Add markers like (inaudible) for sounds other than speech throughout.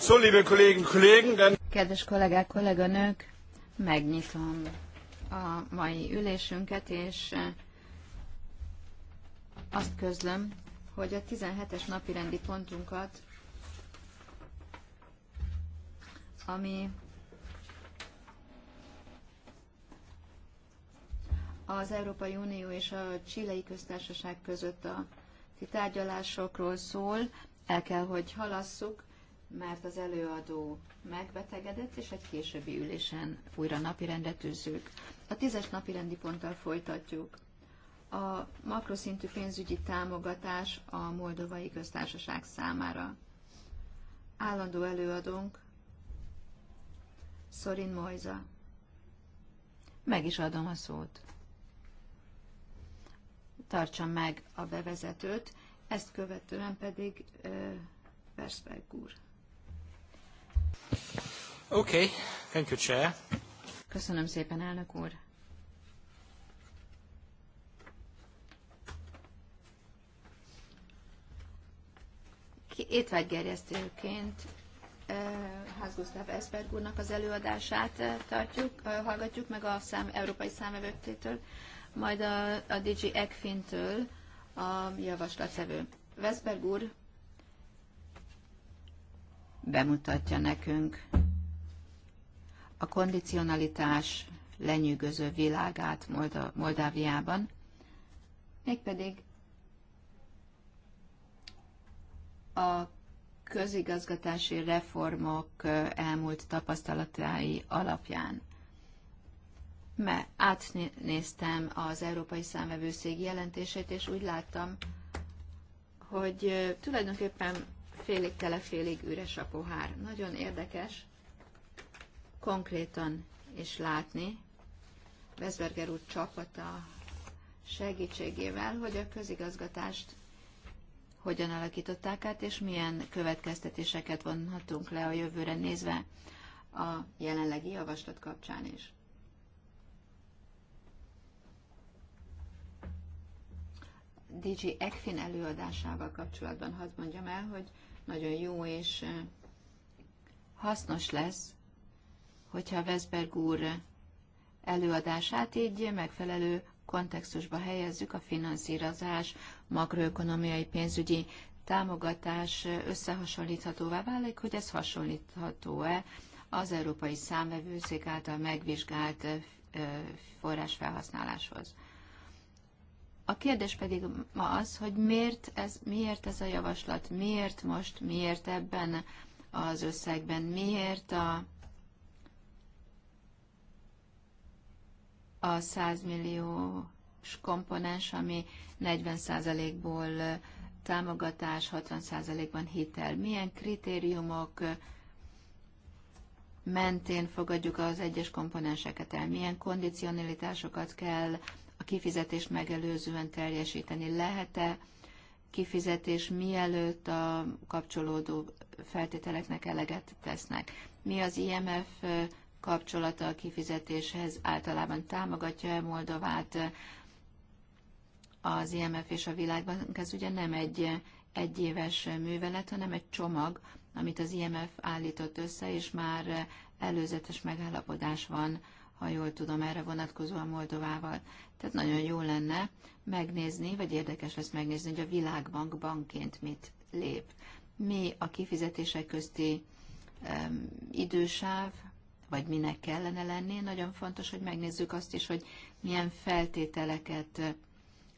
So, liebe Kollegen, Kollegen, Kedves kollégák, kolléganők, megnyitom a mai ülésünket, és eh, azt közlöm, hogy a 17-es napi rendi pontunkat, ami az Európai Unió és a Csilei Köztársaság között a tárgyalásokról szól, el kell, hogy halasszuk, mert az előadó megbetegedett, és egy későbbi ülésen újra napirendre tűzzük. A tízes napirendi ponttal folytatjuk. A makroszintű pénzügyi támogatás a Moldovai Köztársaság számára. Állandó előadónk Szorin Mojza. Meg is adom a szót. Tartsa meg a bevezetőt, ezt követően pedig Versberg úr. Okay. Thank you, Chair. Köszönöm szépen, elnök úr. étvágygerjesztőként Ház Gusztáv Eszberg úrnak az előadását tartjuk, hallgatjuk meg a szám, Európai számövőtétől, majd a, a DG Ekfintől a javaslatszevő. Veszberg úr bemutatja nekünk a kondicionalitás lenyűgöző világát Molda- Moldáviában, mégpedig a közigazgatási reformok eh, elmúlt tapasztalatai alapján. Mert átnéztem az Európai Számvevőszék jelentését, és úgy láttam, hogy eh, tulajdonképpen félig tele, félig üres a pohár. Nagyon érdekes, konkrétan is látni Veszberger úr csapata segítségével, hogy a közigazgatást hogyan alakították át, és milyen következtetéseket vonhatunk le a jövőre nézve a jelenlegi javaslat kapcsán is. DG Ekfin előadásával kapcsolatban hadd mondjam el, hogy nagyon jó és eh, hasznos lesz hogyha Veszberg úr előadását így megfelelő kontextusba helyezzük a finanszírozás, makroökonomiai pénzügyi támogatás összehasonlíthatóvá válik, hogy ez hasonlítható-e az Európai Számvevőszék által megvizsgált forrás felhasználáshoz. A kérdés pedig ma az, hogy miért ez, miért ez a javaslat, miért most, miért ebben az összegben, miért a, a 100 milliós komponens, ami 40%-ból támogatás, 60%-ban hitel. Milyen kritériumok mentén fogadjuk az egyes komponenseket el? Milyen kondicionalitásokat kell a kifizetést megelőzően teljesíteni? Lehet-e kifizetés mielőtt a kapcsolódó feltételeknek eleget tesznek? Mi az IMF kapcsolata a kifizetéshez általában támogatja-e Moldovát eh, az IMF és a világban. Ez ugye nem egy egyéves művelet, hanem egy csomag, amit az IMF állított össze, és már eh, előzetes megállapodás van, ha jól tudom, erre vonatkozóan Moldovával. Tehát nagyon jó lenne megnézni, vagy érdekes lesz megnézni, hogy a világbank bankként mit lép. Mi a kifizetések közti um, idősáv, vagy minek kellene lenni. Nagyon fontos, hogy megnézzük azt is, hogy milyen feltételeket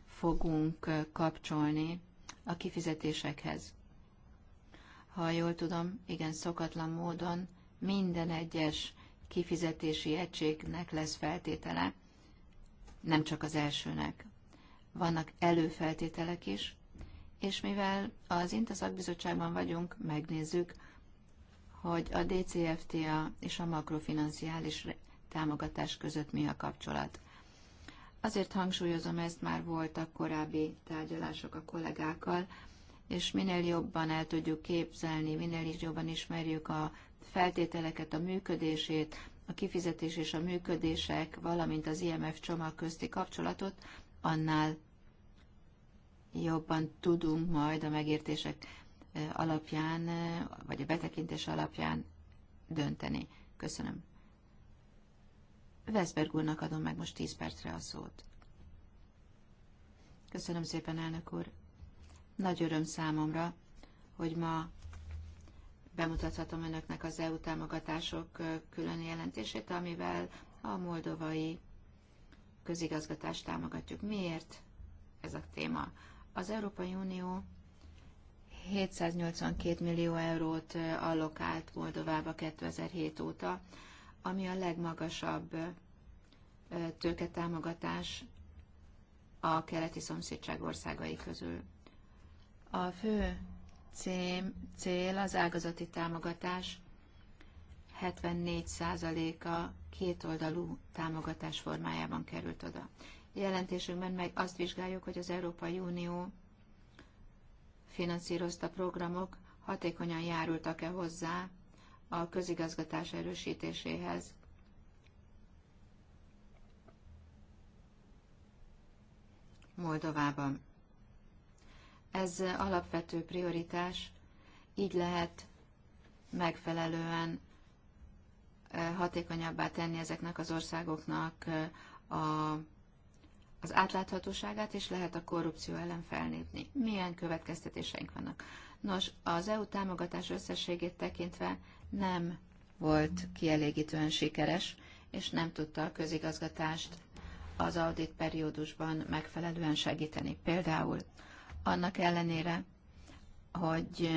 fogunk kapcsolni a kifizetésekhez. Ha jól tudom, igen, szokatlan módon minden egyes kifizetési egységnek lesz feltétele, nem csak az elsőnek. Vannak előfeltételek is, és mivel az Intaszakbizottságban vagyunk, megnézzük, hogy a DCFTA és a makrofinanciális támogatás között mi a kapcsolat. Azért hangsúlyozom, ezt már voltak korábbi tárgyalások a kollégákkal, és minél jobban el tudjuk képzelni, minél is jobban ismerjük a feltételeket, a működését, a kifizetés és a működések, valamint az IMF csomag közti kapcsolatot, annál jobban tudunk majd a megértések alapján, vagy a betekintés alapján dönteni. Köszönöm. Veszberg úrnak adom meg most 10 percre a szót. Köszönöm szépen, elnök úr. Nagy öröm számomra, hogy ma bemutathatom önöknek az EU támogatások külön jelentését, amivel a moldovai közigazgatást támogatjuk. Miért ez a téma? Az Európai Unió 782 millió eurót allokált Moldovába 2007 óta, ami a legmagasabb tőketámogatás a keleti szomszédság országai közül. A fő cél az ágazati támogatás 74%-a kétoldalú támogatás formájában került oda. Jelentésünkben meg azt vizsgáljuk, hogy az Európai Unió finanszírozta programok hatékonyan járultak-e hozzá a közigazgatás erősítéséhez. Moldovában. Ez alapvető prioritás, így lehet megfelelően eh, hatékonyabbá tenni ezeknek az országoknak eh, a az átláthatóságát, és lehet a korrupció ellen felnépni. Milyen következtetéseink vannak? Nos, az EU támogatás összességét tekintve nem volt kielégítően sikeres, és nem tudta a közigazgatást az audit periódusban megfelelően segíteni. Például annak ellenére, hogy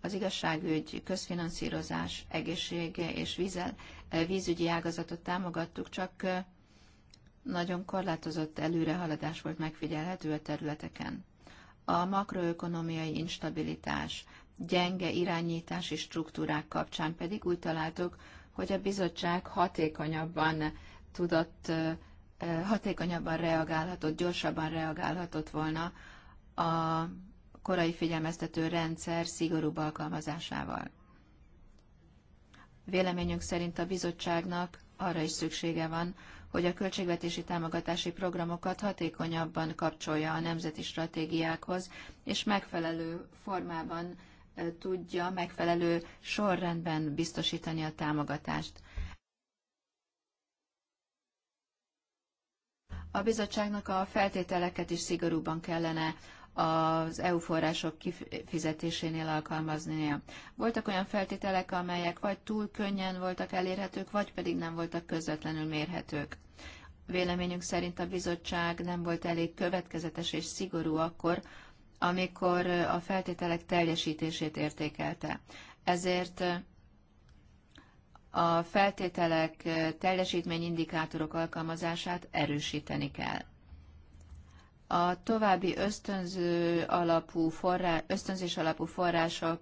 az igazságügy, közfinanszírozás, egészség és vízel, eh, vízügyi ágazatot támogattuk, csak eh, nagyon korlátozott előrehaladás volt megfigyelhető a területeken. A makroökonomiai instabilitás, gyenge irányítási struktúrák kapcsán pedig úgy találtuk, hogy a bizottság hatékonyabban tudott, hatékonyabban reagálhatott, gyorsabban reagálhatott volna a korai figyelmeztető rendszer szigorúbb alkalmazásával. Véleményünk szerint a bizottságnak arra is szüksége van, hogy a költségvetési támogatási programokat hatékonyabban kapcsolja a nemzeti stratégiákhoz, és megfelelő formában tudja megfelelő sorrendben biztosítani a támogatást. A bizottságnak a feltételeket is szigorúban kellene az EU források kifizetésénél alkalmaznia. Voltak olyan feltételek, amelyek vagy túl könnyen voltak elérhetők, vagy pedig nem voltak közvetlenül mérhetők. Véleményünk szerint a bizottság nem volt elég következetes és szigorú akkor, amikor a feltételek teljesítését értékelte. Ezért a feltételek teljesítményindikátorok alkalmazását erősíteni kell a további ösztönző alapú forrá, ösztönzés alapú források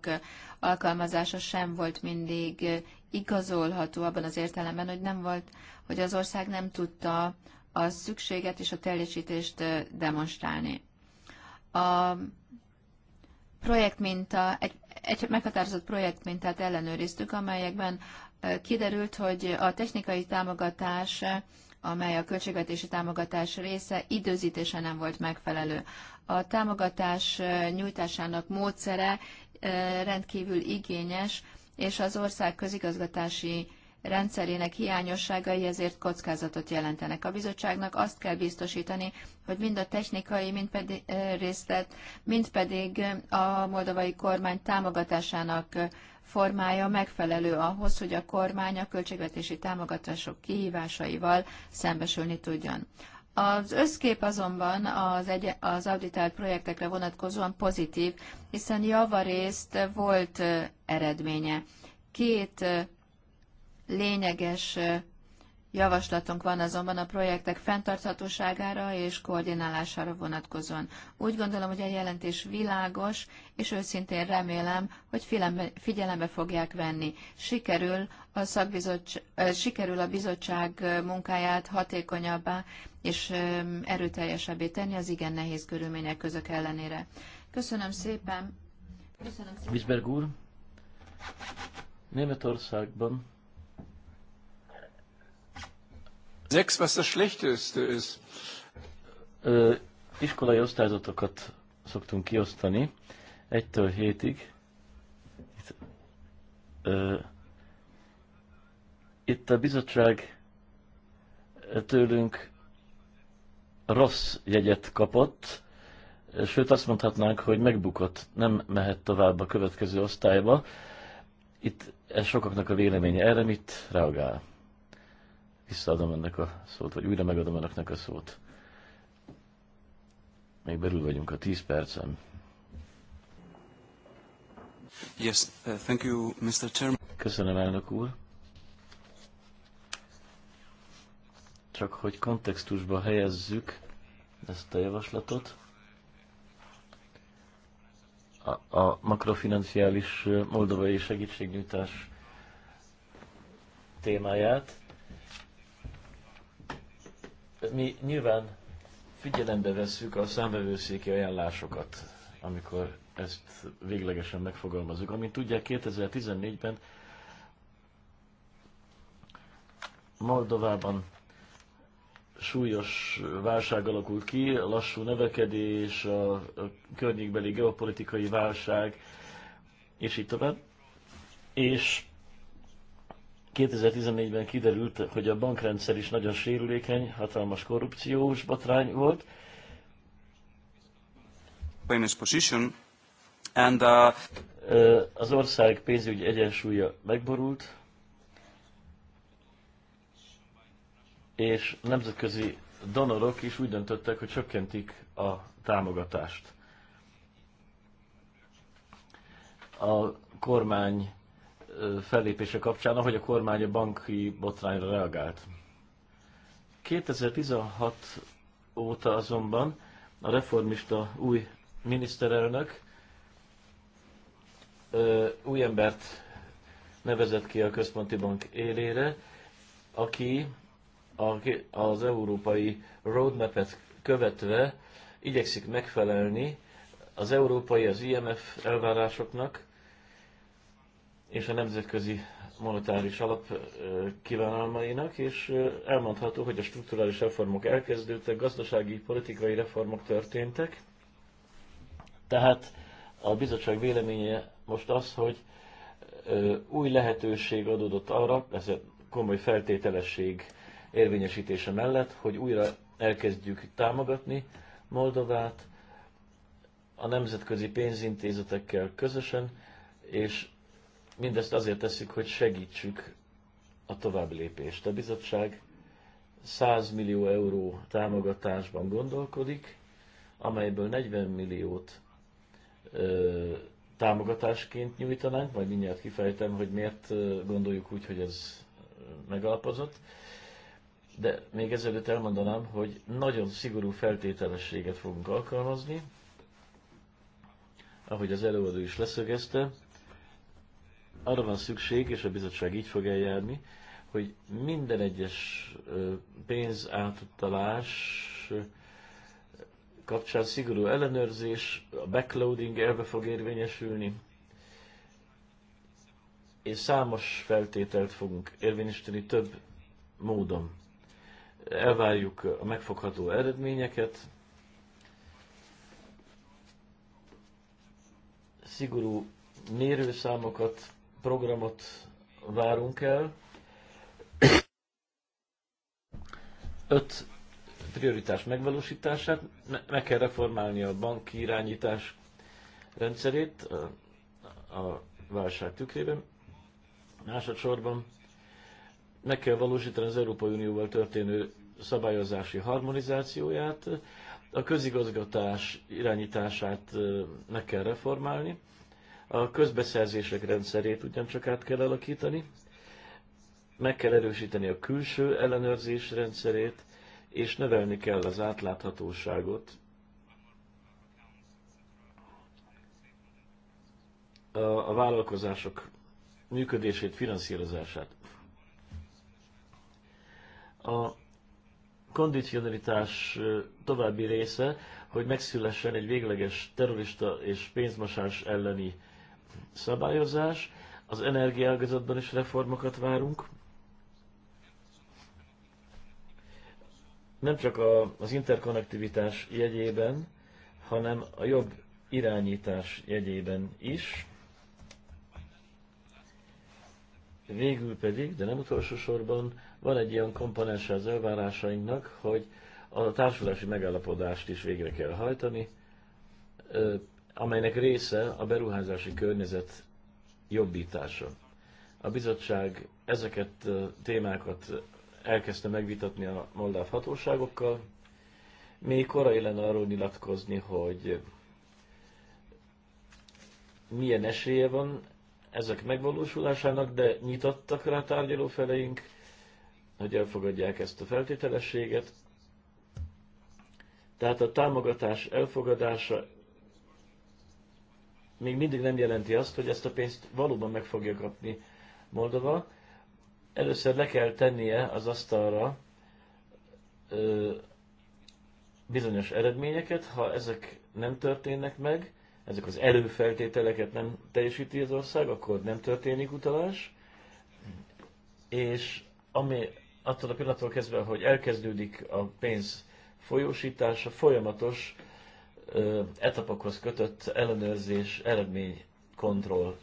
alkalmazása sem volt mindig igazolható abban az értelemben, hogy nem volt, hogy az ország nem tudta a szükséget és a teljesítést demonstrálni. A projektminta, egy, egy meghatározott projektmintát ellenőriztük, amelyekben kiderült, hogy a technikai támogatás amely a költségvetési támogatás része, időzítése nem volt megfelelő. A támogatás nyújtásának módszere rendkívül igényes, és az ország közigazgatási rendszerének hiányosságai ezért kockázatot jelentenek. A bizottságnak azt kell biztosítani, hogy mind a technikai, mind pedig részlet, mind pedig a moldovai kormány támogatásának formája megfelelő ahhoz, hogy a kormány a költségvetési támogatások kihívásaival szembesülni tudjon. Az összkép azonban az, egy, az auditált projektekre vonatkozóan pozitív, hiszen javarészt volt eredménye. Két lényeges Javaslatunk van azonban a projektek fenntarthatóságára és koordinálására vonatkozóan. Úgy gondolom, hogy a jelentés világos, és őszintén remélem, hogy figyelembe fogják venni. Sikerül a, szakbizottság, sikerül a bizottság munkáját hatékonyabbá és erőteljesebbé tenni az igen nehéz körülmények közök ellenére. Köszönöm szépen! Köszönöm szépen! úr, Németországban Sechs, was das Schlechteste ist. Ö, iskolai osztályzatokat szoktunk kiosztani, egytől hétig. Itt, ö, itt a bizottság tőlünk rossz jegyet kapott, sőt azt mondhatnánk, hogy megbukott, nem mehet tovább a következő osztályba. Itt ez sokaknak a véleménye. Erre mit reagál? visszaadom ennek a szót, vagy újra megadom önöknek a szót. Még belül vagyunk a 10 percen. Yes, uh, thank you, Mr. Chairman. Köszönöm, elnök úr. Csak hogy kontextusba helyezzük ezt a javaslatot. A, a makrofinanciális moldovai segítségnyújtás témáját mi nyilván figyelembe vesszük a számbevőszéki ajánlásokat, amikor ezt véglegesen megfogalmazunk. Amint tudják, 2014-ben Moldovában súlyos válság alakult ki, lassú növekedés, a környékbeli geopolitikai válság, és így tovább. És 2014-ben kiderült, hogy a bankrendszer is nagyon sérülékeny, hatalmas korrupciós botrány volt. Position, and, uh... Az ország pénzügyi egyensúlya megborult, és nemzetközi donorok is úgy döntöttek, hogy csökkentik a támogatást. A kormány fellépése kapcsán, ahogy a kormány a banki botrányra reagált. 2016 óta azonban a reformista új miniszterelnök új embert nevezett ki a központi bank élére, aki az európai roadmap-et követve igyekszik megfelelni az európai, az IMF elvárásoknak, és a nemzetközi monetáris alap kívánalmainak, és elmondható, hogy a strukturális reformok elkezdődtek, gazdasági, politikai reformok történtek. Tehát a bizottság véleménye most az, hogy új lehetőség adódott arra, ez a komoly feltételesség érvényesítése mellett, hogy újra elkezdjük támogatni Moldovát a nemzetközi pénzintézetekkel közösen, és Mindezt azért tesszük, hogy segítsük a tovább lépést. A bizottság 100 millió euró támogatásban gondolkodik, amelyből 40 milliót ö, támogatásként nyújtanánk, majd mindjárt kifejtem, hogy miért gondoljuk úgy, hogy ez megalapozott. De még ezelőtt elmondanám, hogy nagyon szigorú feltételességet fogunk alkalmazni, ahogy az előadó is leszögezte, arra van szükség, és a bizottság így fog eljárni, hogy minden egyes átutalás kapcsán szigorú ellenőrzés, a backloading elve fog érvényesülni, és számos feltételt fogunk érvényesíteni több módon. Elvárjuk a megfogható eredményeket, szigorú mérőszámokat programot várunk el. Öt prioritás megvalósítását, meg kell reformálni a banki irányítás rendszerét a válság tükrében. Másodszorban meg kell valósítani az Európai Unióval történő szabályozási harmonizációját, a közigazgatás irányítását meg kell reformálni, a közbeszerzések rendszerét ugyancsak át kell alakítani, meg kell erősíteni a külső ellenőrzés rendszerét, és növelni kell az átláthatóságot a vállalkozások működését, finanszírozását. A kondicionalitás további része, hogy megszülessen egy végleges terrorista és pénzmosás elleni szabályozás, az energiaágazatban is reformokat várunk. Nem csak a, az interkonnektivitás jegyében, hanem a jobb irányítás jegyében is. Végül pedig, de nem utolsó sorban, van egy ilyen komponense az elvárásainknak, hogy a társulási megállapodást is végre kell hajtani, amelynek része a beruházási környezet jobbítása. A bizottság ezeket témákat elkezdte megvitatni a moldáv hatóságokkal. Még korai lenne arról nyilatkozni, hogy milyen esélye van ezek megvalósulásának, de nyitottak rá tárgyaló feleink, hogy elfogadják ezt a feltételességet. Tehát a támogatás elfogadása még mindig nem jelenti azt, hogy ezt a pénzt valóban meg fogja kapni Moldova. Először le kell tennie az asztalra ö, bizonyos eredményeket, ha ezek nem történnek meg, ezek az előfeltételeket nem teljesíti az ország, akkor nem történik utalás, és ami attól a pillanattól kezdve, hogy elkezdődik a pénz folyósítása, folyamatos etapokhoz kötött ellenőrzés, eredmény, kontroll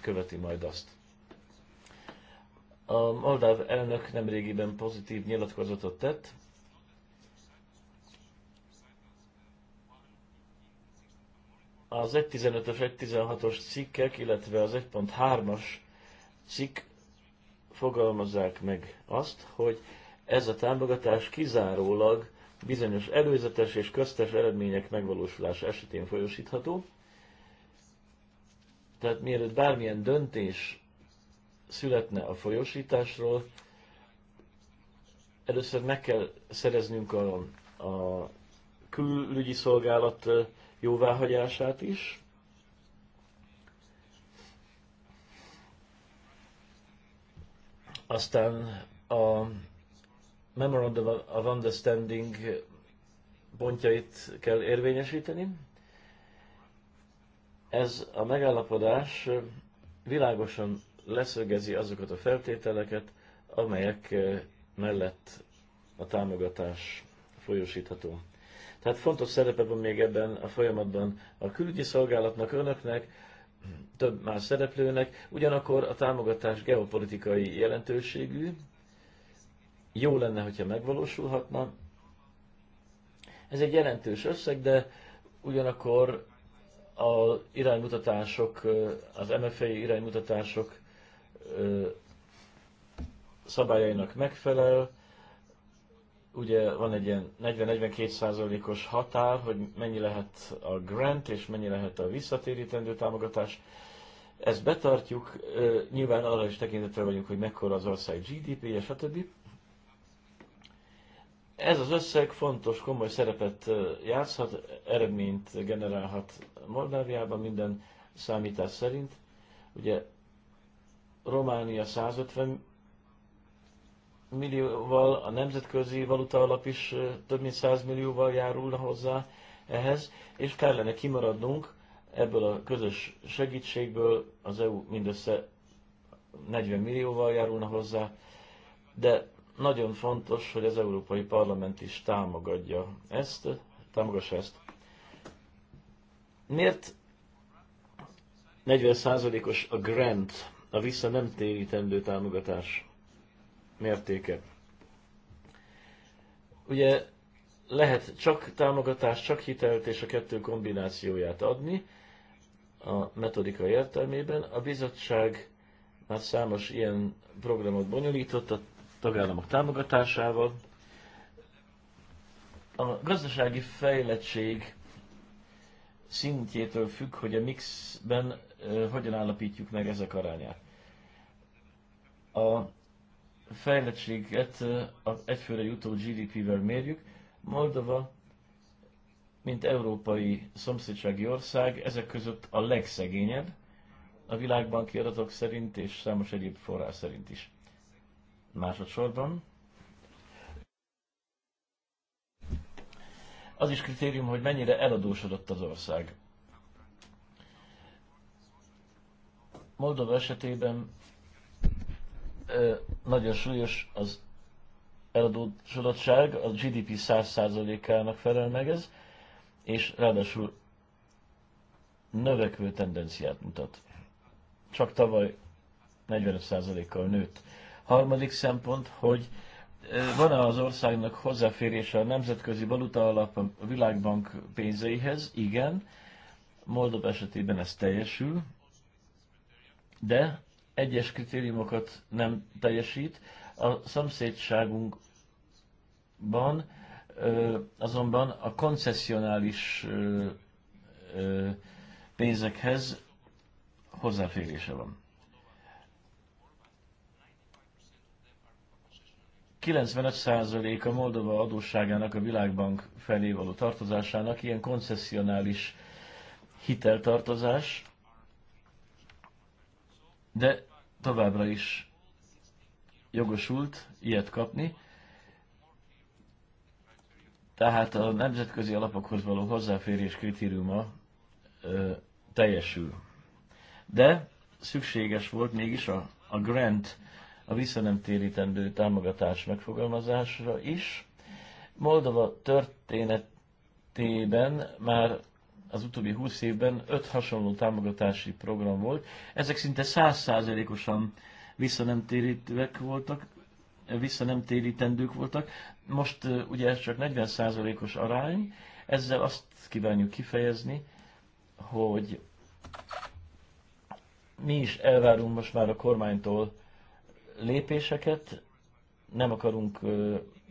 követi majd azt. A Moldáv elnök nemrégiben pozitív nyilatkozatot tett, az 1.15-ös, 1.16-os cikkek, illetve az 1.3-as cikk fogalmazzák meg azt, hogy ez a támogatás kizárólag bizonyos előzetes és köztes eredmények megvalósulása esetén folyosítható. Tehát mielőtt bármilyen döntés születne a folyosításról, először meg kell szereznünk a, a külügyi szolgálat jóváhagyását is. Aztán a Memorandum of Understanding pontjait kell érvényesíteni. Ez a megállapodás világosan leszögezi azokat a feltételeket, amelyek mellett a támogatás folyósítható. Tehát fontos szerepe van még ebben a folyamatban a külügyi szolgálatnak, önöknek, több más szereplőnek, ugyanakkor a támogatás geopolitikai jelentőségű, jó lenne, hogyha megvalósulhatna. Ez egy jelentős összeg, de ugyanakkor az iránymutatások, az MFA iránymutatások szabályainak megfelel. Ugye van egy ilyen 40-42 százalékos határ, hogy mennyi lehet a grant és mennyi lehet a visszatérítendő támogatás. Ezt betartjuk, nyilván arra is tekintettel vagyunk, hogy mekkora az ország GDP-je, stb. Ez az összeg fontos, komoly szerepet játszhat, eredményt generálhat Moldáviában minden számítás szerint. Ugye Románia 150 millióval, a nemzetközi valuta alap is több mint 100 millióval járulna hozzá ehhez, és kellene kimaradnunk ebből a közös segítségből, az EU mindössze 40 millióval járulna hozzá, de nagyon fontos, hogy az Európai Parlament is támogatja ezt, támogassa ezt. Miért 40%-os a grant, a vissza nem térítendő támogatás mértéke? Ugye lehet csak támogatást, csak hitelt és a kettő kombinációját adni a metodika értelmében. A bizottság már számos ilyen programot bonyolított, a tagállamok támogatásával. A gazdasági fejlettség szintjétől függ, hogy a mixben hogyan állapítjuk meg ezek arányát. A fejlettséget az egyfőre jutó GDP-vel mérjük. Moldova, mint európai szomszédsági ország, ezek között a legszegényebb, a világbanki adatok szerint és számos egyéb forrás szerint is másodszorban. Az is kritérium, hogy mennyire eladósodott az ország. Moldova esetében ö, nagyon súlyos az eladósodottság, a GDP 100%-ának felel meg ez, és ráadásul növekvő tendenciát mutat. Csak tavaly 45%-kal nőtt Harmadik szempont, hogy van-e az országnak hozzáférése a Nemzetközi Valuta Alap a Világbank pénzeihez? Igen. Moldov esetében ez teljesül, de egyes kritériumokat nem teljesít. A szomszédságunkban azonban a koncessionális pénzekhez hozzáférése van. 95%-a Moldova adósságának a Világbank felé való tartozásának ilyen koncessionális hiteltartozás, de továbbra is jogosult ilyet kapni. Tehát a nemzetközi alapokhoz való hozzáférés kritériuma ö, teljesül. De szükséges volt mégis a, a grant a visszanemtérítendő támogatás megfogalmazásra is. Moldova történetében már az utóbbi 20 évben öt hasonló támogatási program volt. Ezek szinte százszázalékosan visszanemtérítőek voltak, visszanemtérítendők voltak. Most ugye ez csak 40%-os arány, ezzel azt kívánjuk kifejezni, hogy mi is elvárunk most már a kormánytól lépéseket, nem akarunk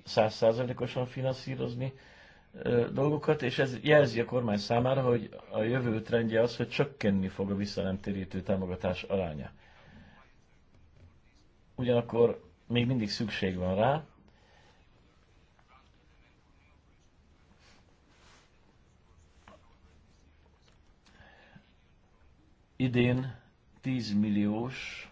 százszázalékosan finanszírozni dolgokat, és ez jelzi a kormány számára, hogy a jövő trendje az, hogy csökkenni fog a visszanemtérítő támogatás aránya. Ugyanakkor még mindig szükség van rá, idén 10 milliós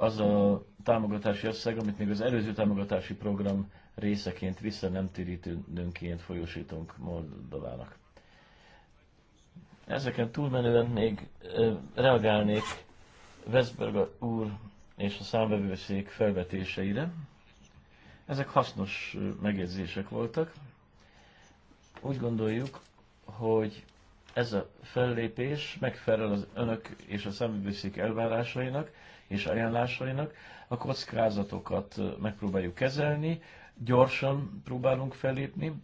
az a támogatási összeg, amit még az előző támogatási program részeként vissza nem térítőnként folyósítunk Moldovának. Ezeken túlmenően még reagálnék Veszberg úr és a számvevőszék felvetéseire. Ezek hasznos megjegyzések voltak. Úgy gondoljuk, hogy ez a fellépés megfelel az önök és a számvevőszék elvárásainak, és ajánlásainak. A kockázatokat megpróbáljuk kezelni, gyorsan próbálunk felépni.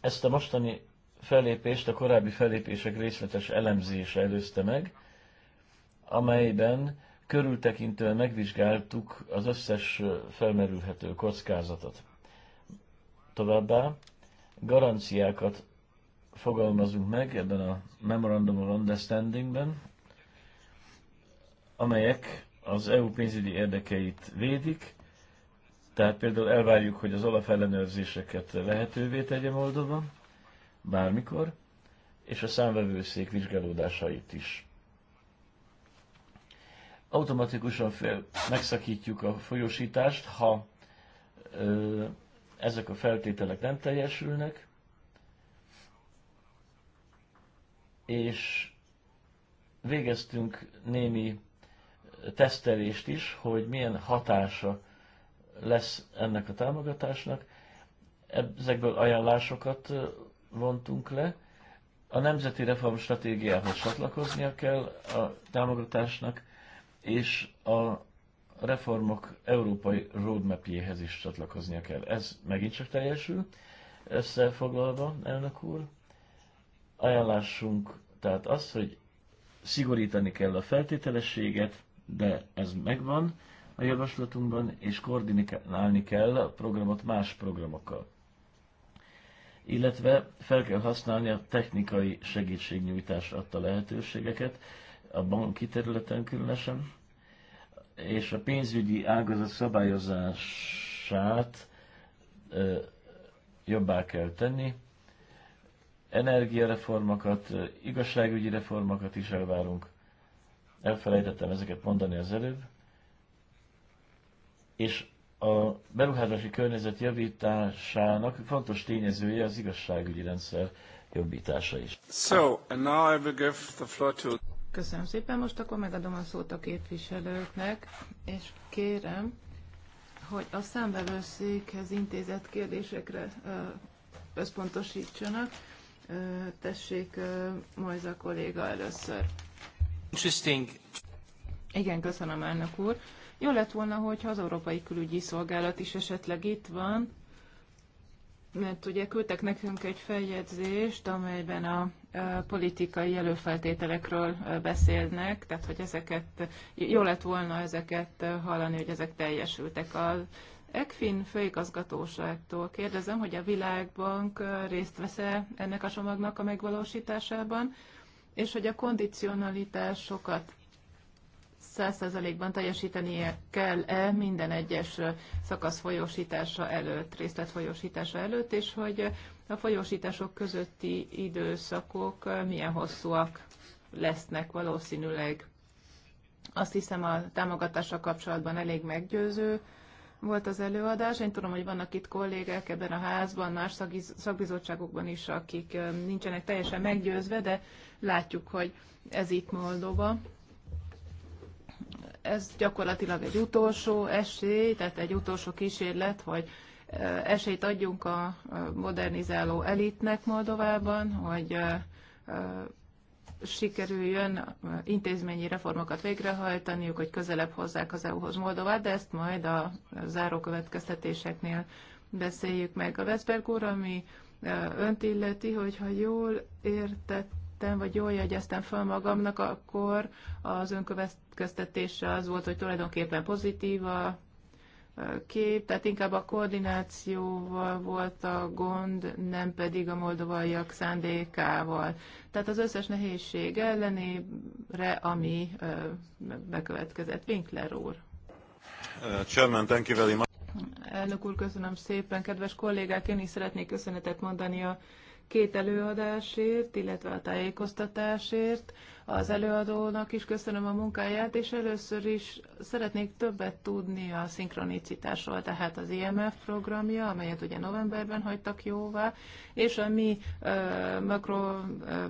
Ezt a mostani felépést a korábbi felépések részletes elemzése előzte meg, amelyben körültekintően megvizsgáltuk az összes felmerülhető kockázatot. Továbbá garanciákat fogalmazunk meg ebben a Memorandum of Understandingben, amelyek az EU pénzügyi érdekeit védik, tehát például elvárjuk, hogy az alafellenőrzéseket lehetővé tegye Moldova, bármikor, és a számvevőszék vizsgálódásait is. Automatikusan fél, megszakítjuk a folyósítást, ha ö, ezek a feltételek nem teljesülnek, és végeztünk némi tesztelést is, hogy milyen hatása lesz ennek a támogatásnak. Ezekből ajánlásokat vontunk le. A nemzeti stratégiához csatlakoznia kell a támogatásnak, és a a reformok európai roadmapjéhez is csatlakoznia kell. Ez megint csak teljesül. Összefoglalva, elnök úr, ajánlásunk tehát az, hogy szigorítani kell a feltételességet, de ez megvan a javaslatunkban, és koordinálni kell a programot más programokkal. Illetve fel kell használni a technikai segítségnyújtás adta lehetőségeket, a banki területen különösen, és a pénzügyi ágazat szabályozását jobbá kell tenni. Energiareformokat, igazságügyi reformokat is elvárunk. Elfelejtettem ezeket mondani az előbb. És a beruházási környezet javításának fontos tényezője az igazságügyi rendszer jobbítása is. So, and now I will give the floor to... Köszönöm szépen, most akkor megadom a szót a képviselőknek, és kérem, hogy a számvevőszékhez intézett kérdésekre összpontosítsanak. Tessék, Majza kolléga először. Interesting. Igen, köszönöm, elnök úr. Jó lett volna, hogyha az Európai Külügyi Szolgálat is esetleg itt van, mert ugye küldtek nekünk egy feljegyzést, amelyben a politikai előfeltételekről beszélnek, tehát hogy ezeket, jó lett volna ezeket hallani, hogy ezek teljesültek. Az ECFIN főigazgatóságtól kérdezem, hogy a Világbank részt vesz-e ennek a csomagnak a megvalósításában, és hogy a kondicionalitásokat 100%-ban teljesítenie kell-e minden egyes szakasz folyósítása előtt, részlet folyósítása előtt, és hogy a folyósítások közötti időszakok milyen hosszúak lesznek valószínűleg. Azt hiszem a támogatással kapcsolatban elég meggyőző volt az előadás. Én tudom, hogy vannak itt kollégák ebben a házban, más szakbizottságokban is, akik nincsenek teljesen meggyőzve, de látjuk, hogy ez itt Moldova ez gyakorlatilag egy utolsó esély, tehát egy utolsó kísérlet, hogy esélyt adjunk a modernizáló elitnek Moldovában, hogy sikerüljön intézményi reformokat végrehajtaniuk, hogy közelebb hozzák az EU-hoz Moldovát, de ezt majd a záró következtetéseknél beszéljük meg. A Veszberg úr, ami önt illeti, hogyha jól értett, jegyeztem, vagy jól jegyeztem fel magamnak, akkor az önkövetkeztetése az volt, hogy tulajdonképpen pozitív a kép, tehát inkább a koordinációval volt a gond, nem pedig a moldovaiak szándékával. Tehát az összes nehézség ellenére, ami bekövetkezett. Winkler úr. Chairman, thank you very much. Elnök úr, köszönöm szépen. Kedves kollégák, én is szeretnék köszönetet mondani a két előadásért, illetve a tájékoztatásért. Az előadónak is köszönöm a munkáját, és először is szeretnék többet tudni a szinkronicitásról, tehát az IMF programja, amelyet ugye novemberben hagytak jóvá, és a mi ö, makro ö,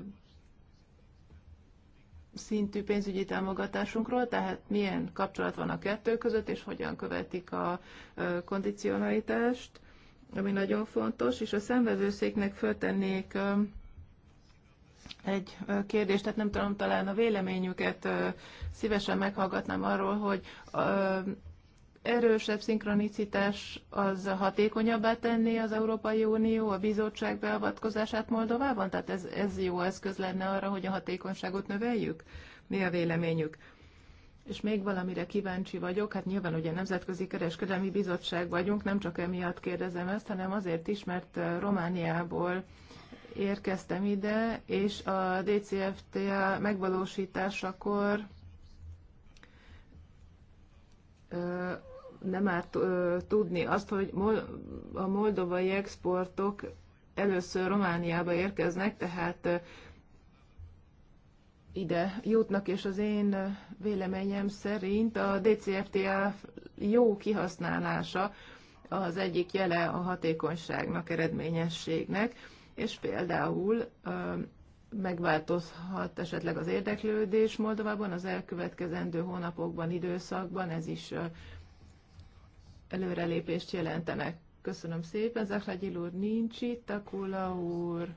szintű pénzügyi támogatásunkról, tehát milyen kapcsolat van a kettő között, és hogyan követik a kondicionalitást ami nagyon fontos, és a szenvedőszéknek föltennék egy kérdést, tehát nem tudom, talán a véleményüket szívesen meghallgatnám arról, hogy erősebb szinkronicitás az hatékonyabbá tenni az Európai Unió a bizottság beavatkozását Moldovában? Tehát ez, ez jó eszköz lenne arra, hogy a hatékonyságot növeljük? Mi a véleményük? És még valamire kíváncsi vagyok, hát nyilván ugye Nemzetközi Kereskedelmi Bizottság vagyunk, nem csak emiatt kérdezem ezt, hanem azért is, mert Romániából érkeztem ide, és a DCFTA megvalósításakor nem árt tudni azt, hogy a moldovai exportok először Romániába érkeznek, tehát ide jutnak, és az én véleményem szerint a DCFTF jó kihasználása az egyik jele a hatékonyságnak, eredményességnek, és például megváltozhat esetleg az érdeklődés Moldovában az elkövetkezendő hónapokban, időszakban, ez is előrelépést jelentenek. Köszönöm szépen, Zahragyil úr nincs itt, Takula úr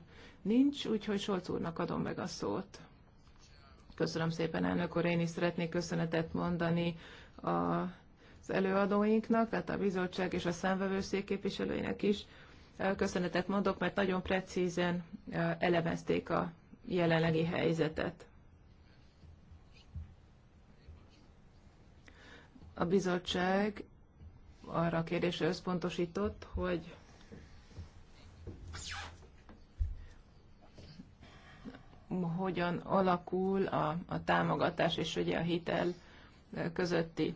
nincs, úgyhogy Solc úrnak adom meg a szót. Köszönöm szépen, elnök úr. Én is szeretnék köszönetet mondani a, az előadóinknak, tehát a bizottság és a számvevőszék képviselőinek is. Köszönetet mondok, mert nagyon precízen elemezték a jelenlegi helyzetet. A bizottság arra a kérdésre összpontosított, hogy hogyan alakul a, a támogatás és ugye a hitel közötti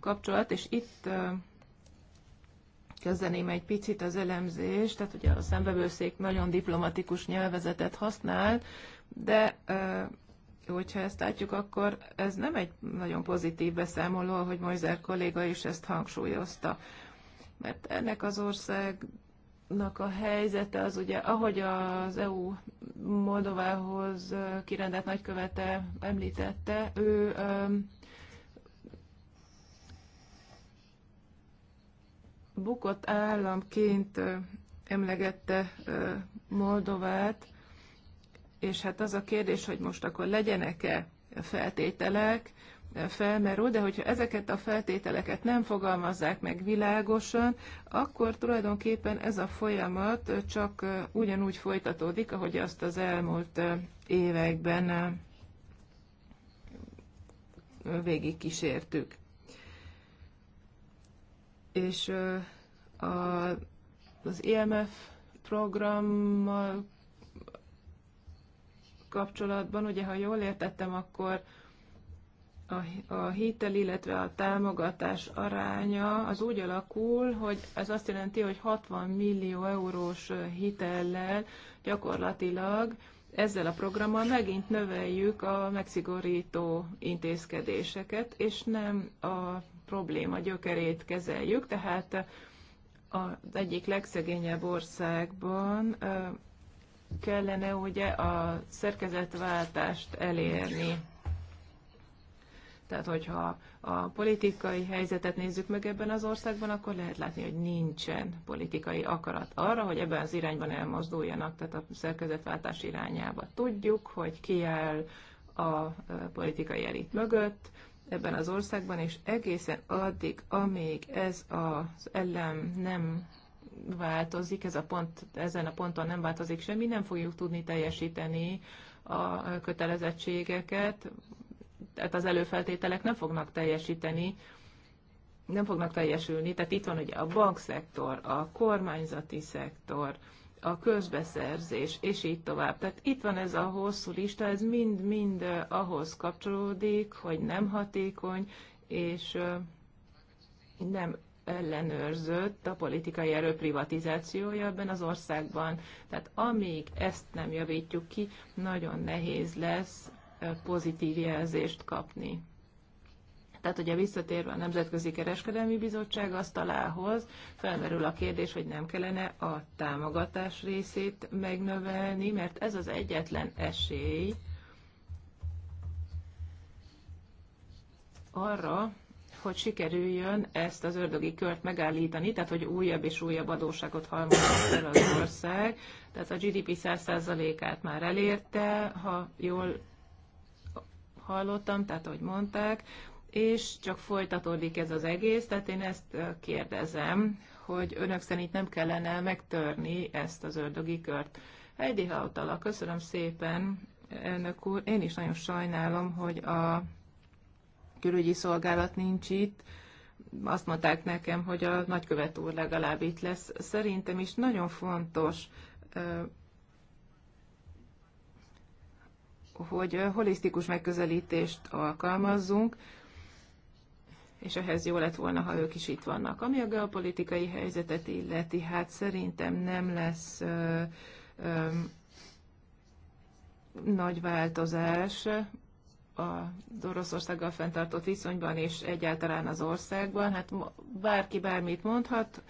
kapcsolat, és itt kezdeném egy picit az elemzést, tehát ugye a szembevőszék nagyon diplomatikus nyelvezetet használ, de hogyha ezt látjuk, akkor ez nem egy nagyon pozitív beszámoló, hogy Mojzer kolléga is ezt hangsúlyozta. Mert ennek az ország Moldovának a helyzete az ugye, ahogy az EU Moldovához kirendelt nagykövete említette, ő bukott államként emlegette Moldovát, és hát az a kérdés, hogy most akkor legyenek-e feltételek, felmerül, de hogyha ezeket a feltételeket nem fogalmazzák meg világosan, akkor tulajdonképpen ez a folyamat csak ugyanúgy folytatódik, ahogy azt az elmúlt években végigkísértük. És az IMF e programmal kapcsolatban, ugye ha jól értettem, akkor a, hitel, illetve a támogatás aránya az úgy alakul, hogy ez azt jelenti, hogy 60 millió eurós hitellel gyakorlatilag ezzel a programmal megint növeljük a megszigorító intézkedéseket, és nem a probléma gyökerét kezeljük, tehát az egyik legszegényebb országban kellene ugye a szerkezetváltást elérni. Tehát, hogyha a politikai helyzetet nézzük meg ebben az országban, akkor lehet látni, hogy nincsen politikai akarat arra, hogy ebben az irányban elmozduljanak, tehát a szerkezetváltás irányába. Tudjuk, hogy ki áll a politikai elit mögött ebben az országban, és egészen addig, amíg ez az ellen nem változik, ez a pont, ezen a ponton nem változik semmi, nem fogjuk tudni teljesíteni a kötelezettségeket, tehát az előfeltételek nem fognak teljesíteni, nem fognak teljesülni. Tehát itt van ugye a bankszektor, a kormányzati szektor, a közbeszerzés, és így tovább. Tehát itt van ez a hosszú lista, ez mind-mind ahhoz kapcsolódik, hogy nem hatékony, és nem ellenőrzött a politikai erő privatizációja ebben az országban. Tehát amíg ezt nem javítjuk ki, nagyon nehéz lesz pozitív jelzést kapni. Tehát ugye visszatérve a Nemzetközi Kereskedelmi Bizottság azt találhoz, felmerül a kérdés, hogy nem kellene a támogatás részét megnövelni, mert ez az egyetlen esély arra, hogy sikerüljön ezt az ördögi kört megállítani, tehát hogy újabb és újabb adósságot halmozott fel az ország, tehát a GDP 100%-át már elérte, ha jól hallottam, tehát ahogy mondták, és csak folytatódik ez az egész, tehát én ezt kérdezem, hogy önök szerint nem kellene megtörni ezt az ördögi kört. Heidi Hautala, köszönöm szépen, elnök úr. Én is nagyon sajnálom, hogy a külügyi szolgálat nincs itt. Azt mondták nekem, hogy a nagykövet úr legalább itt lesz. Szerintem is nagyon fontos hogy holisztikus megközelítést alkalmazzunk, és ehhez jó lett volna, ha ők is itt vannak. Ami a geopolitikai helyzetet illeti, hát szerintem nem lesz ö, ö, nagy változás az Oroszországgal fenntartott viszonyban és egyáltalán az országban. Hát bárki bármit mondhat,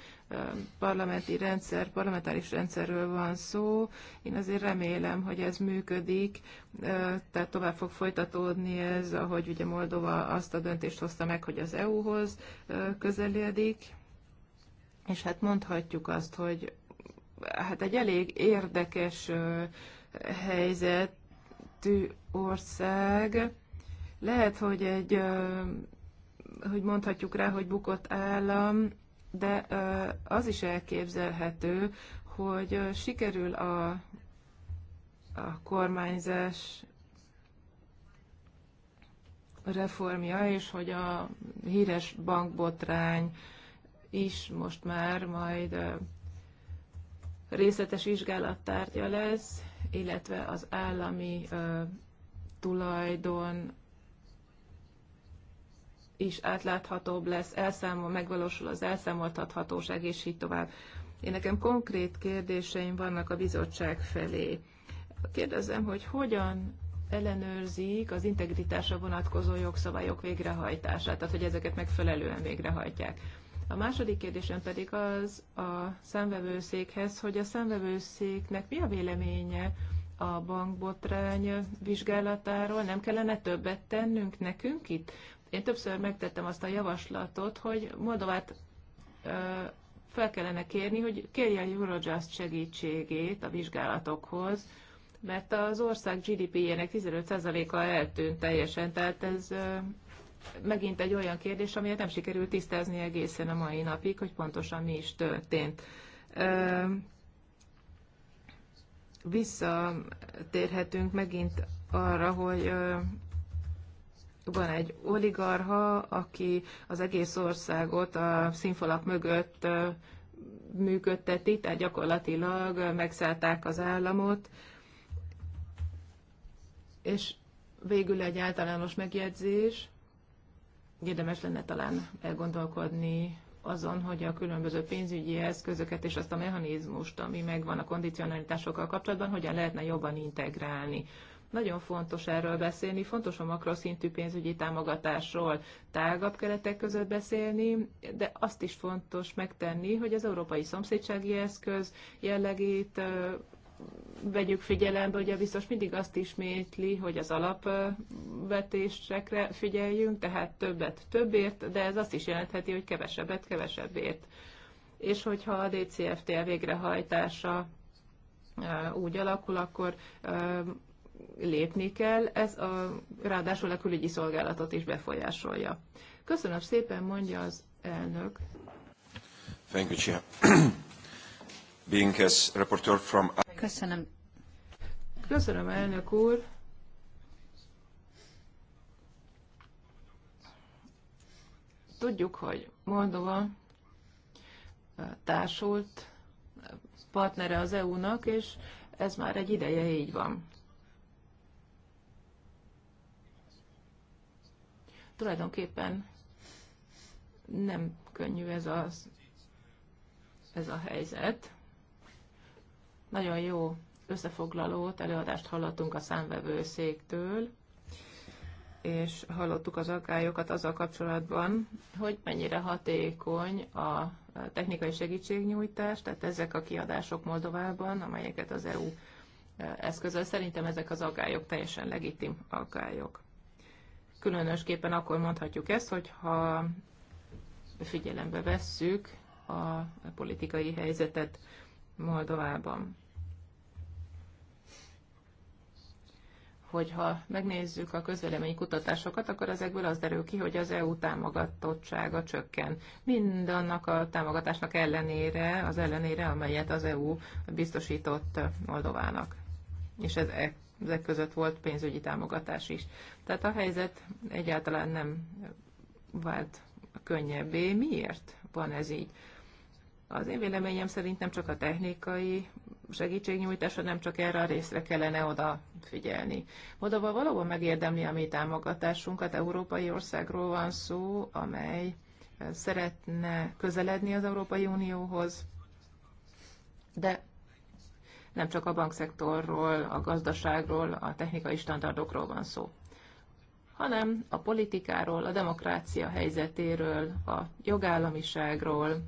parlamenti rendszer, parlamentáris rendszerről van szó. Én azért remélem, hogy ez működik, tehát tovább fog folytatódni ez, ahogy ugye Moldova azt a döntést hozta meg, hogy az EU-hoz közeledik. És hát mondhatjuk azt, hogy hát egy elég érdekes helyzet, ország. Lehet, hogy egy, hogy mondhatjuk rá, hogy bukott állam, de az is elképzelhető, hogy sikerül a, a kormányzás reformja, és hogy a híres bankbotrány is most már majd részletes vizsgálattárgya lesz, illetve az állami tulajdon is átláthatóbb lesz, elszámol, megvalósul az elszámoltathatóság, és így tovább. Én nekem konkrét kérdéseim vannak a bizottság felé. Kérdezem, hogy hogyan ellenőrzik az integritásra vonatkozó jogszabályok végrehajtását, tehát hogy ezeket megfelelően végrehajtják. A második kérdésem pedig az a számvevőszékhez, hogy a számvevőszéknek mi a véleménye a bankbotrány vizsgálatáról, nem kellene többet tennünk nekünk itt? Én többször megtettem azt a javaslatot, hogy Moldovát fel kellene kérni, hogy kérje a Eurojust segítségét a vizsgálatokhoz, mert az ország GDP-jének 15%-a eltűnt teljesen, tehát ez megint egy olyan kérdés, amiért nem sikerült tisztázni egészen a mai napig, hogy pontosan mi is történt visszatérhetünk megint arra, hogy van egy oligarha, aki az egész országot a színfalak mögött működteti, tehát gyakorlatilag megszállták az államot, és végül egy általános megjegyzés, érdemes lenne talán elgondolkodni azon, hogy a különböző pénzügyi eszközöket és azt a mechanizmust, ami megvan a kondicionalitásokkal kapcsolatban, hogyan lehetne jobban integrálni. Nagyon fontos erről beszélni, fontos a makroszintű pénzügyi támogatásról tágabb keretek között beszélni, de azt is fontos megtenni, hogy az európai szomszédsági eszköz jellegét vegyük figyelembe, ugye biztos mindig azt ismétli, hogy az alapvetésekre figyeljünk, tehát többet többért, de ez azt is jelentheti, hogy kevesebbet kevesebbért. És hogyha a DCFT végrehajtása úgy alakul, akkor lépni kell, ez a, ráadásul a külügyi szolgálatot is befolyásolja. Köszönöm szépen, mondja az elnök. Thank you, Chair. (clears throat) Being as reporter from Köszönöm. Köszönöm, elnök úr. Tudjuk, hogy Moldova társult partnere az EU-nak, és ez már egy ideje így van. Tulajdonképpen nem könnyű ez, az, ez a helyzet. Nagyon jó összefoglalót, előadást hallottunk a számvevőszéktől, és hallottuk az aggályokat azzal kapcsolatban, hogy mennyire hatékony a technikai segítségnyújtás, tehát ezek a kiadások Moldovában, amelyeket az EU e, eszközöl. Szerintem ezek az aggályok teljesen legitim aggályok. Különösképpen akkor mondhatjuk ezt, hogyha figyelembe vesszük a politikai helyzetet. Moldovában. Hogyha megnézzük a közvélemény kutatásokat, akkor ezekből az derül ki, hogy az EU támogatottsága csökken. Mindannak a támogatásnak ellenére, az ellenére, amelyet az EU biztosított Moldovának. És ez ezek között volt pénzügyi támogatás is. Tehát a helyzet egyáltalán nem vált könnyebbé. Miért van ez így? Az én véleményem szerint nem csak a technikai segítségnyújtás, nem csak erre a részre kellene oda figyelni. Moldova valóban megérdemli a mi támogatásunkat, európai országról van szó, amely szeretne közeledni az Európai Unióhoz, de nem csak a bankszektorról, a gazdaságról, a technikai standardokról van szó, hanem a politikáról, a demokrácia helyzetéről, a jogállamiságról,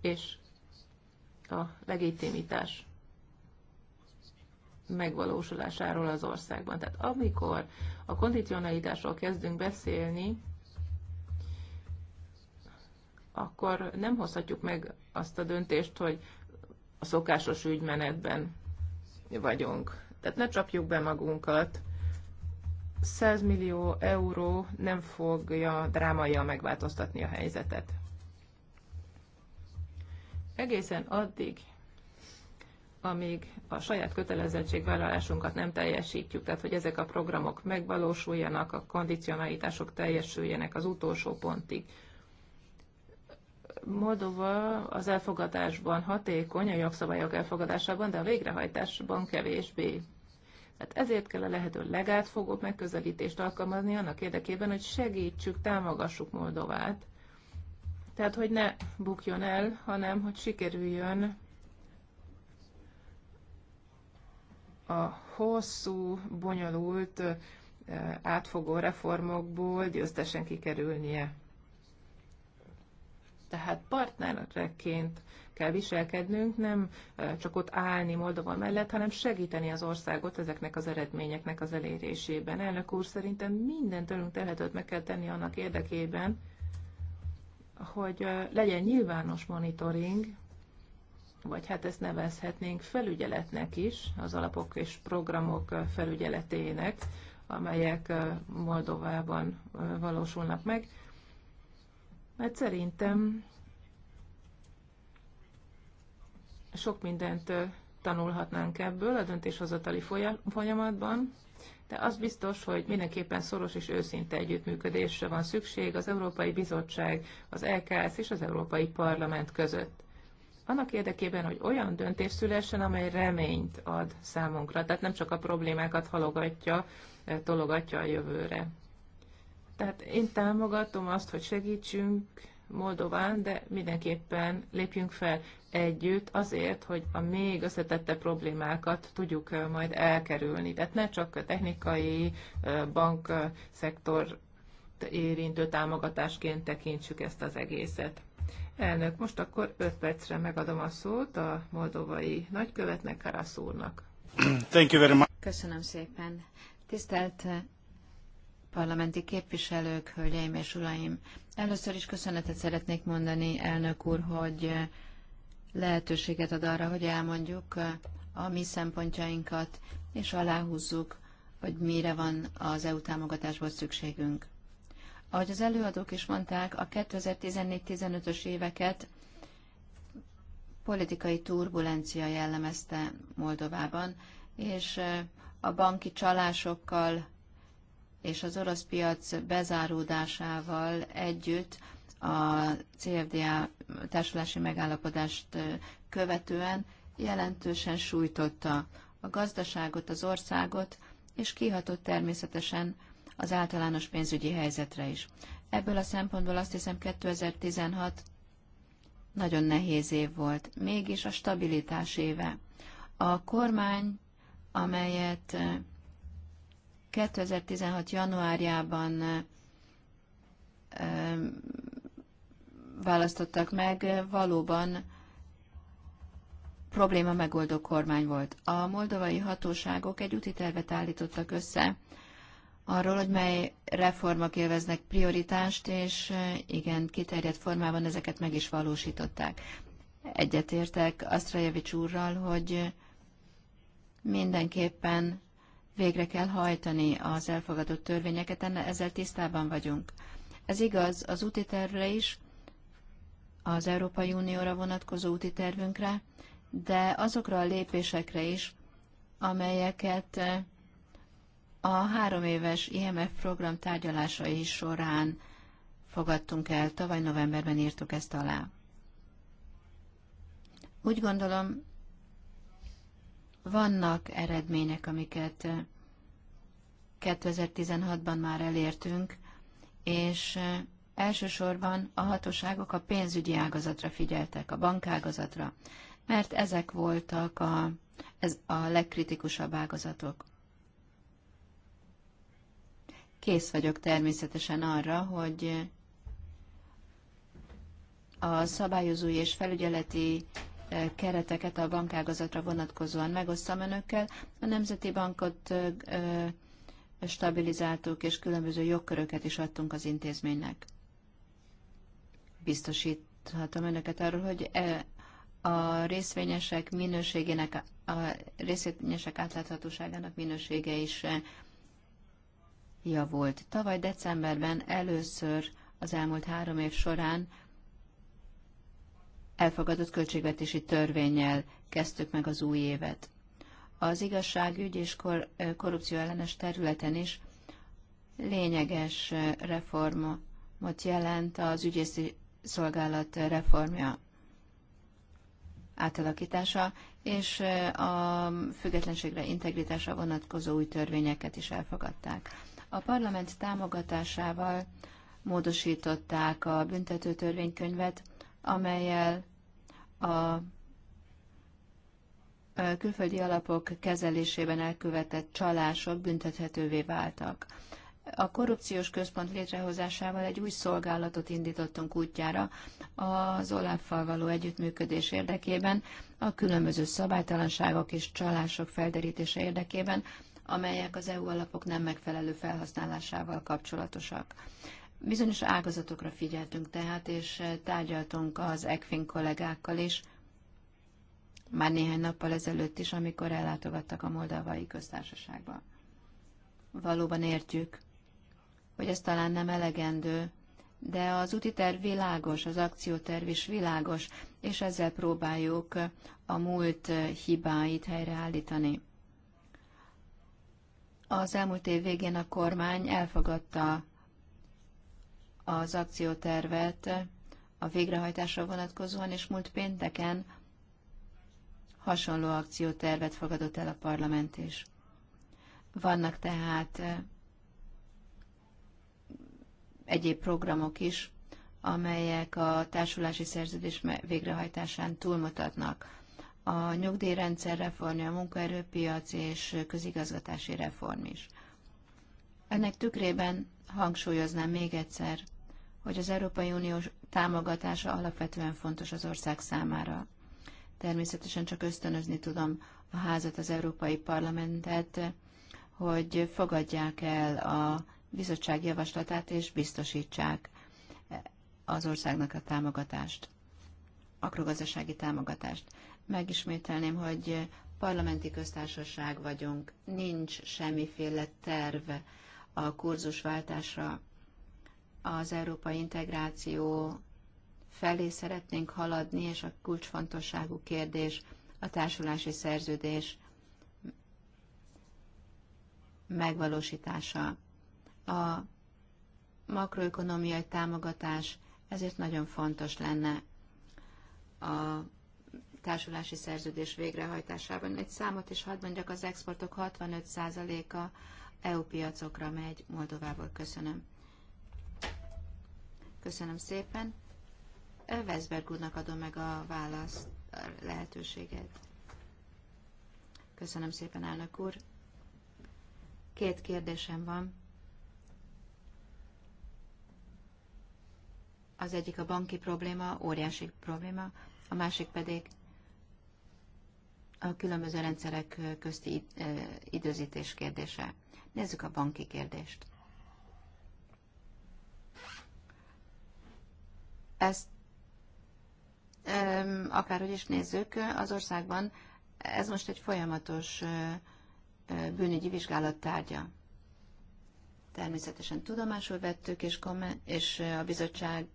és a legitimitás megvalósulásáról az országban. Tehát amikor a kondicionalitásról kezdünk beszélni, akkor nem hozhatjuk meg azt a döntést, hogy a szokásos ügymenetben vagyunk. Tehát ne csapjuk be magunkat. 100 millió euró nem fogja drámaian megváltoztatni a helyzetet egészen addig, amíg a saját kötelezettségvállalásunkat nem teljesítjük, tehát hogy ezek a programok megvalósuljanak, a kondicionalitások teljesüljenek az utolsó pontig. Moldova az elfogadásban hatékony, a jogszabályok elfogadásában, de a végrehajtásban kevésbé. Hát ezért kell a lehető legátfogóbb megközelítést alkalmazni annak érdekében, hogy segítsük, támogassuk Moldovát tehát, hogy ne bukjon el, hanem hogy sikerüljön a hosszú, bonyolult, átfogó reformokból győztesen kikerülnie. Tehát partnerekként kell viselkednünk, nem csak ott állni Moldova mellett, hanem segíteni az országot ezeknek az eredményeknek az elérésében. Elnök úr, szerintem minden tőlünk telhetőt meg kell tenni annak érdekében, hogy legyen nyilvános monitoring, vagy hát ezt nevezhetnénk felügyeletnek is, az alapok és programok felügyeletének, amelyek Moldovában valósulnak meg. Mert szerintem sok mindent tanulhatnánk ebből a döntéshozatali folyamatban, de az biztos, hogy mindenképpen szoros és őszinte együttműködésre van szükség az Európai Bizottság, az LKS és az Európai Parlament között. Annak érdekében, hogy olyan döntés szülessen, amely reményt ad számunkra, tehát nem csak a problémákat halogatja, eh, tologatja a jövőre. Tehát én támogatom azt, hogy segítsünk Moldován, de mindenképpen lépjünk fel együtt azért, hogy a még összetette problémákat tudjuk majd elkerülni. Tehát ne csak technikai bankszektor érintő támogatásként tekintsük ezt az egészet. Elnök, most akkor 5 percre megadom a szót a moldovai nagykövetnek, Karasz úrnak. Thank you very much. Köszönöm szépen. Tisztelt parlamenti képviselők, hölgyeim és uraim! Először is köszönetet szeretnék mondani, elnök úr, hogy lehetőséget ad arra, hogy elmondjuk a mi szempontjainkat, és aláhúzzuk, hogy mire van az EU támogatásból szükségünk. Ahogy az előadók is mondták, a 2014-15-ös éveket politikai turbulencia jellemezte Moldovában, és a banki csalásokkal és az orosz piac bezáródásával együtt a CFDA társulási megállapodást követően jelentősen sújtotta a gazdaságot, az országot, és kihatott természetesen az általános pénzügyi helyzetre is. Ebből a szempontból azt hiszem 2016 nagyon nehéz év volt, mégis a stabilitás éve. A kormány, amelyet 2016. januárjában választottak meg, valóban probléma megoldó kormány volt. A moldovai hatóságok egy úti tervet állítottak össze arról, hogy mely reformok élveznek prioritást, és eh, igen, kiterjedt formában ezeket meg is valósították. Egyetértek Asztrajevics úrral, hogy mindenképpen végre kell hajtani az elfogadott törvényeket, ezzel tisztában vagyunk. Ez igaz az úti tervre is, az Európai Unióra vonatkozó úti tervünkre, de azokra a lépésekre is, amelyeket eh, a három éves IMF program tárgyalásai során fogadtunk el. Tavaly novemberben írtuk ezt alá. Úgy gondolom, vannak eredmények, amiket 2016-ban eh, már elértünk, és eh, Elsősorban a hatóságok a pénzügyi ágazatra figyeltek, a bankágazatra, mert ezek voltak a, ez a legkritikusabb ágazatok. Kész vagyok természetesen arra, hogy a szabályozói és felügyeleti e, kereteket a bankágazatra vonatkozóan megosztam önökkel. A Nemzeti Bankot e, e, stabilizáltuk, és különböző jogköröket is adtunk az intézménynek biztosíthatom önöket arról, hogy e a részvényesek minőségének, a részvényesek átláthatóságának minősége is javult. Tavaly decemberben először az elmúlt három év során elfogadott költségvetési törvényel kezdtük meg az új évet. Az igazságügy és kor, korrupció ellenes területen is lényeges reformot jelent az ügyészi szolgálat reformja átalakítása, és a függetlenségre integritásra vonatkozó új törvényeket is elfogadták. A parlament támogatásával módosították a büntető törvénykönyvet, amelyel a külföldi alapok kezelésében elkövetett csalások büntethetővé váltak a korrupciós központ létrehozásával egy új szolgálatot indítottunk útjára az olaf való együttműködés érdekében, a különböző szabálytalanságok és csalások felderítése érdekében, amelyek az EU alapok nem megfelelő felhasználásával kapcsolatosak. Bizonyos ágazatokra figyeltünk tehát, és tárgyaltunk az ECFIN kollégákkal is, már néhány nappal ezelőtt is, amikor ellátogattak a Moldavai Köztársaságba. Valóban értjük, hogy ez talán nem elegendő, de az úti terv világos, az akcióterv is világos, és ezzel próbáljuk a múlt hibáit helyreállítani. Az elmúlt év végén a kormány elfogadta az akciótervet a végrehajtásra vonatkozóan, és múlt pénteken hasonló akciótervet fogadott el a parlament is. Vannak tehát egyéb programok is, amelyek a társulási szerződés végrehajtásán túlmutatnak. A nyugdíjrendszer reformja, a munkaerőpiac és közigazgatási reform is. Ennek tükrében hangsúlyoznám még egyszer, hogy az Európai Uniós támogatása alapvetően fontos az ország számára. Természetesen csak ösztönözni tudom a házat, az Európai Parlamentet, hogy fogadják el a bizottság javaslatát, és biztosítsák az országnak a támogatást, akrogazdasági támogatást. Megismételném, hogy parlamenti köztársaság vagyunk, nincs semmiféle terv a kurzusváltásra. Az európai integráció felé szeretnénk haladni, és a kulcsfontosságú kérdés a társulási szerződés megvalósítása a makroökonomiai támogatás, ezért nagyon fontos lenne a társulási szerződés végrehajtásában. Egy számot is hadd mondjak, az exportok 65%-a EU piacokra megy Moldovából. Köszönöm. Köszönöm szépen. Veszberg úrnak adom meg a válasz lehetőséget. Köszönöm szépen, elnök úr. Két kérdésem van. Az egyik a banki probléma, óriási probléma, a másik pedig a különböző rendszerek közti időzítés kérdése. Nézzük a banki kérdést. Ezt akárhogy is nézzük, az országban ez most egy folyamatos bűnügyi vizsgálat tárgya. Természetesen tudomásul vettük, és, és a bizottság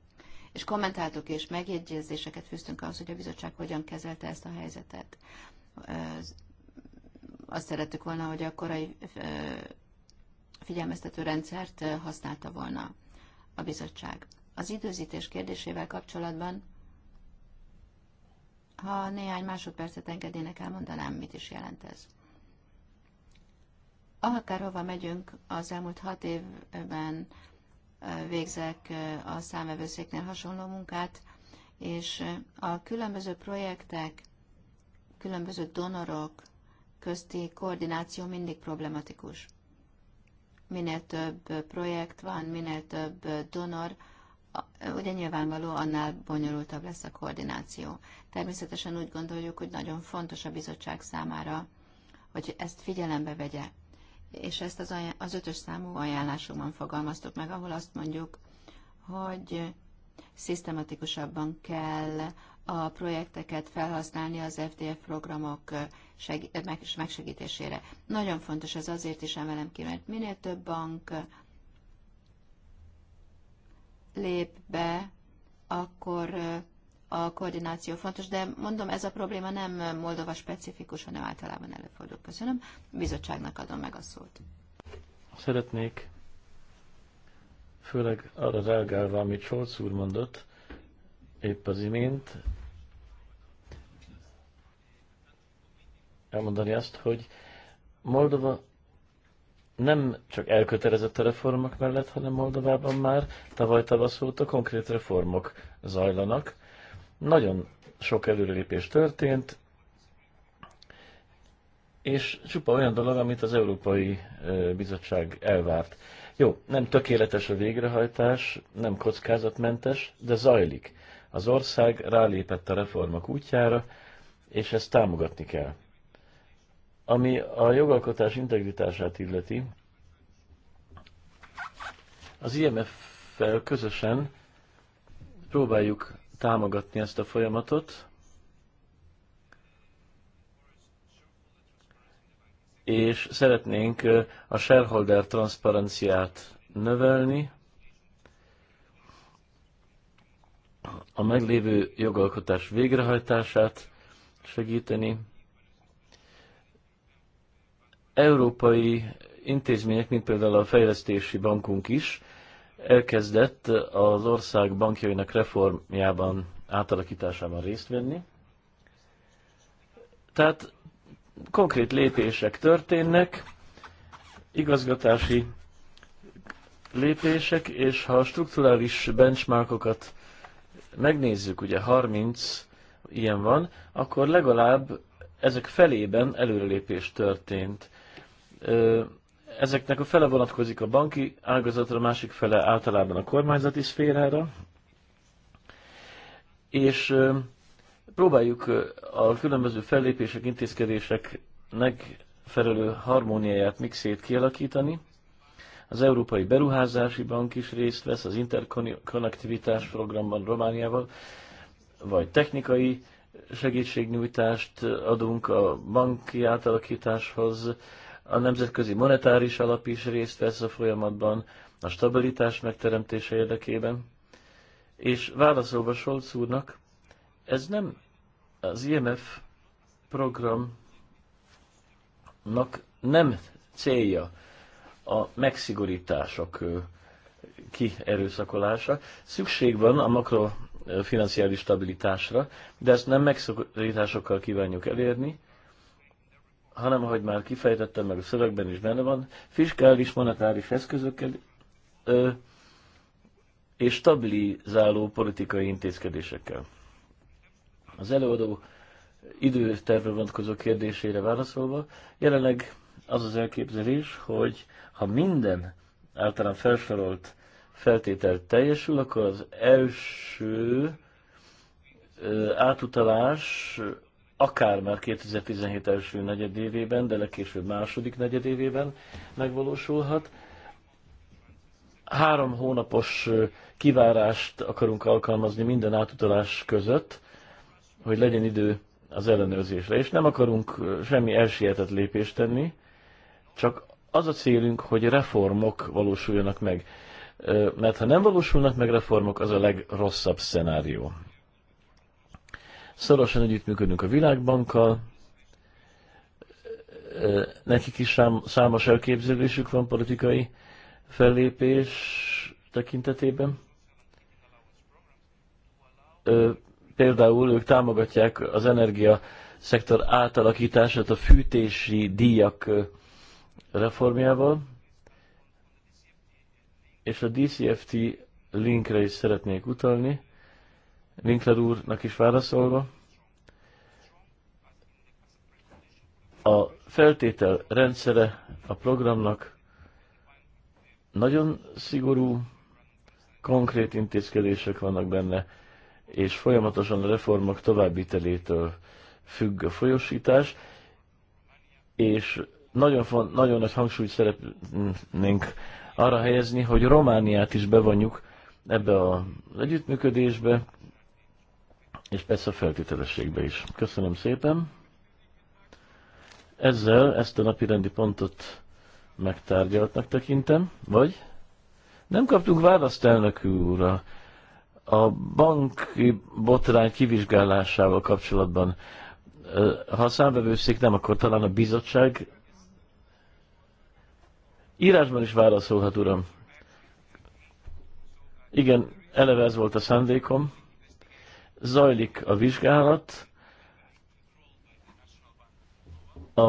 és kommentáltuk és megjegyzéseket fűztünk ahhoz, hogy a bizottság hogyan kezelte ezt a helyzetet. Azt szerettük volna, hogy a korai figyelmeztető rendszert használta volna a bizottság. Az időzítés kérdésével kapcsolatban, ha néhány másodpercet engednének, elmondanám, mit is jelent ez. Akárhova megyünk az elmúlt hat évben, végzek a számevőszéknél hasonló munkát, és a különböző projektek, különböző donorok közti koordináció mindig problematikus. Minél több projekt van, minél több donor, ugye nyilvánvaló, annál bonyolultabb lesz a koordináció. Természetesen úgy gondoljuk, hogy nagyon fontos a bizottság számára, hogy ezt figyelembe vegye és ezt az, az ötös számú ajánlásokban fogalmaztuk meg, ahol azt mondjuk, hogy szisztematikusabban kell a projekteket felhasználni az FDF programok seg- megsegítésére. Nagyon fontos ez azért is emelem ki, mert minél több bank lép be, akkor a koordináció fontos, de mondom, ez a probléma nem Moldova specifikus, hanem általában előfordul. Köszönöm. A bizottságnak adom meg a szót. Szeretnék főleg arra reagálva, amit Scholz úr mondott, épp az imént, elmondani azt, hogy Moldova nem csak elkötelezett a reformok mellett, hanem Moldovában már tavaly tavasz óta konkrét reformok zajlanak, nagyon sok előrelépés történt, és csupa olyan dolog, amit az Európai Bizottság elvárt. Jó, nem tökéletes a végrehajtás, nem kockázatmentes, de zajlik. Az ország rálépett a reformok útjára, és ezt támogatni kell. Ami a jogalkotás integritását illeti, az IMF-fel közösen próbáljuk támogatni ezt a folyamatot, és szeretnénk a shareholder transzparenciát növelni, a meglévő jogalkotás végrehajtását segíteni. Európai intézmények, mint például a Fejlesztési Bankunk is, elkezdett az ország bankjainak reformjában, átalakításában részt venni. Tehát konkrét lépések történnek, igazgatási lépések, és ha a strukturális benchmarkokat megnézzük, ugye 30 ilyen van, akkor legalább ezek felében előrelépés történt. Ezeknek a fele vonatkozik a banki ágazatra, a másik fele általában a kormányzati szférára, és próbáljuk a különböző fellépések, intézkedések megfelelő harmóniáját, mixét kialakítani. Az Európai Beruházási Bank is részt vesz az interkonnektivitás programban Romániával, vagy technikai segítségnyújtást adunk a banki átalakításhoz, a Nemzetközi Monetáris Alap is részt vesz a folyamatban, a stabilitás megteremtése érdekében. És válaszolva Scholz úrnak, ez nem az IMF programnak nem célja a megszigorítások kierőszakolása. Szükség van a makrofinanciális stabilitásra, de ezt nem megszigorításokkal kívánjuk elérni, hanem ahogy már kifejtettem, meg a szövegben is benne van, fiskális monetáris eszközökkel ö, és stabilizáló politikai intézkedésekkel. Az előadó időterve vonatkozó kérdésére válaszolva, jelenleg az az elképzelés, hogy ha minden általán felsorolt feltétel teljesül, akkor az első átutalás akár már 2017 első negyedévében, de legkésőbb második negyedévében megvalósulhat. Három hónapos kivárást akarunk alkalmazni minden átutalás között, hogy legyen idő az ellenőrzésre, és nem akarunk semmi elsietett lépést tenni, csak az a célunk, hogy reformok valósuljanak meg. Mert ha nem valósulnak meg reformok, az a legrosszabb szenárió. Szorosan együttműködünk a Világbankkal, nekik is számos elképzelésük van politikai fellépés tekintetében. Például ők támogatják az energia szektor átalakítását a fűtési díjak reformjával, és a DCFT linkre is szeretnék utalni. Winkler úrnak is válaszolva. A feltétel rendszere a programnak nagyon szigorú, konkrét intézkedések vannak benne, és folyamatosan a reformok továbbvitelétől függ a folyosítás, és nagyon, nagyon nagy hangsúlyt szeretnénk arra helyezni, hogy Romániát is bevonjuk ebbe az együttműködésbe, és persze a feltételességbe is. Köszönöm szépen! Ezzel ezt a napi rendi pontot megtárgyaltnak tekintem, vagy? Nem kaptunk választ elnök úr A banki botrány kivizsgálásával kapcsolatban, ha a nem, akkor talán a bizottság írásban is válaszolhat, uram. Igen, eleve ez volt a szándékom zajlik a vizsgálat, a,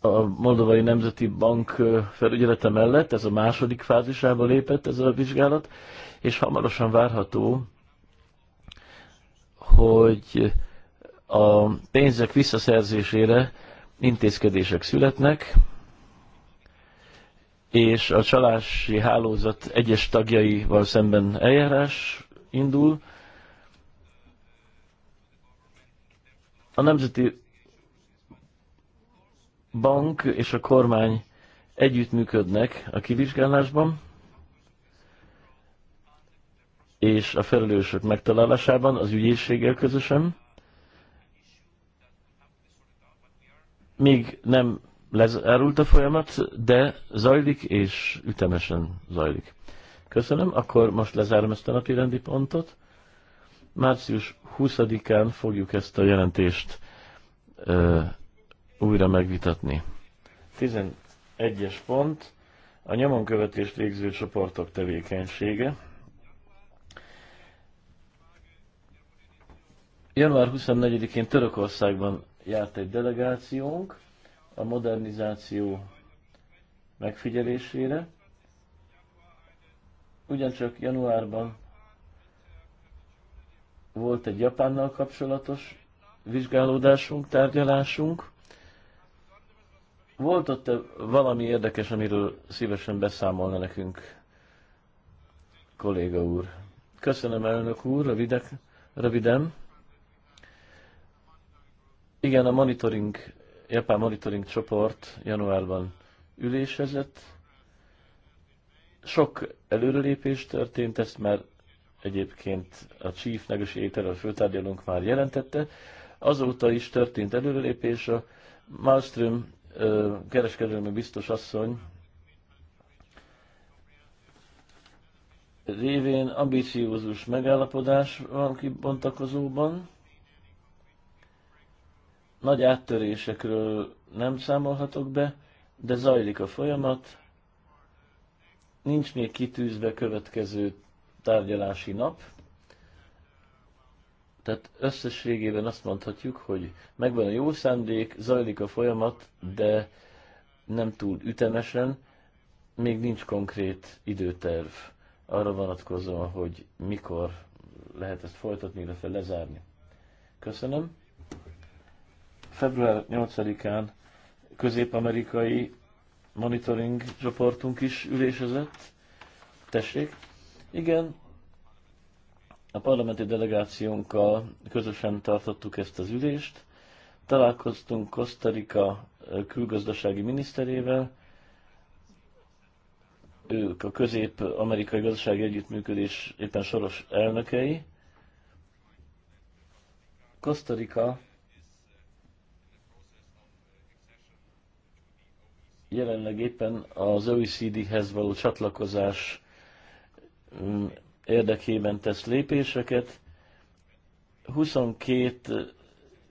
a Moldovai Nemzeti Bank felügyelete mellett, ez a második fázisába lépett ez a vizsgálat, és hamarosan várható, hogy a pénzek visszaszerzésére intézkedések születnek, és a csalási hálózat egyes tagjaival szemben eljárás indul, A Nemzeti Bank és a kormány együttműködnek a kivizsgálásban, és a felelősök megtalálásában, az ügyészséggel közösen. Még nem lezárult a folyamat, de zajlik és ütemesen zajlik. Köszönöm, akkor most lezárom ezt a napi rendi pontot. Március 20-án fogjuk ezt a jelentést ö, újra megvitatni. 11-es pont a nyomonkövetést végző csoportok tevékenysége. Január 24-én Törökországban járt egy delegációnk a modernizáció megfigyelésére. Ugyancsak januárban volt egy Japánnal kapcsolatos vizsgálódásunk, tárgyalásunk. Volt ott valami érdekes, amiről szívesen beszámolna nekünk kolléga úr. Köszönöm, elnök úr, rövidek, röviden. Igen, a monitoring, Japán monitoring csoport januárban ülésezett. Sok előrelépés történt, ezt már egyébként a Chief Negotiator, a főtárgyalónk már jelentette. Azóta is történt előrelépés, a Malmström kereskedelmi biztos asszony révén ambiciózus megállapodás van kibontakozóban. Nagy áttörésekről nem számolhatok be, de zajlik a folyamat. Nincs még kitűzve következő tárgyalási nap. Tehát összességében azt mondhatjuk, hogy megvan a jó szándék, zajlik a folyamat, de nem túl ütemesen, még nincs konkrét időterv arra vonatkozóan, hogy mikor lehet ezt folytatni, illetve lezárni. Köszönöm. Február 8-án közép-amerikai monitoring csoportunk is ülésezett. Tessék! Igen, a parlamenti delegációnkkal közösen tartottuk ezt az ülést, találkoztunk Costa Rica külgazdasági miniszterével, ők a közép-amerikai gazdasági együttműködés éppen soros elnökei. Rica jelenleg éppen az OECD-hez való csatlakozás érdekében tesz lépéseket. 22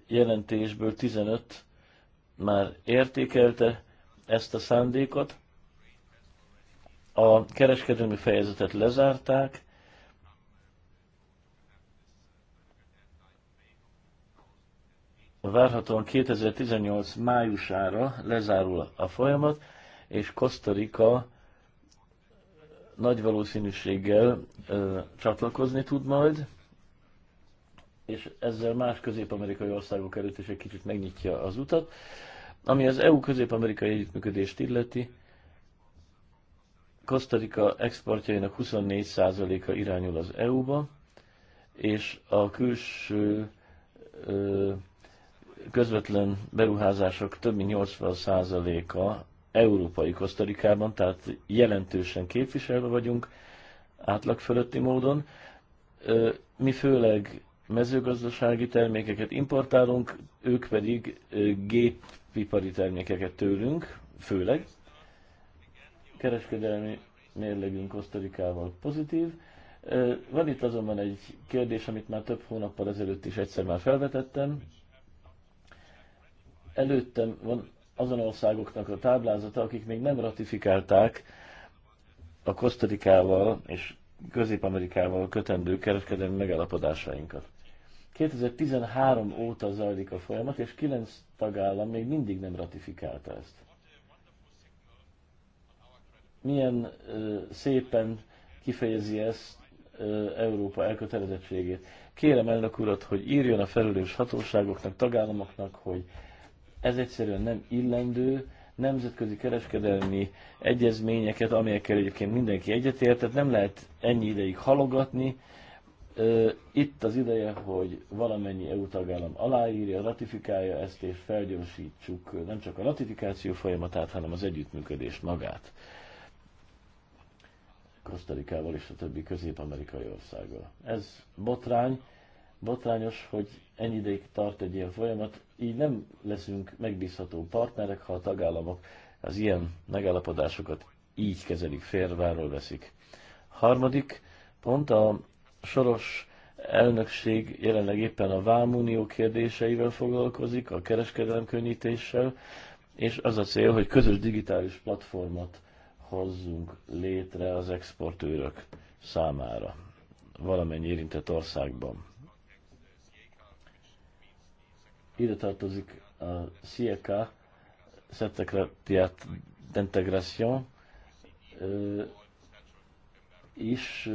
jelentésből 15 már értékelte ezt a szándékot. A kereskedelmi fejezetet lezárták, várhatóan 2018 májusára lezárul a folyamat, és Costa Rica nagy valószínűséggel ö, csatlakozni tud majd, és ezzel más közép-amerikai országok előtt is egy kicsit megnyitja az utat. Ami az EU közép-amerikai együttműködést illeti, Rica exportjainak 24%-a irányul az EU-ba, és a külső ö, közvetlen beruházások több mint 80%-a európai Kosztarikában, tehát jelentősen képviselve vagyunk átlag fölötti módon. Mi főleg mezőgazdasági termékeket importálunk, ők pedig gépipari termékeket tőlünk, főleg. Kereskedelmi mérlegünk Kosztarikával pozitív. Van itt azonban egy kérdés, amit már több hónappal ezelőtt is egyszer már felvetettem. Előttem van azon országoknak a táblázata, akik még nem ratifikálták a Kosztarikával és Közép-Amerikával kötendő kereskedelmi megállapodásainkat. 2013 óta zajlik a folyamat, és 9 tagállam még mindig nem ratifikálta ezt. Milyen ö, szépen kifejezi ezt ö, Európa elkötelezettségét. Kérem elnök urat, hogy írjon a felelős hatóságoknak, tagállamoknak, hogy ez egyszerűen nem illendő, nemzetközi kereskedelmi egyezményeket, amelyekkel egyébként mindenki egyetért, tehát nem lehet ennyi ideig halogatni. Itt az ideje, hogy valamennyi EU tagállam aláírja, ratifikálja ezt, és felgyorsítsuk nem csak a ratifikáció folyamatát, hanem az együttműködést magát. Kosztarikával és a többi közép-amerikai országgal. Ez botrány, botrányos, hogy ennyi ideig tart egy ilyen folyamat, így nem leszünk megbízható partnerek, ha a tagállamok az ilyen megállapodásokat így kezelik, férváról veszik. Harmadik pont a soros elnökség jelenleg éppen a vámunió kérdéseivel foglalkozik, a kereskedelem könnyítéssel, és az a cél, hogy közös digitális platformot hozzunk létre az exportőrök számára valamennyi érintett országban ide tartozik a CK, Szettekratiát Integration is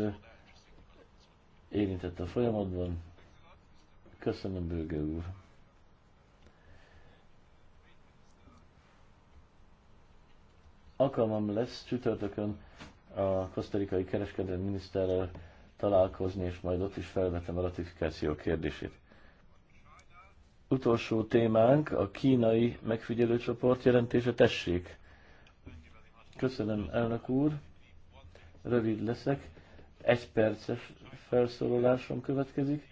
érintett a folyamatban. Köszönöm, Bőge úr! alkalmam lesz csütörtökön a kosztarikai kereskedelmi miniszterrel találkozni, és majd ott is felvetem a ratifikáció kérdését utolsó témánk a kínai megfigyelőcsoport jelentése. Tessék! Köszönöm, elnök úr. Rövid leszek. Egy perces felszólalásom következik.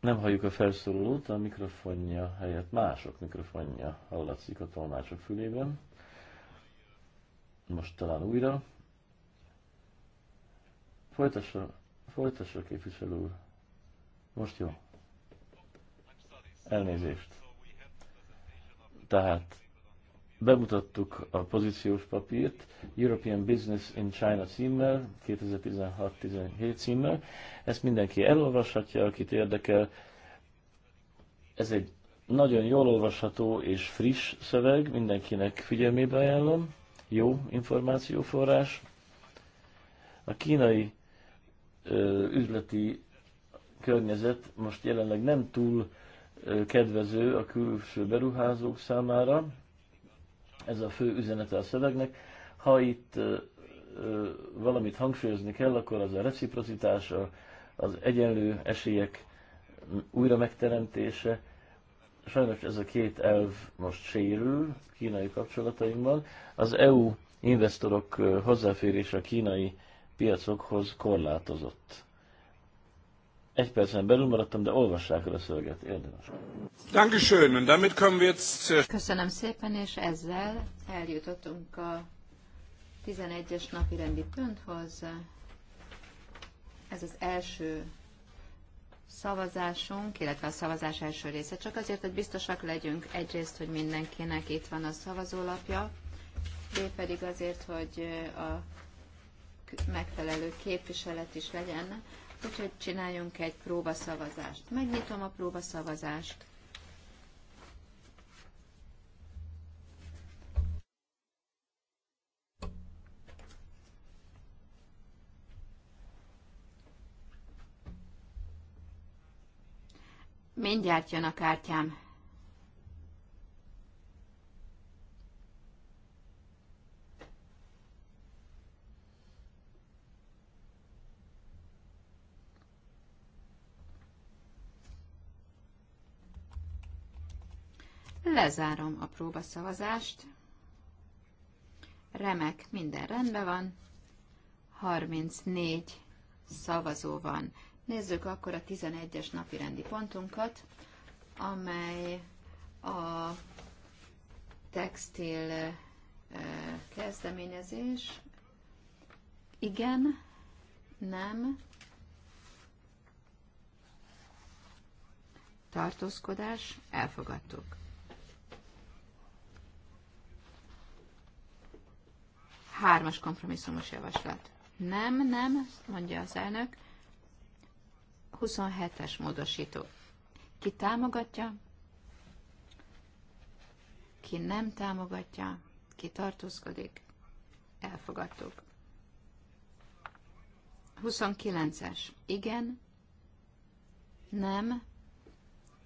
Nem halljuk a felszólalót, a mikrofonja helyett mások mikrofonja hallatszik a tolmácsok fülében. Most talán újra. Folytassa, folytassa képviselő úr. Most jó. Elnézést. Tehát bemutattuk a pozíciós papírt European Business in China címmel, 2016-17 címmel. Ezt mindenki elolvashatja, akit érdekel. Ez egy nagyon jól olvasható és friss szöveg, mindenkinek figyelmébe ajánlom. Jó információforrás. A kínai üzleti környezet most jelenleg nem túl kedvező a külső beruházók számára. Ez a fő üzenete a szövegnek. Ha itt valamit hangsúlyozni kell, akkor az a reciprocitás, az egyenlő esélyek újra megteremtése. Sajnos ez a két elv most sérül kínai kapcsolatainkban. Az EU investorok hozzáférése a kínai piacokhoz korlátozott. Egy percen belül maradtam, de olvassák el a szöveget, érdemes. Dankeschön, und damit kommen wir jetzt... Köszönöm szépen, és ezzel eljutottunk a 11-es napi rendi ponthoz. Ez az első szavazásunk, illetve a szavazás első része. Csak azért, hogy biztosak legyünk egyrészt, hogy mindenkinek itt van a szavazólapja, De pedig azért, hogy a megfelelő képviselet is legyen úgyhogy csináljunk egy próbaszavazást. Megnyitom a próbaszavazást. Mindjárt jön a kártyám. Lezárom a próbaszavazást. Remek, minden rendben van. 34 szavazó van. Nézzük akkor a 11-es napi rendi pontunkat, amely a textil eh, kezdeményezés. Igen, nem, tartózkodás, elfogadtuk. Hármas kompromisszumos javaslat. Nem, nem, mondja az elnök. 27-es módosító. Ki támogatja? Ki nem támogatja? Ki tartózkodik? Elfogadtuk. 29-es. Igen. Nem.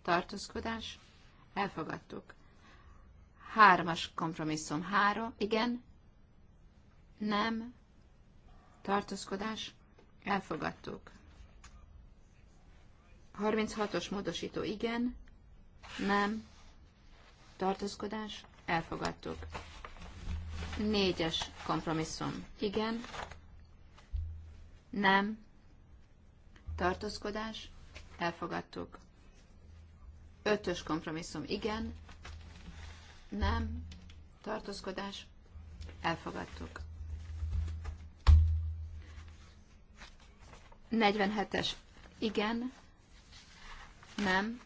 Tartózkodás. Elfogadtuk. Hármas kompromisszum. Három. Igen nem, tartózkodás, elfogadtuk. 36-os módosító igen, nem, tartózkodás, elfogadtuk. 4-es kompromisszum igen, nem, tartózkodás, elfogadtuk. 5-ös kompromisszum igen, nem, tartózkodás, elfogadtuk. 47-es. Igen. Nem.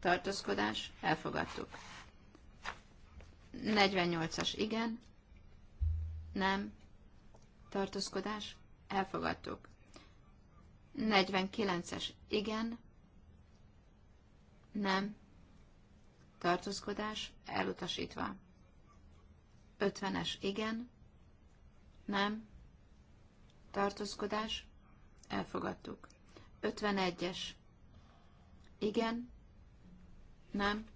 Tartózkodás. Elfogadtuk. 48-as. Igen. Nem. Tartózkodás. Elfogadtuk. 49-es. Igen. Nem. Tartózkodás. Elutasítva. 50-es. Igen. Nem. Tartózkodás Elfogadtuk. 51-es. Igen. Nem.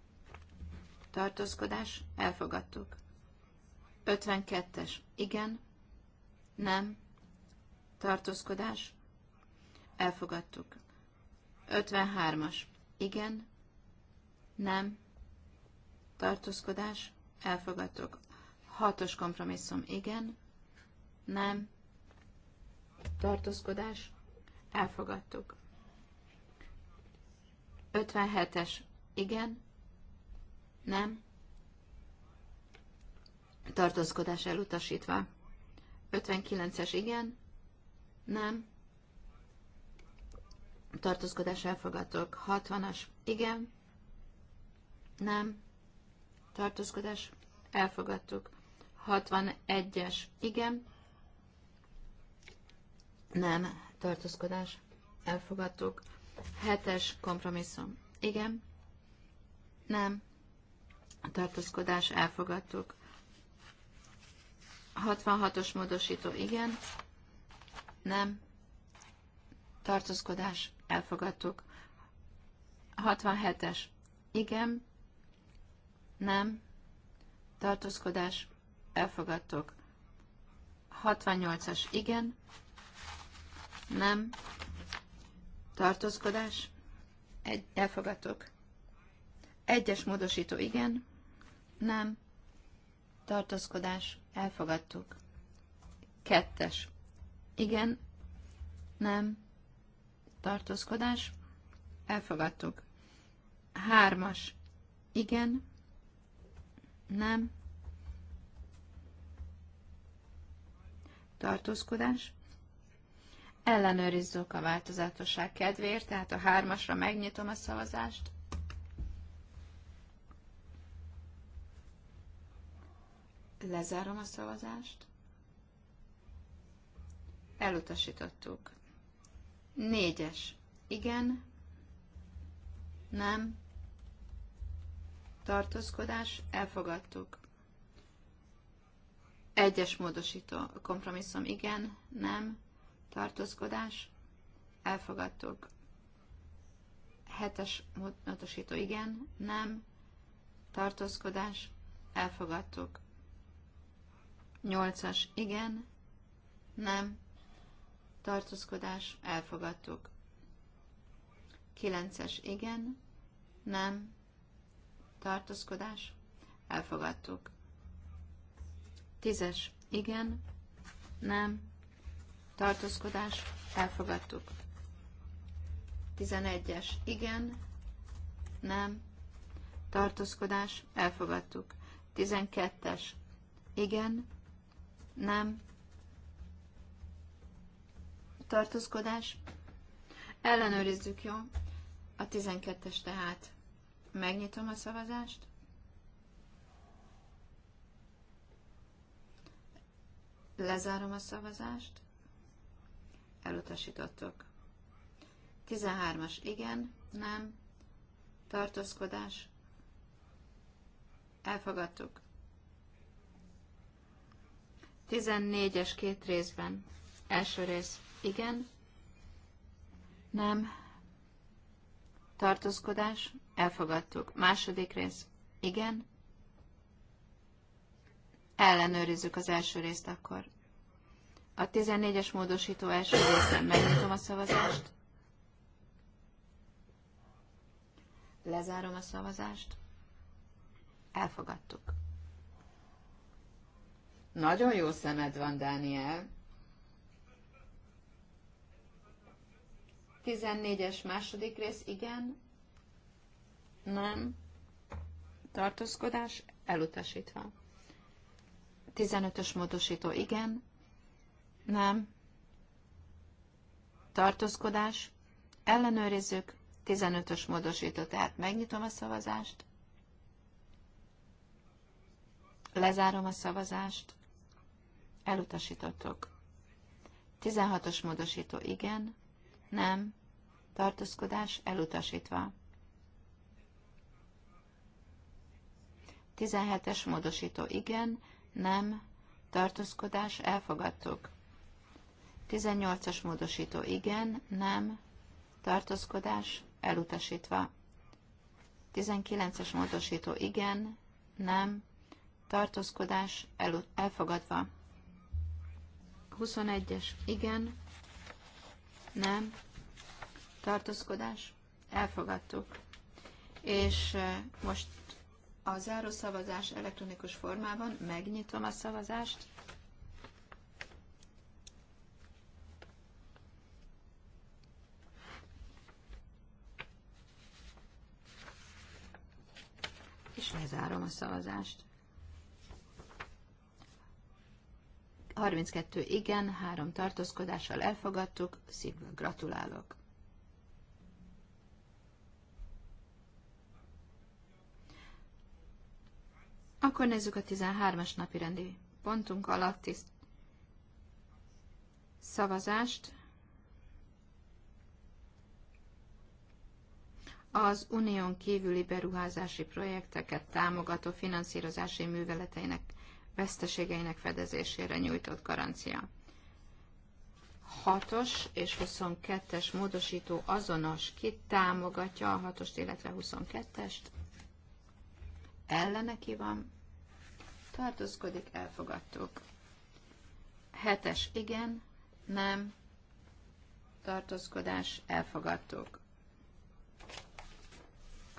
Tartózkodás. Elfogadtuk. 52-es. Igen. Nem. Tartózkodás. Elfogadtuk. 53-as. Igen. Nem. Tartózkodás. Elfogadtuk. os kompromisszum. Igen. Nem. Tartózkodás. Elfogadtuk. 57-es. Igen. Nem. Tartózkodás elutasítva. 59-es. Igen. Nem. Tartózkodás elfogadtok. 60-as. Igen. Nem. Tartózkodás elfogadtuk. 61-es. Igen. Nem tartózkodás, elfogadtuk. Hetes kompromisszum. Igen. Nem. Tartózkodás, elfogadtuk. 66-os módosító. Igen. Nem. Tartózkodás, elfogadtuk. 67-es. Igen. Nem. Tartózkodás, elfogadtuk. 68-as. Igen. Nem. Tartózkodás. Egy, elfogadok. Egyes módosító igen. Nem. Tartózkodás. Elfogadtuk. Kettes. Igen. Nem. Tartózkodás. Elfogadtuk. Hármas. Igen. Nem. Tartózkodás. Ellenőrizzük a változatosság kedvéért, tehát a hármasra megnyitom a szavazást. Lezárom a szavazást. Elutasítottuk. Négyes. Igen. Nem. Tartózkodás. Elfogadtuk. Egyes módosító. Kompromisszum. Igen. Nem tartózkodás, elfogadtuk. Hetes módosító igen, nem, tartózkodás, elfogadtuk. Nyolcas igen, nem, tartózkodás, elfogadtuk. Kilences igen, nem, tartózkodás, elfogadtuk. Tízes igen, nem, tartózkodás, elfogadtuk. 11-es, igen, nem, tartózkodás, elfogadtuk. 12-es, igen, nem, tartózkodás, ellenőrizzük, jó? A 12-es tehát. Megnyitom a szavazást. Lezárom a szavazást elutasítottuk. 13-as igen, nem, tartózkodás, elfogadtuk. 14-es két részben, első rész igen, nem, tartózkodás, elfogadtuk. Második rész igen, ellenőrizzük az első részt akkor. A 14-es módosító első részben megnyitom a szavazást. Lezárom a szavazást. Elfogadtuk. Nagyon jó szemed van, Dániel. 14-es második rész, igen. Nem. Tartózkodás elutasítva. 15-ös módosító, igen. Nem. Tartózkodás. Ellenőrizzük. 15-ös módosító, tehát megnyitom a szavazást. Lezárom a szavazást. Elutasítottok. 16-os módosító, igen. Nem. Tartózkodás elutasítva. 17-es módosító, igen. Nem. Tartózkodás elfogadtuk. 18-as módosító igen, nem, tartózkodás, elutasítva. 19-es módosító igen, nem, tartózkodás, el, elfogadva. 21-es igen, nem, tartózkodás, elfogadtuk. És most a zárószavazás elektronikus formában megnyitom a szavazást. Lezárom a szavazást. 32 igen, 3 tartózkodással elfogadtuk, szívből gratulálok. Akkor nézzük a 13-as napi rendi pontunk alatti szavazást. az unión kívüli beruházási projekteket támogató finanszírozási műveleteinek veszteségeinek fedezésére nyújtott garancia. 6-os és 22-es módosító azonos, ki támogatja a 6-ost, illetve 22-est, ellene ki van, tartózkodik, elfogadtuk. 7-es igen, nem, tartózkodás, elfogadtuk.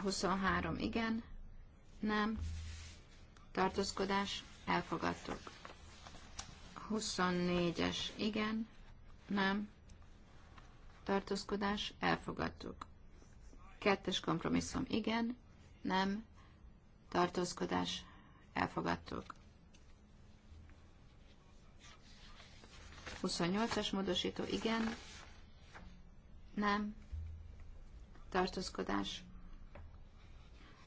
23 igen, nem, tartózkodás, elfogadtuk. 24-es igen, nem, tartózkodás, elfogadtuk. Kettes kompromisszum igen, nem, tartózkodás, elfogadtuk. 28-as módosító, igen, nem, tartózkodás,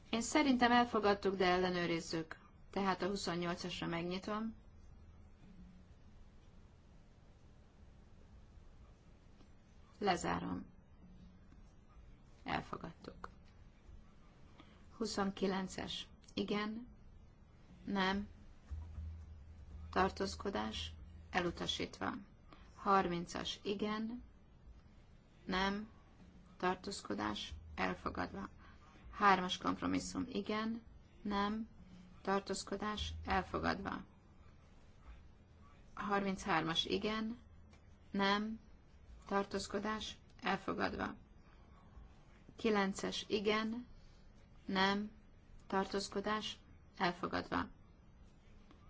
én szerintem elfogadtuk, de ellenőrizzük. Tehát a 28-asra megnyitom. Lezárom. Elfogadtuk. 29-es. Igen. Nem. Tartózkodás. Elutasítva. 30-as. Igen. Nem. Tartózkodás. Elfogadva. Hármas kompromisszum igen, nem, tartózkodás elfogadva. 33-as igen, nem, tartózkodás elfogadva. 9-es igen, nem, tartózkodás elfogadva.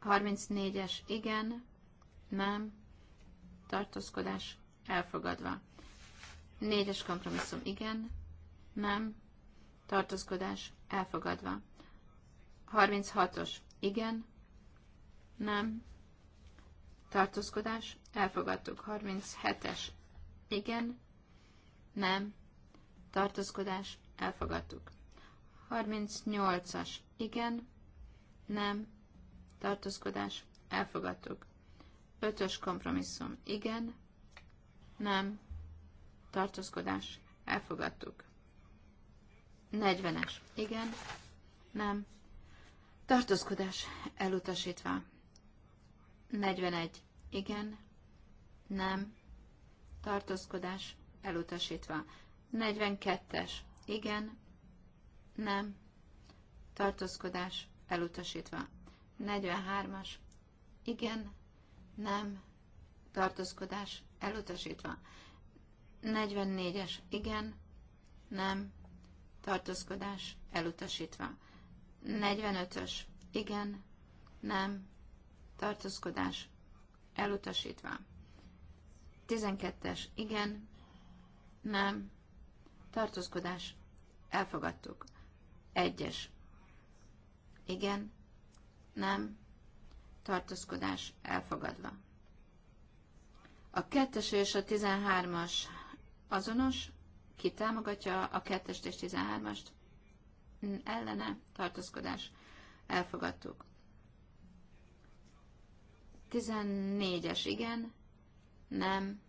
34-es igen, nem, tartózkodás elfogadva. 4-es kompromisszum igen, nem, tartózkodás elfogadva. 36-os igen, nem, tartózkodás elfogadtuk. 37-es igen, nem, tartózkodás elfogadtuk. 38-as igen, nem, tartózkodás elfogadtuk. 5-ös kompromisszum igen, nem, tartózkodás elfogadtuk. 40-es. Igen. Nem. Tartózkodás elutasítva. 41. Igen. Nem. Tartózkodás elutasítva. 42-es. Igen. Nem. Tartózkodás elutasítva. 43-as. Igen. Nem. Tartózkodás elutasítva. 44-es. Igen. Nem tartózkodás elutasítva. 45-ös, igen, nem, tartózkodás elutasítva. 12-es, igen, nem, tartózkodás elfogadtuk. 1-es, igen, nem, tartózkodás elfogadva. A 2-es és a 13-as azonos, ki támogatja a 2 és 13-ast? Ellene tartózkodás. Elfogadtuk. 14-es igen, nem,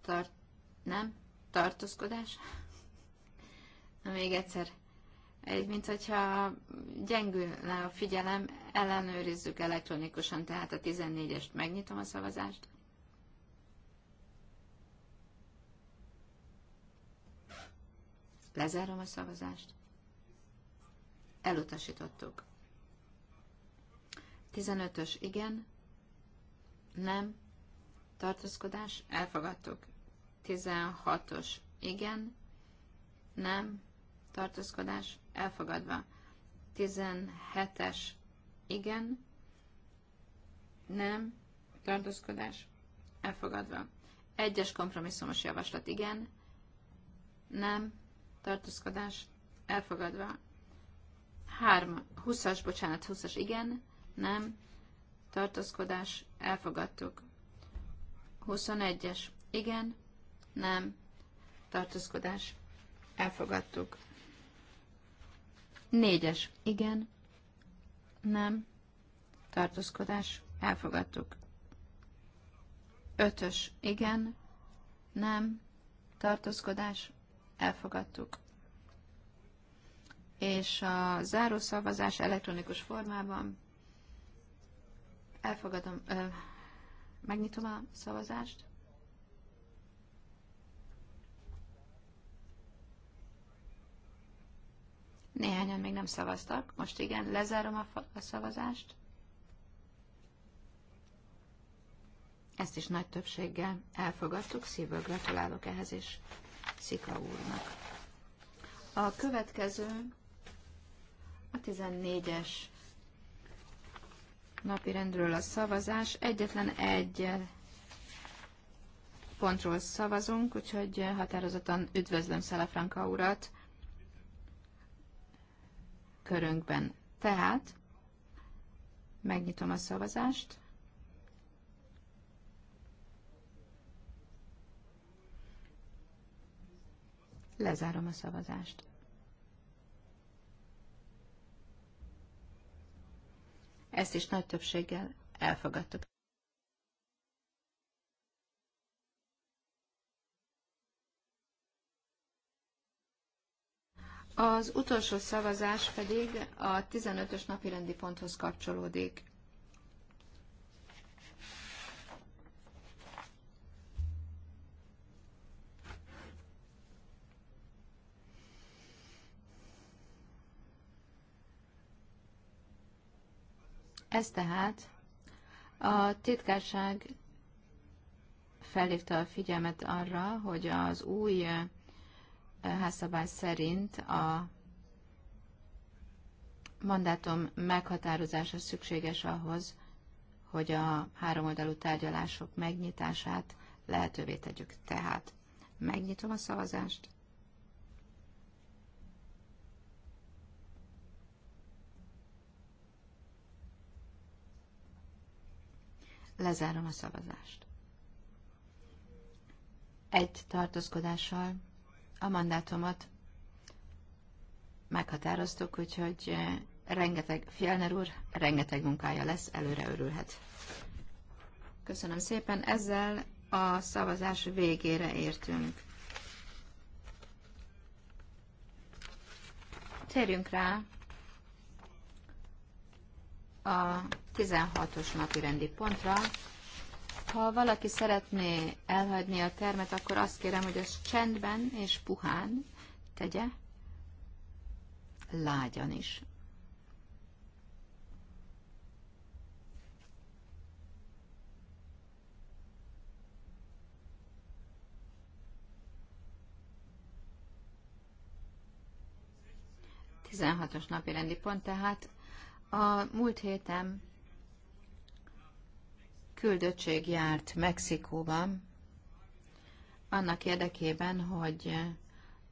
tart, nem, tartózkodás. (laughs) Még egyszer. Egy, mint hogyha gyengülne a figyelem, ellenőrizzük elektronikusan, tehát a 14-est megnyitom a szavazást. Lezárom a szavazást. Elutasítottuk. 15-ös igen, nem, tartózkodás, elfogadtuk. 16-os igen, nem, tartózkodás, elfogadva. 17-es igen, nem, tartózkodás, elfogadva. Egyes kompromisszumos javaslat igen, nem, tartózkodás elfogadva. 3. 20-as, bocsánat, 20-as, igen, nem, tartózkodás elfogadtuk. 21-es, igen, nem, tartózkodás elfogadtuk. 4-es, igen, nem, tartózkodás elfogadtuk. 5-ös, igen, nem, tartózkodás elfogadtuk. És a záró szavazás elektronikus formában elfogadom, ö, megnyitom a szavazást. Néhányan még nem szavaztak. Most igen, lezárom a, a szavazást. Ezt is nagy többséggel elfogadtuk. Szívből gratulálok ehhez is. Szika úrnak. A következő a 14-es napirendről a szavazás. Egyetlen egy pontról szavazunk, úgyhogy határozottan üdvözlöm Szelefranka urat körünkben. Tehát megnyitom a szavazást. Lezárom a szavazást. Ezt is nagy többséggel elfogadtuk. Az utolsó szavazás pedig a 15-ös napirendi ponthoz kapcsolódik. Ez tehát a titkárság felhívta a figyelmet arra, hogy az új házszabály szerint a mandátum meghatározása szükséges ahhoz, hogy a háromoldalú tárgyalások megnyitását lehetővé tegyük. Tehát megnyitom a szavazást. Lezárom a szavazást. Egy tartózkodással a mandátumot meghatároztuk, úgyhogy eh, rengeteg, Fjellner úr, rengeteg munkája lesz, előre örülhet. Köszönöm szépen, ezzel a szavazás végére értünk. Térjünk rá a 16-os napi rendi pontra. Ha valaki szeretné elhagyni a termet, akkor azt kérem, hogy az csendben és puhán tegye, lágyan is. Tizenhatos napi rendi pont, tehát a múlt héten küldöttség járt Mexikóban, annak érdekében, hogy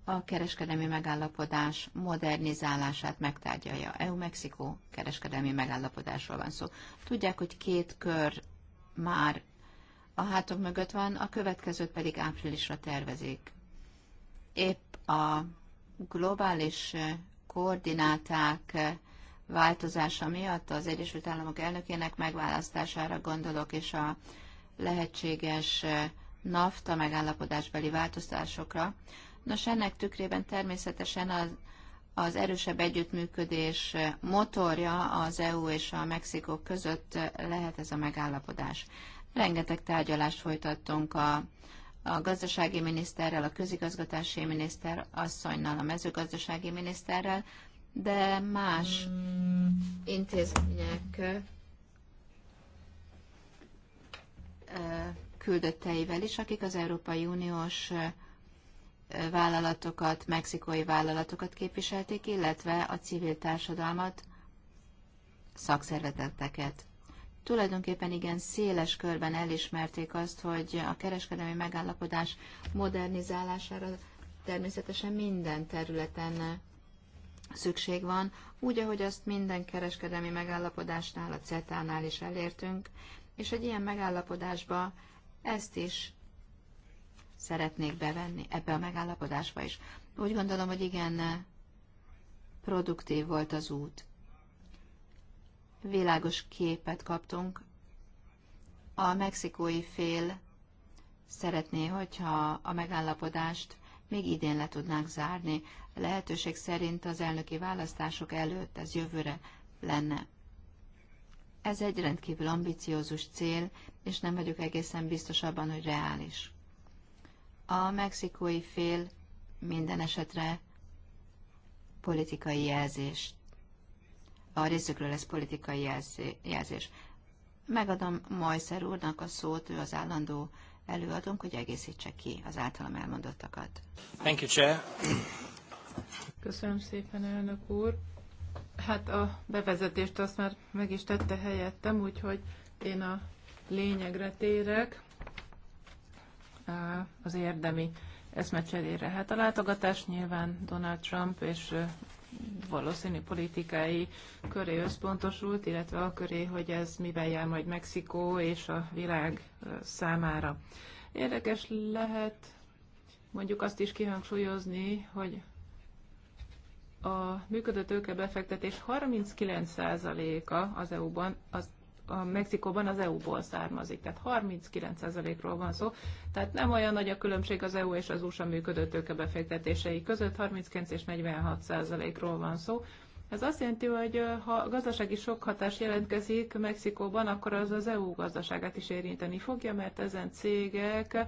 a kereskedelmi megállapodás modernizálását megtárgyalja. EU-Mexikó kereskedelmi megállapodásról van szó. Tudják, hogy két kör már a hátok mögött van, a következőt pedig áprilisra tervezik. Épp a globális koordináták változása miatt az Egyesült Államok elnökének megválasztására gondolok, és a lehetséges NAFTA megállapodásbeli változtásokra. Nos, ennek tükrében természetesen az, az erősebb együttműködés motorja az EU és a Mexikó között lehet ez a megállapodás. Rengeteg tárgyalást folytattunk a, a gazdasági miniszterrel, a közigazgatási miniszter asszonynal, a mezőgazdasági miniszterrel, de más intézmények küldötteivel is, akik az Európai Uniós vállalatokat, mexikói vállalatokat képviselték, illetve a civil társadalmat, szakszervezeteket. Tulajdonképpen igen széles körben elismerték azt, hogy a kereskedelmi megállapodás modernizálására természetesen minden területen szükség van, úgy, ahogy azt minden kereskedelmi megállapodásnál, a CETA-nál is elértünk, és egy ilyen megállapodásba ezt is szeretnék bevenni, ebbe a megállapodásba is. Úgy gondolom, hogy igen, produktív volt az út. Világos képet kaptunk. A mexikói fél szeretné, hogyha a megállapodást még idén le tudnánk zárni. Lehetőség szerint az elnöki választások előtt ez jövőre lenne. Ez egy rendkívül ambiciózus cél, és nem vagyok egészen biztos abban, hogy reális. A mexikói fél minden esetre politikai jelzést. A részükről ez politikai jelzés. Megadom Majszer úrnak a szót, ő az állandó előadónk, hogy egészítse ki az általam elmondottakat. Thank you, Chair. Köszönöm szépen, elnök úr. Hát a bevezetést azt már meg is tette helyettem, úgyhogy én a lényegre térek az érdemi eszmecserére. Hát a látogatás nyilván Donald Trump és valószínű politikai köré összpontosult, illetve a köré, hogy ez mivel jár majd Mexikó és a világ számára. Érdekes lehet mondjuk azt is kihangsúlyozni, hogy a működő tőke befektetés 39%-a az EU-ban az a Mexikóban az EU-ból származik, tehát 39%-ról van szó. Tehát nem olyan nagy a különbség az EU és az USA működő tőkebefektetései között, 39 és 46%-ról van szó. Ez azt jelenti, hogy ha gazdasági sokhatás jelentkezik Mexikóban, akkor az az EU gazdaságát is érinteni fogja, mert ezen cégek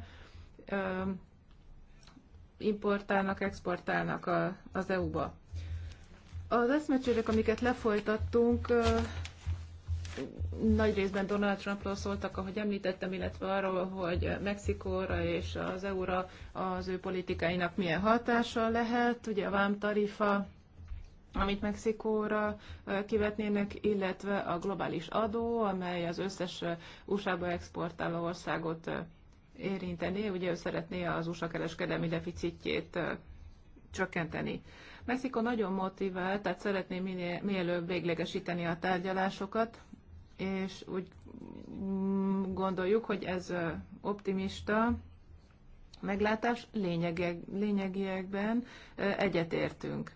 importálnak, exportálnak a, az EU-ba. Az eszmecsérek, amiket lefolytattunk, nagy részben Donald Trumpról szóltak, ahogy említettem, illetve arról, hogy Mexikóra és az EU-ra az ő politikáinak milyen hatása lehet, ugye a vámtarifa, amit Mexikóra kivetnének, illetve a globális adó, amely az összes USA-ba exportáló országot érinteni, ugye ő szeretné az USA kereskedelmi deficitjét csökkenteni. Mexikó nagyon motivált, tehát szeretné minél, mielőbb véglegesíteni a tárgyalásokat, és úgy gondoljuk, hogy ez optimista meglátás lényegek, lényegiekben egyetértünk.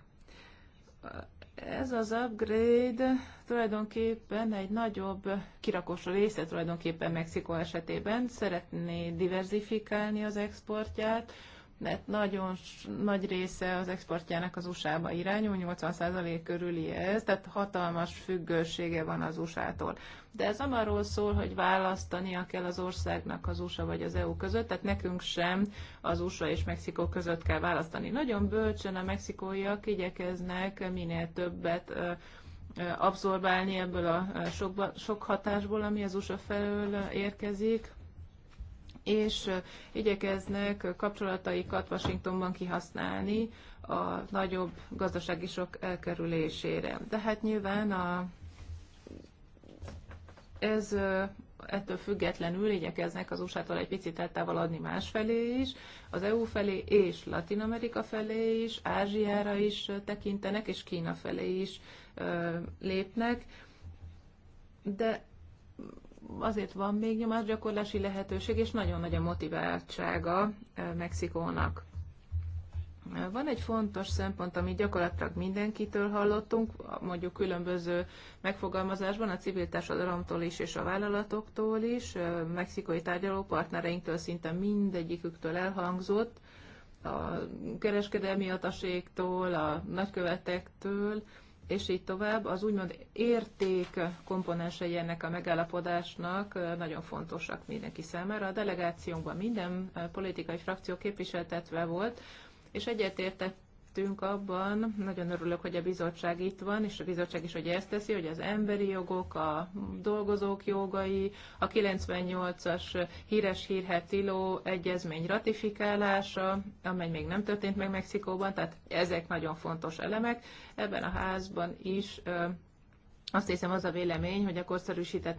Ez az upgrade tulajdonképpen egy nagyobb kirakós része tulajdonképpen Mexikó esetében szeretné diversifikálni az exportját, mert nagyon nagy része az exportjának az USA-ba irányul, 80% körüli ez, tehát hatalmas függősége van az USA-tól. De ez nem arról szól, hogy választania kell az országnak az USA vagy az EU között, tehát nekünk sem az USA és Mexikó között kell választani. Nagyon bölcsen a mexikóiak igyekeznek minél többet abszorbálni ebből a sok, sok hatásból, ami az USA felől érkezik, és igyekeznek kapcsolataikat Washingtonban kihasználni a nagyobb gazdasági sok elkerülésére. De hát nyilván a, ez ettől függetlenül igyekeznek az USA-tól egy picit eltávolodni másfelé is, az EU felé és Latin Amerika felé is, Ázsiára is tekintenek, és Kína felé is ö, lépnek. De azért van még nyomásgyakorlási lehetőség, és nagyon nagy a motiváltsága eh, Mexikónak. Van egy fontos szempont, amit gyakorlatilag mindenkitől hallottunk, mondjuk különböző megfogalmazásban, a civil társadalomtól is és a vállalatoktól is, eh, mexikai tárgyalópartnereinktől szinte mindegyiküktől elhangzott, a kereskedelmi ataségtól, a nagykövetektől, és így tovább. Az úgymond érték komponensei ennek a megállapodásnak nagyon fontosak mindenki számára. A delegációnkban minden politikai frakció képviseltetve volt, és egyetértett segítettünk abban, nagyon örülök, hogy a bizottság itt van, és a bizottság is hogy ezt teszi, hogy az emberi jogok, a dolgozók jogai, a 98-as híres hírhet tiló egyezmény ratifikálása, amely még nem történt meg Mexikóban, tehát ezek nagyon fontos elemek. Ebben a házban is azt hiszem az a vélemény, hogy a korszerűsített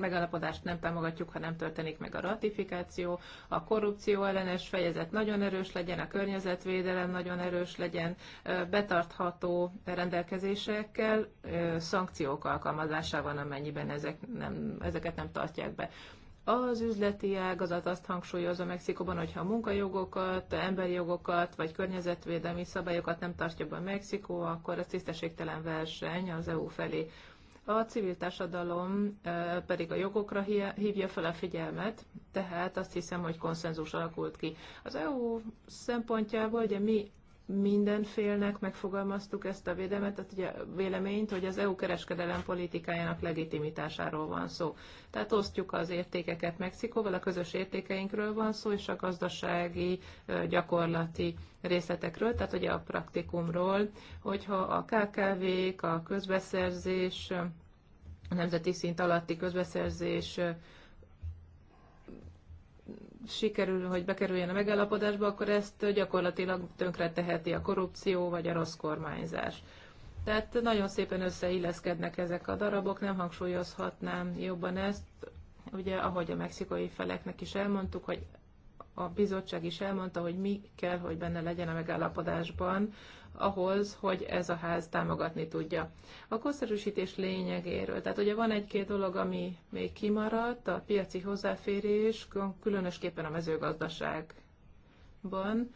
megállapodást nem támogatjuk, ha nem történik meg a ratifikáció, a korrupció ellenes fejezet nagyon erős legyen, a környezetvédelem nagyon erős legyen, betartható rendelkezésekkel, szankciók alkalmazásával, amennyiben ezek nem, ezeket nem tartják be. Az üzleti ágazat azt hangsúlyozza Mexikóban, hogyha a munkajogokat, emberi jogokat vagy környezetvédelmi szabályokat nem tartja be Mexikó, akkor ez tisztességtelen verseny az EU felé. A civil társadalom pedig a jogokra hívja fel a figyelmet, tehát azt hiszem, hogy konszenzus alakult ki. Az EU szempontjából ugye mi minden félnek megfogalmaztuk ezt a védelmet, tehát ugye, véleményt, hogy az EU kereskedelem politikájának legitimitásáról van szó. Tehát osztjuk az értékeket Mexikóval, a közös értékeinkről van szó, és a gazdasági, gyakorlati részletekről, tehát ugye a praktikumról, hogyha a KKV-k, a közbeszerzés, a nemzeti szint alatti közbeszerzés sikerül, hogy bekerüljön a megállapodásba, akkor ezt gyakorlatilag tönkre teheti a korrupció vagy a rossz kormányzás. Tehát nagyon szépen összeilleszkednek ezek a darabok, nem hangsúlyozhatnám jobban ezt. Ugye, ahogy a mexikai feleknek is elmondtuk, hogy a bizottság is elmondta, hogy mi kell, hogy benne legyen a megállapodásban, ahhoz, hogy ez a ház támogatni tudja. A korszerűsítés lényegéről. Tehát ugye van egy-két dolog, ami még kimaradt, a piaci hozzáférés, különösképpen a mezőgazdaságban,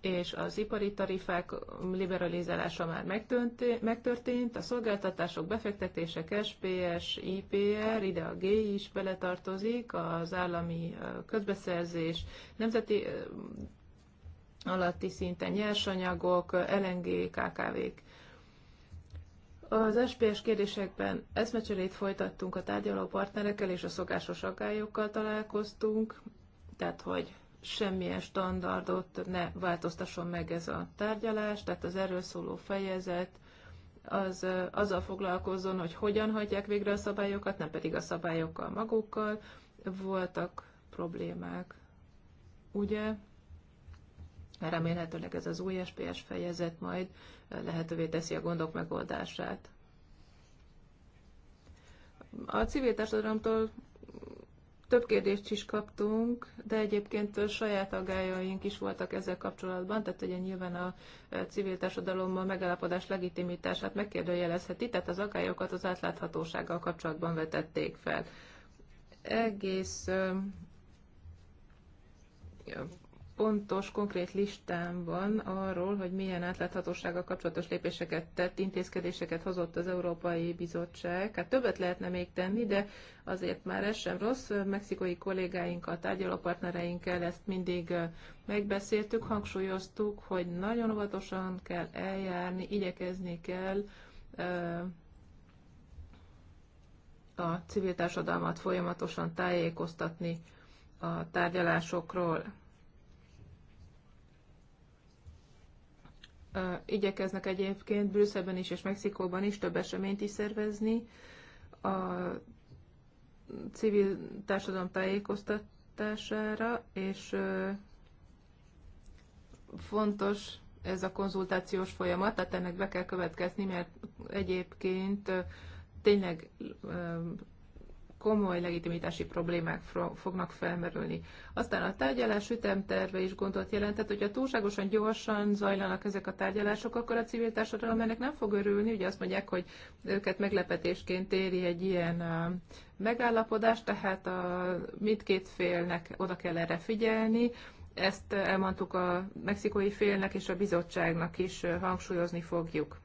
és az ipari tarifák liberalizálása már megtörtént, a szolgáltatások, befektetések, SPS, IPR, ide a G is beletartozik, az állami közbeszerzés, nemzeti alatti szinten nyersanyagok, LNG, KKV-k. Az SPS kérdésekben eszmecserét folytattunk a tárgyaló partnerekkel, és a szokásos aggályokkal találkoztunk, tehát hogy semmilyen standardot ne változtasson meg ez a tárgyalás, tehát az erről szóló fejezet, az azzal foglalkozzon, hogy hogyan hagyják végre a szabályokat, nem pedig a szabályokkal magukkal. Voltak problémák, ugye? Remélhetőleg ez az új SPS fejezet majd lehetővé teszi a gondok megoldását. A civil társadalomtól több kérdést is kaptunk, de egyébként saját aggájaink is voltak ezzel kapcsolatban, tehát ugye nyilván a civil társadalommal megállapodás legitimitását megkérdőjelezheti, tehát az aggályokat az átláthatósággal kapcsolatban vetették fel. Egész pontos, konkrét listám van arról, hogy milyen átláthatósággal kapcsolatos lépéseket tett, intézkedéseket hozott az Európai Bizottság. Hát többet lehetne még tenni, de azért már ez sem rossz. Mexikai kollégáinkkal, tárgyalópartnereinkkel ezt mindig megbeszéltük, hangsúlyoztuk, hogy nagyon óvatosan kell eljárni, igyekezni kell a civil társadalmat folyamatosan tájékoztatni a tárgyalásokról igyekeznek egyébként Brüsszelben is és Mexikóban is több eseményt is szervezni. A civil társadalom tájékoztatására, és fontos ez a konzultációs folyamat, tehát ennek be kell következni, mert egyébként tényleg komoly legitimitási problémák fognak felmerülni. Aztán a tárgyalás ütemterve is gondot jelentett, hogy ha túlságosan gyorsan zajlanak ezek a tárgyalások, akkor a civil társadalom ennek nem fog örülni. Ugye azt mondják, hogy őket meglepetésként éri egy ilyen megállapodás, tehát a mindkét félnek oda kell erre figyelni, ezt elmondtuk a mexikói félnek és a bizottságnak is hangsúlyozni fogjuk.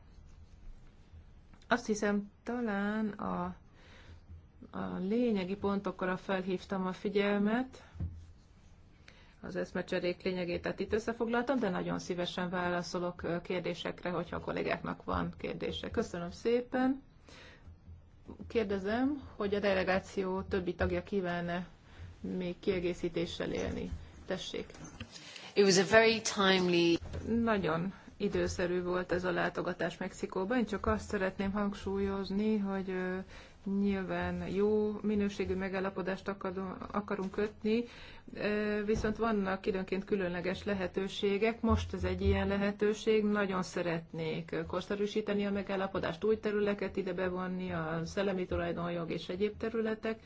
Azt hiszem, talán a a lényegi pontokra felhívtam a figyelmet, az eszmecserék lényegét, tehát itt összefoglaltam, de nagyon szívesen válaszolok kérdésekre, hogyha a kollégáknak van kérdése. Köszönöm szépen. Kérdezem, hogy a delegáció többi tagja kívánne még kiegészítéssel élni. Tessék. It was a very timely... Nagyon időszerű volt ez a látogatás Mexikóban. Én csak azt szeretném hangsúlyozni, hogy nyilván jó minőségű megállapodást akarunk kötni, viszont vannak időnként különleges lehetőségek. Most ez egy ilyen lehetőség, nagyon szeretnék korszerűsíteni a megállapodást, új területeket ide bevonni, a szellemi tulajdonjog és egyéb területek,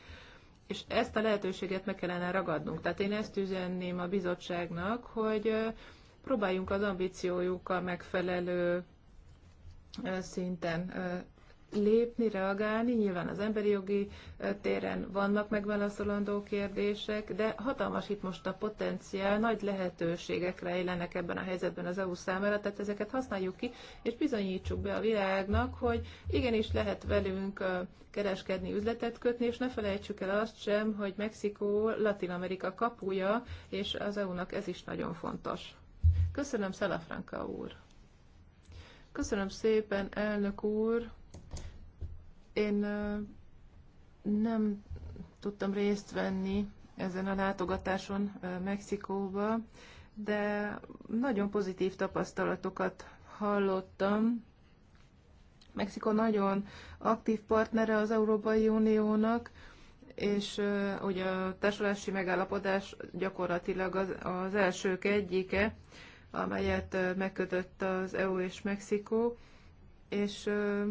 és ezt a lehetőséget meg kellene ragadnunk. Tehát én ezt üzenném a bizottságnak, hogy próbáljunk az ambíciójukkal megfelelő szinten lépni, reagálni. Nyilván az emberi jogi téren vannak megválaszolandó kérdések, de hatalmas itt most a potenciál, nagy lehetőségek rejlenek ebben a helyzetben az EU számára, tehát ezeket használjuk ki, és bizonyítsuk be a világnak, hogy igenis lehet velünk kereskedni, üzletet kötni, és ne felejtsük el azt sem, hogy Mexikó Latin-Amerika kapuja, és az EU-nak ez is nagyon fontos. Köszönöm, Szelafranka úr! Köszönöm szépen, elnök úr! Én nem tudtam részt venni ezen a látogatáson Mexikóba, de nagyon pozitív tapasztalatokat hallottam. Mexikó nagyon aktív partnere az Európai Uniónak, és uh, ugye a társulási megállapodás gyakorlatilag az, az elsők egyike, amelyet uh, megkötött az EU és Mexikó, és uh,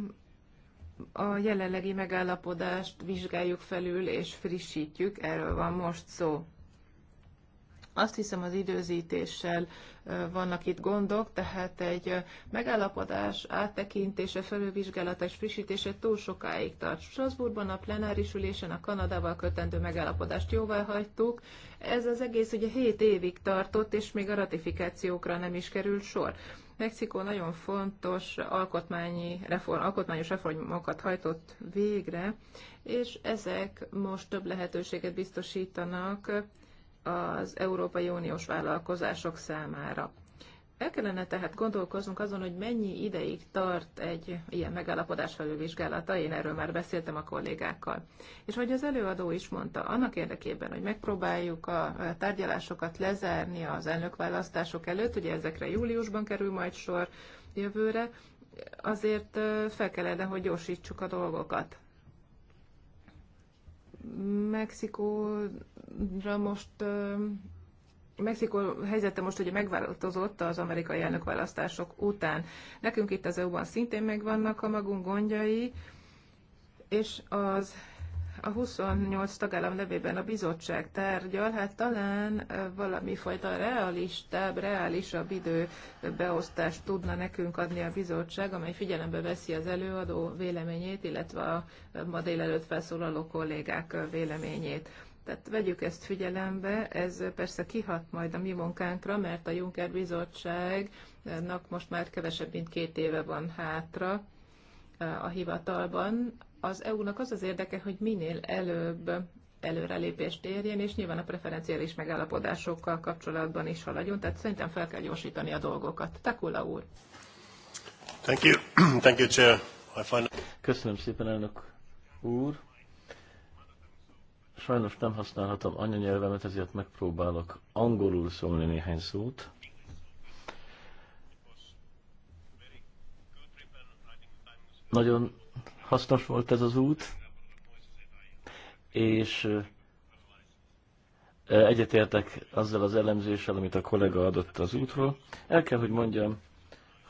a jelenlegi megállapodást vizsgáljuk felül és frissítjük, erről van most szó. Azt hiszem az időzítéssel vannak itt gondok, tehát egy megállapodás áttekintése, felülvizsgálata és frissítése túl sokáig tart. Strasbourgban a plenáris ülésen a Kanadával kötendő megállapodást jóvá hagytuk. Ez az egész ugye 7 évig tartott, és még a ratifikációkra nem is került sor. Mexikó nagyon fontos alkotmányi reform, alkotmányos reformokat hajtott végre, és ezek most több lehetőséget biztosítanak az Európai Uniós vállalkozások számára. El kellene tehát gondolkoznunk azon, hogy mennyi ideig tart egy ilyen megállapodás felülvizsgálata, én erről már beszéltem a kollégákkal. És hogy az előadó is mondta, annak érdekében, hogy megpróbáljuk a tárgyalásokat lezárni az elnökválasztások előtt, ugye ezekre júliusban kerül majd sor jövőre, azért fel kellene, hogy gyorsítsuk a dolgokat. Mexikóra most Mexikó helyzete most ugye megváltozott az amerikai elnökválasztások után. Nekünk itt az EU-ban szintén megvannak a magunk gondjai, és az a 28 tagállam nevében a bizottság tárgyal, hát talán valami fajta realistább, reálisabb időbeosztást tudna nekünk adni a bizottság, amely figyelembe veszi az előadó véleményét, illetve a ma délelőtt felszólaló kollégák véleményét. Tehát vegyük ezt figyelembe, ez persze kihat majd a mi munkánkra, mert a Juncker Bizottságnak most már kevesebb, mint két éve van hátra a hivatalban, az EU-nak az az érdeke, hogy minél előbb előrelépést érjen, és nyilván a preferenciális megállapodásokkal kapcsolatban is haladjon, tehát szerintem fel kell gyorsítani a dolgokat. Takula úr. Thank you. (clears throat) Thank you, Chair. I find... Köszönöm szépen, elnök úr. Sajnos nem használhatom anyanyelvemet, ezért megpróbálok angolul szólni néhány szót. Nagyon hasznos volt ez az út, és egyetértek azzal az elemzéssel, amit a kollega adott az útról. El kell, hogy mondjam,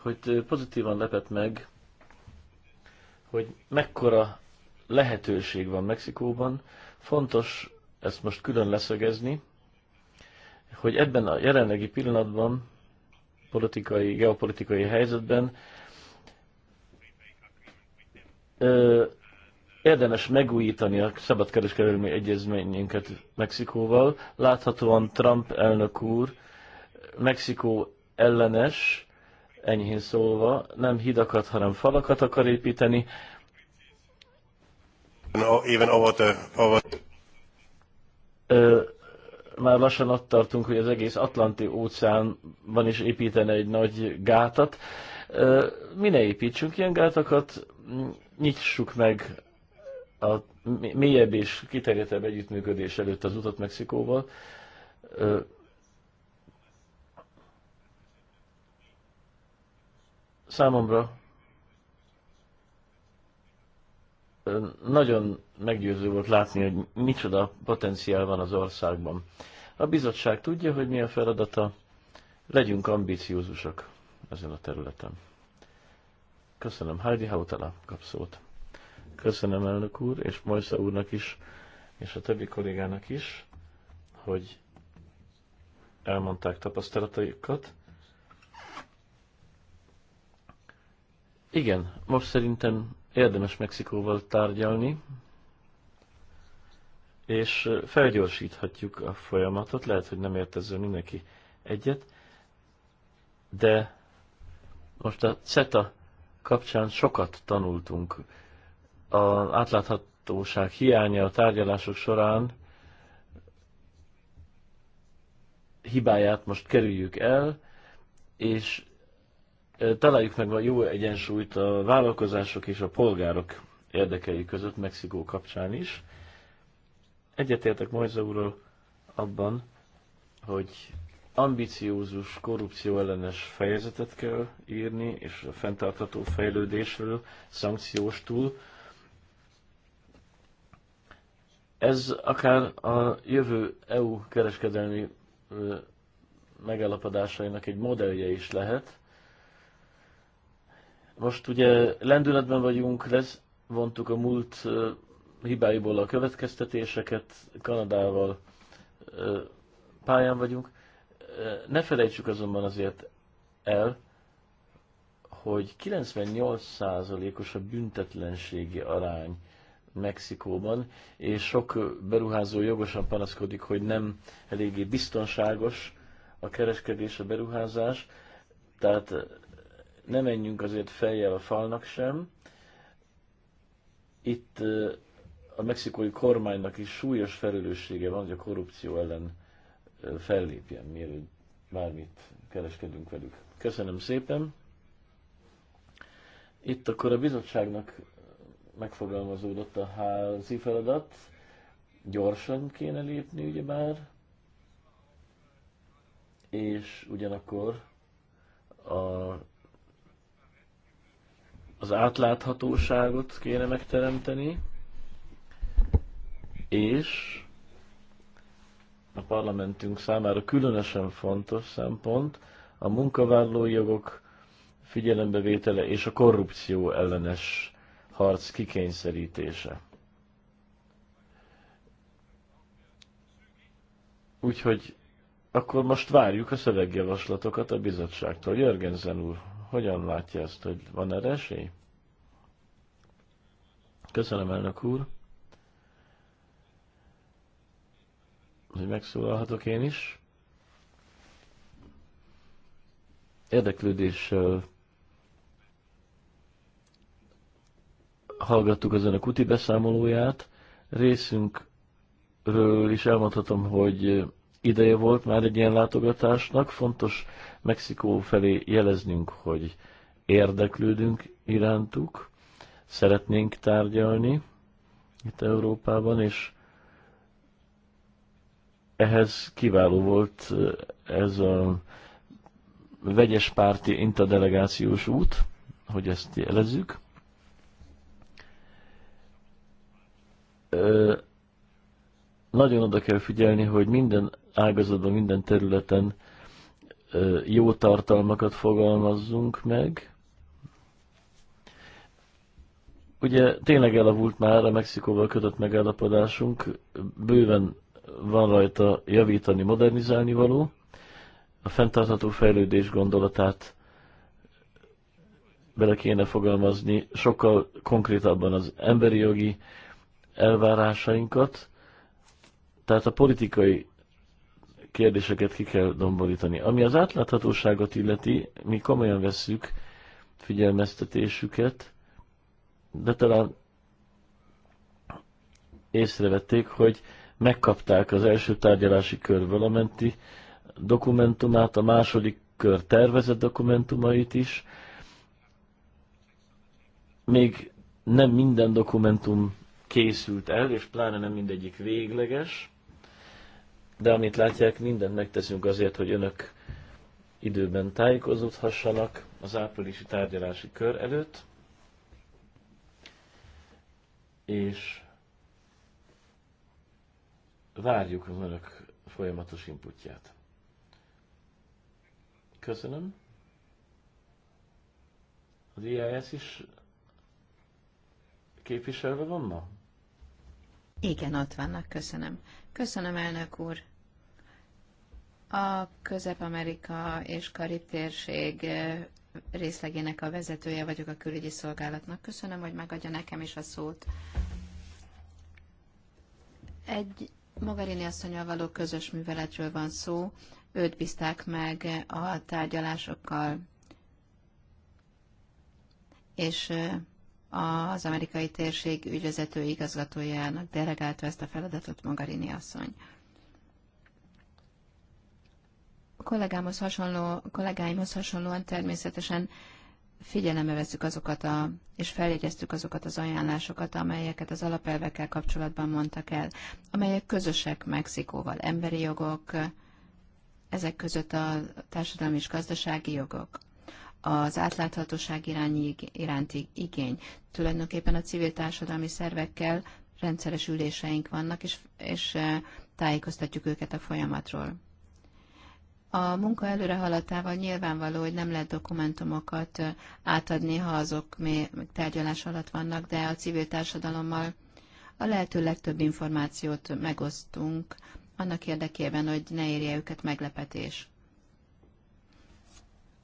hogy pozitívan lepett meg, hogy mekkora lehetőség van Mexikóban. Fontos ezt most külön leszögezni, hogy ebben a jelenlegi pillanatban, politikai, geopolitikai helyzetben érdemes megújítani a szabadkereskedelmi egyezményünket Mexikóval. Láthatóan Trump elnök úr Mexikó ellenes, enyhén szólva, nem hidakat, hanem falakat akar építeni. No, even over the, over... Ö, már lassan ott tartunk, hogy az egész Atlanti óceánban is építene egy nagy gátat. Ö, mi ne építsünk ilyen gátakat, nyissuk meg a mélyebb és kiterjedtebb együttműködés előtt az utat Mexikóval. Számomra nagyon meggyőző volt látni, hogy micsoda potenciál van az országban. A bizottság tudja, hogy mi a feladata, legyünk ambiciózusak ezen a területen. Köszönöm. Heidi Hautala kap szót. Köszönöm elnök úr, és Mojsza úrnak is, és a többi kollégának is, hogy elmondták tapasztalataikat. Igen, most szerintem érdemes Mexikóval tárgyalni, és felgyorsíthatjuk a folyamatot, lehet, hogy nem ért ezzel mindenki egyet, de most a CETA kapcsán sokat tanultunk. Az átláthatóság hiánya a tárgyalások során hibáját most kerüljük el, és találjuk meg a jó egyensúlyt a vállalkozások és a polgárok érdekei között Mexikó kapcsán is. Egyetértek Mojza úrral abban, hogy ambiciózus korrupció ellenes fejezetet kell írni, és a fenntartható fejlődésről szankciós túl. Ez akár a jövő EU kereskedelmi megállapodásainak egy modellje is lehet. Most ugye lendületben vagyunk, lesz, vontuk a múlt hibáiból a következtetéseket, Kanadával pályán vagyunk ne felejtsük azonban azért el, hogy 98%-os a büntetlenségi arány Mexikóban, és sok beruházó jogosan panaszkodik, hogy nem eléggé biztonságos a kereskedés, a beruházás, tehát ne menjünk azért fejjel a falnak sem. Itt a mexikói kormánynak is súlyos felelőssége van, hogy a korrupció ellen fellépjen, mielőtt bármit kereskedünk velük. Köszönöm szépen! Itt akkor a bizottságnak megfogalmazódott a házi feladat, gyorsan kéne lépni ugyebár, és ugyanakkor a, az átláthatóságot kéne megteremteni, és a parlamentünk számára különösen fontos szempont a munkavállalói jogok figyelembevétele és a korrupció ellenes harc kikényszerítése. Úgyhogy akkor most várjuk a szövegjavaslatokat a bizottságtól. Jörgenzen úr, hogyan látja ezt, hogy van erre esély? Köszönöm, elnök úr. hogy megszólalhatok én is. Érdeklődéssel hallgattuk az önök úti beszámolóját. Részünkről is elmondhatom, hogy ideje volt már egy ilyen látogatásnak. Fontos Mexikó felé jeleznünk, hogy érdeklődünk irántuk, szeretnénk tárgyalni itt Európában, és ehhez kiváló volt eh, ez a vegyes párti interdelegációs út, hogy ezt jelezzük. Eh, nagyon oda kell figyelni, hogy minden ágazatban, minden területen eh, jó tartalmakat fogalmazzunk meg. Ugye tényleg elavult már a Mexikóval kötött megállapodásunk, bőven van rajta javítani, modernizálni való. A fenntartható fejlődés gondolatát bele kéne fogalmazni sokkal konkrétabban az emberi jogi elvárásainkat, tehát a politikai kérdéseket ki kell domborítani. Ami az átláthatóságot illeti, mi komolyan vesszük figyelmeztetésüket, de talán észrevették, hogy megkapták az első tárgyalási kör valamenti dokumentumát, a második kör tervezett dokumentumait is. Még nem minden dokumentum készült el, és pláne nem mindegyik végleges, de amit látják, mindent megteszünk azért, hogy önök időben tájékozódhassanak az áprilisi tárgyalási kör előtt, és várjuk az önök folyamatos inputját. Köszönöm. Az IAS is képviselve van ma? Igen, ott vannak, köszönöm. Köszönöm, elnök úr. A Közép-Amerika és Karib térség részlegének a vezetője vagyok a külügyi szolgálatnak. Köszönöm, hogy megadja nekem is a szót. Egy Magarini asszonyal való közös műveletről van szó, őt bízták meg a tárgyalásokkal, és az amerikai térség ügyvezető igazgatójának delegálta ezt a feladatot Magarini asszony. A kollégámhoz hasonló, kollégáimhoz hasonlóan természetesen figyelembe veszük azokat a, és feljegyeztük azokat az ajánlásokat, amelyeket az alapelvekkel kapcsolatban mondtak el, amelyek közösek Mexikóval, emberi jogok, ezek között a társadalmi és gazdasági jogok, az átláthatóság irányi, iránti igény. Tulajdonképpen a civil társadalmi szervekkel rendszeres üléseink vannak, és, és eh, tájékoztatjuk őket a folyamatról. A munka előre haladtával nyilvánvaló, hogy nem lehet dokumentumokat átadni, ha azok még tárgyalás alatt vannak, de a civil társadalommal a lehető legtöbb információt megosztunk, annak érdekében, hogy ne érje őket meglepetés,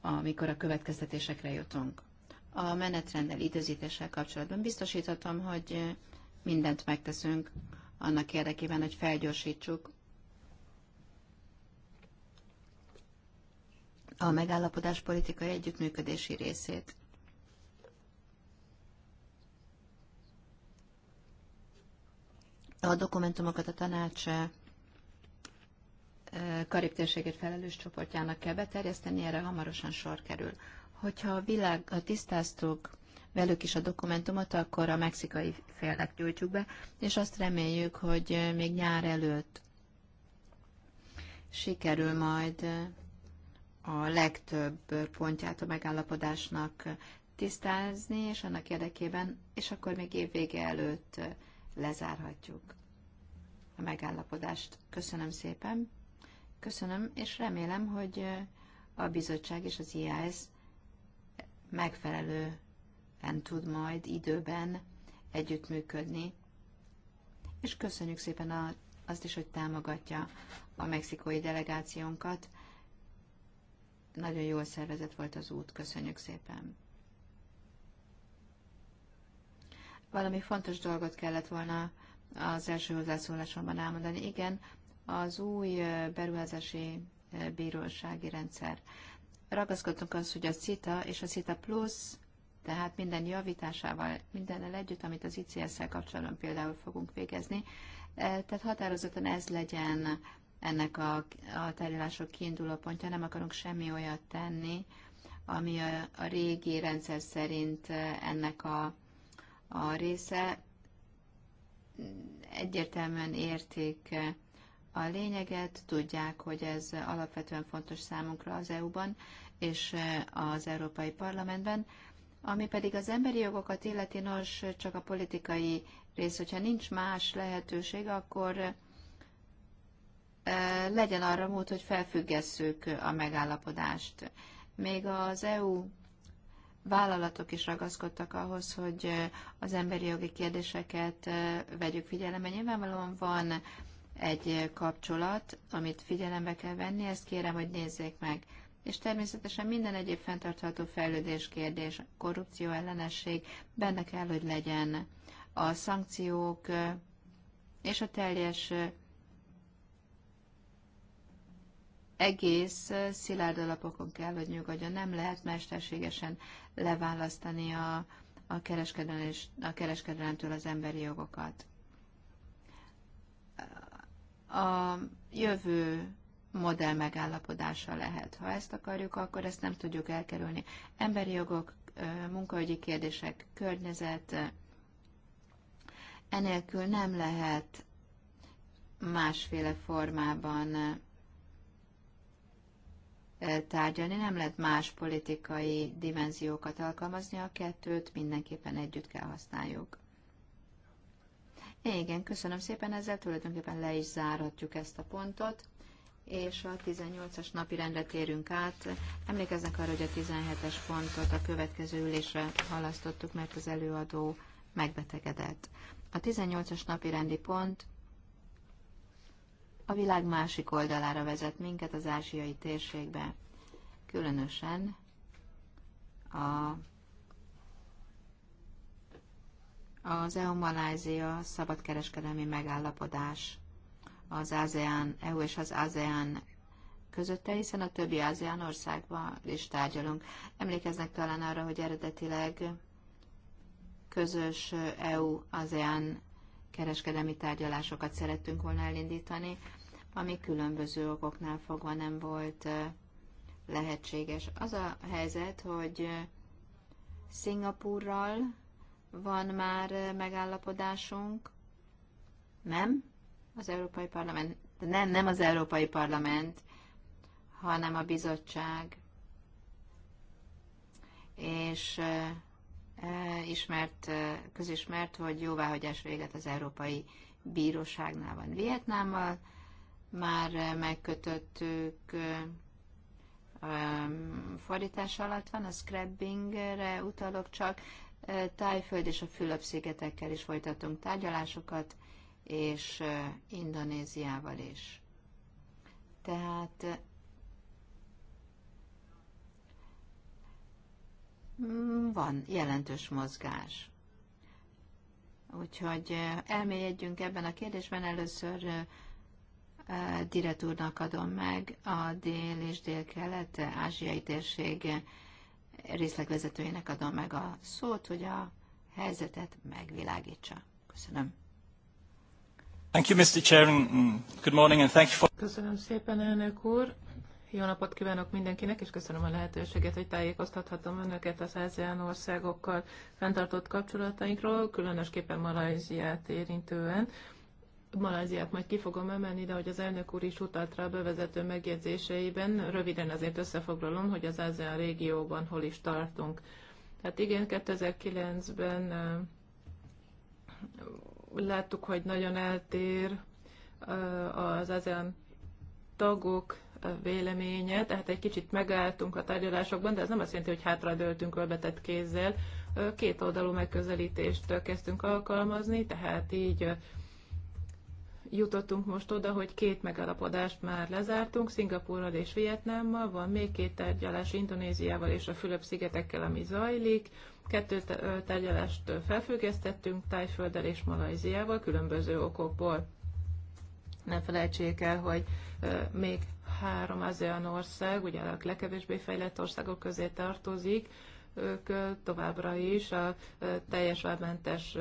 amikor a következtetésekre jutunk. A menetrenddel, időzítéssel kapcsolatban biztosíthatom, hogy mindent megteszünk annak érdekében, hogy felgyorsítsuk a megállapodás politikai együttműködési részét. A dokumentumokat a tanács eh, karibtérségét felelős csoportjának kell beterjeszteni, erre hamarosan sor kerül. Hogyha a világ, ha tisztáztuk velük is a dokumentumot, akkor a mexikai félnek gyújtjuk be, és azt reméljük, hogy eh, még nyár előtt sikerül majd eh, a legtöbb pontját a megállapodásnak tisztázni, és annak érdekében, és akkor még év vége előtt lezárhatjuk a megállapodást. Köszönöm szépen, köszönöm, és remélem, hogy a bizottság és az IAS megfelelően tud majd időben együttműködni. És köszönjük szépen a, azt is, hogy támogatja a mexikói delegációnkat nagyon jól szervezett volt az út. Köszönjük szépen. Valami fontos dolgot kellett volna az első hozzászólásomban elmondani. Igen, az új beruházási bírósági rendszer. Ragaszkodtunk az, hogy a CITA és a CITA Plus, tehát minden javításával, mindennel együtt, amit az ICS-szel kapcsolatban például fogunk végezni, tehát határozottan ez legyen ennek a, a tárgyalások kiinduló pontja, nem akarunk semmi olyat tenni, ami a, a régi rendszer szerint ennek a, a része. Egyértelműen érték a lényeget, tudják, hogy ez alapvetően fontos számunkra az EU-ban és az Európai Parlamentben. Ami pedig az emberi jogokat illeti, nos, csak a politikai rész, hogyha nincs más lehetőség, akkor legyen arra mód, hogy felfüggesszük a megállapodást. Még az EU vállalatok is ragaszkodtak ahhoz, hogy az emberi jogi kérdéseket vegyük figyelembe. Nyilvánvalóan van egy kapcsolat, amit figyelembe kell venni, ezt kérem, hogy nézzék meg. És természetesen minden egyéb fenntartható fejlődés kérdés, korrupció ellenesség benne kell, hogy legyen a szankciók és a teljes egész szilárd alapokon kell, hogy nyugodjon. Nem lehet mesterségesen leválasztani a, a, a kereskedelemtől az emberi jogokat. A jövő modell megállapodása lehet. Ha ezt akarjuk, akkor ezt nem tudjuk elkerülni. Emberi jogok, munkaügyi kérdések, környezet, enélkül nem lehet másféle formában tárgyalni, nem lehet más politikai dimenziókat alkalmazni, a kettőt mindenképpen együtt kell használjuk. Igen, köszönöm szépen, ezzel tulajdonképpen le is zárhatjuk ezt a pontot, és a 18-as napi rendre térünk át. Emlékeznek arra, hogy a 17-es pontot a következő ülésre halasztottuk, mert az előadó megbetegedett. A 18-as napi rendi pont a világ másik oldalára vezet minket az ázsiai térségbe, különösen a, az EU-Malázia szabadkereskedelmi megállapodás az ASEAN, EU és az ASEAN közötte, hiszen a többi ASEAN országban is tárgyalunk. Emlékeznek talán arra, hogy eredetileg közös EU-ASEAN kereskedelmi tárgyalásokat szerettünk volna elindítani ami különböző okoknál fogva nem volt lehetséges. Az a helyzet, hogy Szingapurral van már megállapodásunk, nem az Európai Parlament, nem, nem az Európai Parlament, hanem a bizottság. És ismert, közismert, hogy jóváhagyás véget az Európai Bíróságnál van Vietnámmal, már megkötöttük fordítás alatt van, a scrubbingre utalok csak, Tájföld és a Fülöp-szigetekkel is folytatunk tárgyalásokat, és Indonéziával is. Tehát van jelentős mozgás. Úgyhogy elmélyedjünk ebben a kérdésben. Először Diret úrnak adom meg a dél és dél-kelet ázsiai térség részlegvezetőjének adom meg a szót, hogy a helyzetet megvilágítsa. Köszönöm. Thank you, Mr. Chair. Mm, good morning and thank you for... Köszönöm szépen, elnök úr. Jó napot kívánok mindenkinek, és köszönöm a lehetőséget, hogy tájékoztathatom önöket az ASEAN országokkal fenntartott kapcsolatainkról, különösképpen Malajziát érintően. Maláziát majd ki fogom emelni, de hogy az elnök úr is utalt rá a bevezető megjegyzéseiben, röviden azért összefoglalom, hogy az ASEAN régióban hol is tartunk. Tehát igen, 2009-ben láttuk, hogy nagyon eltér az ASEAN tagok véleménye, tehát egy kicsit megálltunk a tárgyalásokban, de ez nem azt jelenti, hogy hátradőltünk ölbetett kézzel. Két oldalú megközelítést kezdtünk alkalmazni, tehát így jutottunk most oda, hogy két megalapodást már lezártunk, Szingapúrral és Vietnámmal, van még két tárgyalás Indonéziával és a Fülöp-szigetekkel, ami zajlik, kettő tárgyalást felfüggesztettünk Tájfölddel és Malajziával különböző okokból. Ne felejtsék el, hogy még három ASEAN ország, ugye a legkevésbé fejlett országok közé tartozik, ők továbbra is a teljes vámmentes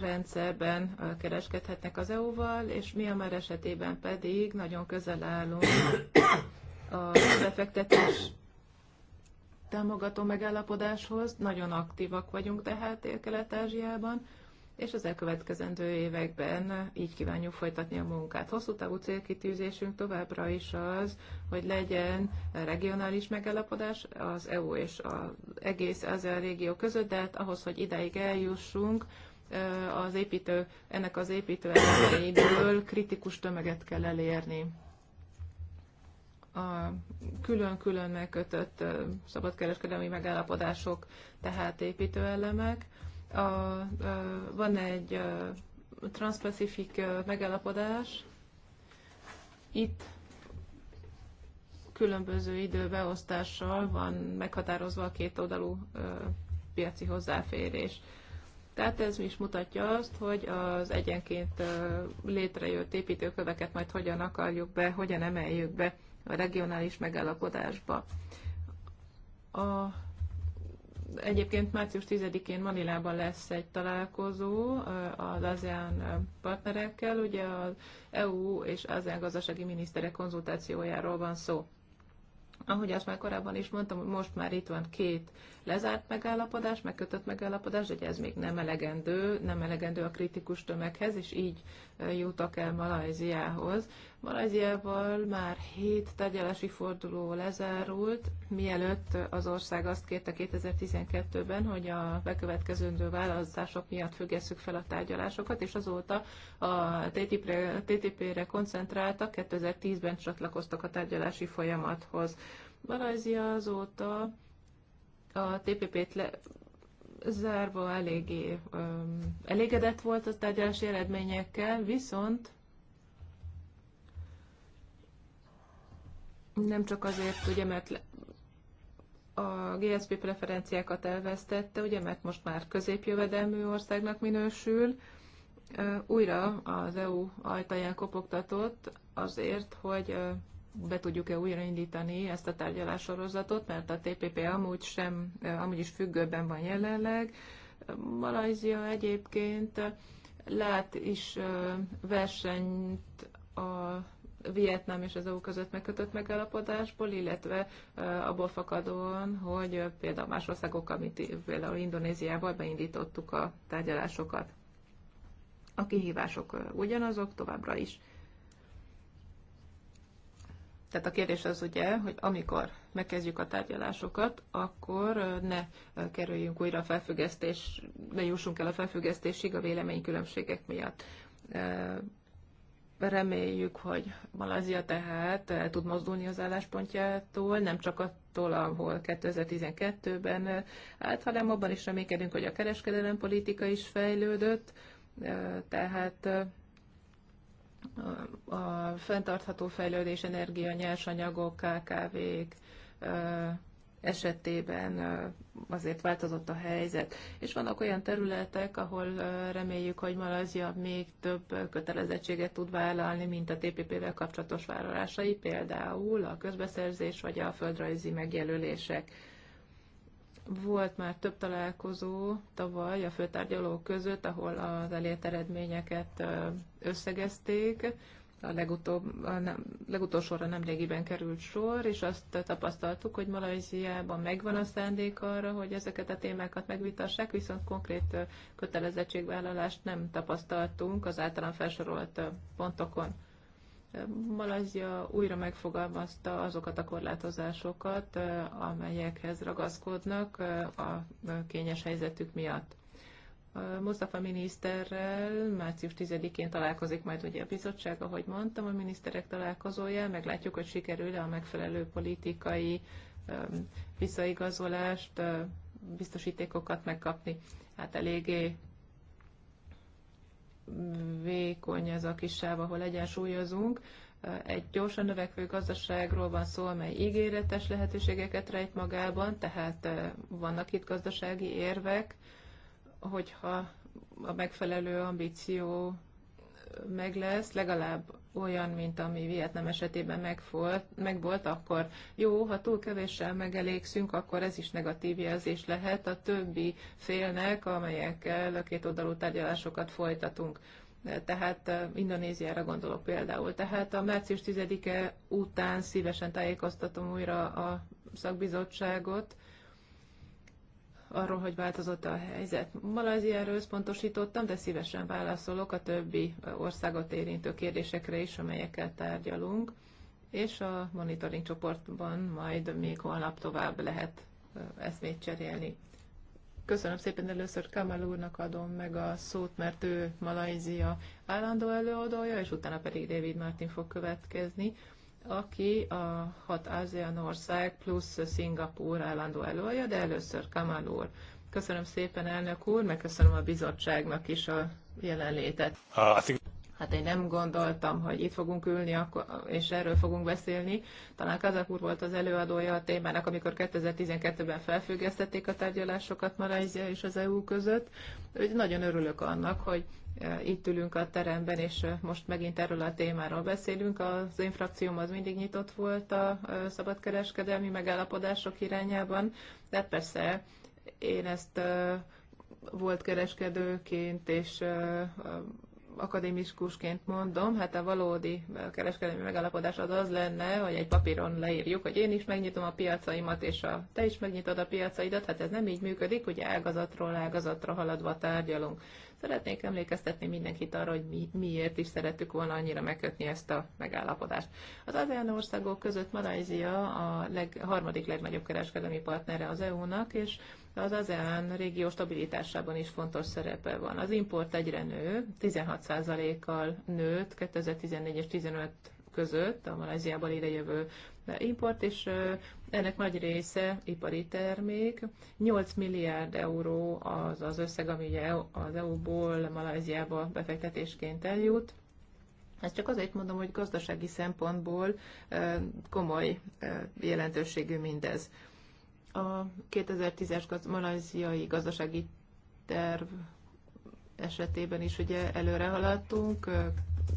rendszerben kereskedhetnek az EU-val, és mi már esetében pedig nagyon közel állunk a befektetés támogató megállapodáshoz, nagyon aktívak vagyunk tehát kelet ázsiában és az elkövetkezendő években így kívánjuk folytatni a munkát. Hosszú távú célkitűzésünk továbbra is az, hogy legyen regionális megállapodás az EU és az egész ezer régió között, de hát ahhoz, hogy ideig eljussunk, az építő, ennek az építő elemeiből kritikus tömeget kell elérni. A külön-külön megkötött szabadkereskedelmi megállapodások, tehát építőelemek. A, a, van egy transpecifik megállapodás. Itt különböző időbeosztással van meghatározva a két oldalú piaci hozzáférés. Tehát ez is mutatja azt, hogy az egyenként létrejött építőköveket majd hogyan akarjuk be, hogyan emeljük be a regionális megállapodásba. A Egyébként március 10-én Manilában lesz egy találkozó az ASEAN partnerekkel, ugye az EU és ASEAN gazdasági miniszterek konzultációjáról van szó. Ahogy azt már korábban is mondtam, most már itt van két lezárt megállapodás, megkötött megállapodás, hogy ez még nem elegendő, nem elegendő a kritikus tömeghez, és így jutak el Malajziához. Malajziával már hét tegyelesi forduló lezárult, mielőtt az ország azt kérte 2012-ben, hogy a bekövetkezőndő választások miatt függesszük fel a tárgyalásokat, és azóta a TTIP-re, re koncentráltak, 2010-ben csatlakoztak a tárgyalási folyamathoz. Malajzia azóta a TPP-t le, zárva eléggé um, elégedett volt a tárgyalási eredményekkel, viszont nem csak azért, ugye, mert a GSP preferenciákat elvesztette, ugye, mert most már középjövedelmű országnak minősül, újra az EU ajtaján kopogtatott azért, hogy be tudjuk-e újraindítani ezt a tárgyalássorozatot, mert a TPP amúgy, sem, amúgy is függőben van jelenleg. Malajzia egyébként lát is versenyt a Vietnám és az EU között megkötött megállapodásból, illetve abból fakadóan, hogy például más országok, amit például Indonéziával beindítottuk a tárgyalásokat. A kihívások ugyanazok továbbra is. Tehát a kérdés az ugye, hogy amikor megkezdjük a tárgyalásokat, akkor ne kerüljünk újra a felfüggesztés, ne jussunk el a felfüggesztésig a véleménykülönbségek miatt. Reméljük, hogy Malázia tehát el tud mozdulni az álláspontjától, nem csak attól, ahol 2012-ben állt, hanem abban is reménykedünk, hogy a kereskedelem politika is fejlődött, tehát a fenntartható fejlődés, energia, nyersanyagok, KKV-k esetében azért változott a helyzet. És vannak olyan területek, ahol reméljük, hogy Malazia még több kötelezettséget tud vállalni, mint a TPP-vel kapcsolatos vállalásai, például a közbeszerzés vagy a földrajzi megjelölések. Volt már több találkozó tavaly a főtárgyalók között, ahol az elért eredményeket összegezték, a, legutóbb, a nem, legutolsóra nemrégiben került sor, és azt tapasztaltuk, hogy Malajziában megvan a szándék arra, hogy ezeket a témákat megvitassák, viszont konkrét kötelezettségvállalást nem tapasztaltunk az általán felsorolt pontokon. Malajzia újra megfogalmazta azokat a korlátozásokat, amelyekhez ragaszkodnak a kényes helyzetük miatt. Mustafa miniszterrel március 10-én találkozik majd ugye a bizottság, ahogy mondtam, a miniszterek találkozója, meglátjuk, hogy sikerül-e a megfelelő politikai visszaigazolást, biztosítékokat megkapni. Hát eléggé vékony ez a kis sáv, ahol egyensúlyozunk. Egy gyorsan növekvő gazdaságról van szó, amely ígéretes lehetőségeket rejt magában, tehát vannak itt gazdasági érvek, hogyha a megfelelő ambíció meg lesz, legalább olyan, mint ami Vietnam esetében megfolt, megvolt, akkor jó, ha túl kevéssel megelégszünk, akkor ez is negatív jelzés lehet a többi félnek, amelyekkel a két oldalú tárgyalásokat folytatunk. Tehát eh, Indonéziára gondolok például. Tehát a március 10-e után szívesen tájékoztatom újra a szakbizottságot, arról, hogy változott a helyzet. Malajziára összpontosítottam, de szívesen válaszolok a többi országot érintő kérdésekre is, amelyekkel tárgyalunk, és a monitoring csoportban majd még holnap tovább lehet eszmét cserélni. Köszönöm szépen először Kamal úrnak adom meg a szót, mert ő Malajzia állandó előadója, és utána pedig David Martin fog következni aki a hat ASEAN ország plusz Szingapúr állandó előadja, de először Kamal úr. Köszönöm szépen, elnök úr, megköszönöm a bizottságnak is a jelenlétet. Uh, I think hát én nem gondoltam, hogy itt fogunk ülni, akkor, és erről fogunk beszélni. Talán Kazak úr volt az előadója a témának, amikor 2012-ben felfüggesztették a tárgyalásokat Malajzia és az EU között. Úgy nagyon örülök annak, hogy e, itt ülünk a teremben, és e, most megint erről a témáról beszélünk. Az én frakcióm az mindig nyitott volt a e, szabadkereskedelmi megállapodások irányában, de persze én ezt volt kereskedőként és akadémiskusként mondom, hát a valódi kereskedelmi megállapodás az az lenne, hogy egy papíron leírjuk, hogy én is megnyitom a piacaimat, és a, te is megnyitod a piacaidat, hát ez nem így működik, hogy ágazatról ágazatra haladva tárgyalunk. Szeretnék emlékeztetni mindenkit arra, hogy mi, miért is szerettük volna annyira megkötni ezt a megállapodást. Az ASEAN országok között Malajzia a leg, harmadik legnagyobb kereskedelmi partnere az EU-nak, és az ASEAN régió stabilitásában is fontos szerepe van. Az import egyre nő, 16%-kal nőtt 2014 és 15 között a Maleziából idejövő import, és ennek nagy része ipari termék. 8 milliárd euró az az összeg, ami e-, az EU-ból Maleziába befektetésként eljut. Ezt csak azért mondom, hogy gazdasági szempontból komoly jelentőségű mindez a 2010-es malajziai gazdasági terv esetében is ugye előre haladtunk,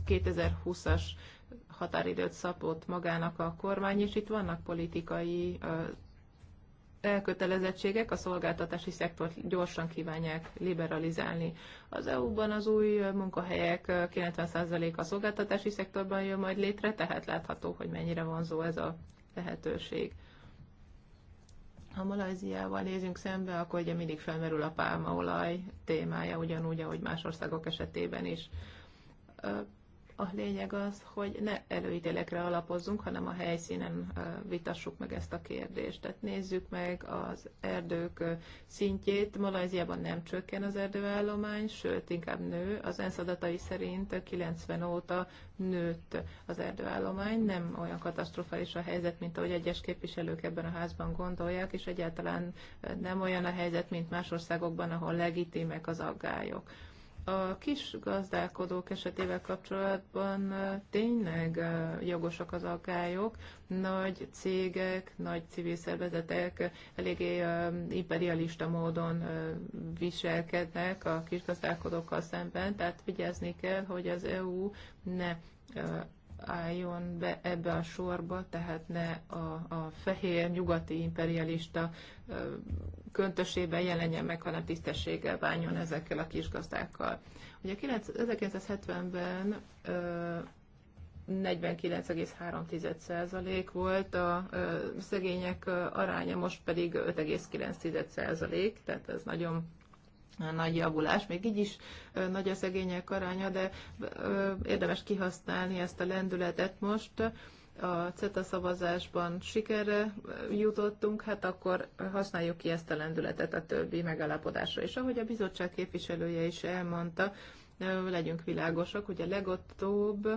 2020-as határidőt szapott magának a kormány, és itt vannak politikai elkötelezettségek, a szolgáltatási szektort gyorsan kívánják liberalizálni. Az EU-ban az új munkahelyek 90% a szolgáltatási szektorban jön majd létre, tehát látható, hogy mennyire vonzó ez a lehetőség. Ha Malajziával nézünk szembe, akkor ugye mindig felmerül a pálmaolaj témája, ugyanúgy, ahogy más országok esetében is a lényeg az, hogy ne előítélekre alapozzunk, hanem a helyszínen vitassuk meg ezt a kérdést. Tehát nézzük meg az erdők szintjét. Malajziában nem csökken az erdőállomány, sőt, inkább nő. Az ENSZ adatai szerint 90 óta nőtt az erdőállomány. Nem olyan katasztrofális a helyzet, mint ahogy egyes képviselők ebben a házban gondolják, és egyáltalán nem olyan a helyzet, mint más országokban, ahol legitimek az aggályok a kis gazdálkodók esetével kapcsolatban tényleg jogosak az aggályok. Nagy cégek, nagy civil szervezetek eléggé imperialista módon viselkednek a kis gazdálkodókkal szemben, tehát vigyázni kell, hogy az EU ne álljon be ebbe a sorba, tehát ne a, a fehér nyugati imperialista köntösében jelenjen meg, hanem tisztességgel bánjon ezekkel a kisgazdákkal. Ugye 1970-ben 49,3% volt a szegények aránya, most pedig 5,9%, tehát ez nagyon nagy javulás, még így is nagy a szegények aránya, de érdemes kihasználni ezt a lendületet most a CETA szavazásban sikerre jutottunk, hát akkor használjuk ki ezt a lendületet a többi megállapodásra. És ahogy a bizottság képviselője is elmondta, legyünk világosak, hogy a legutóbb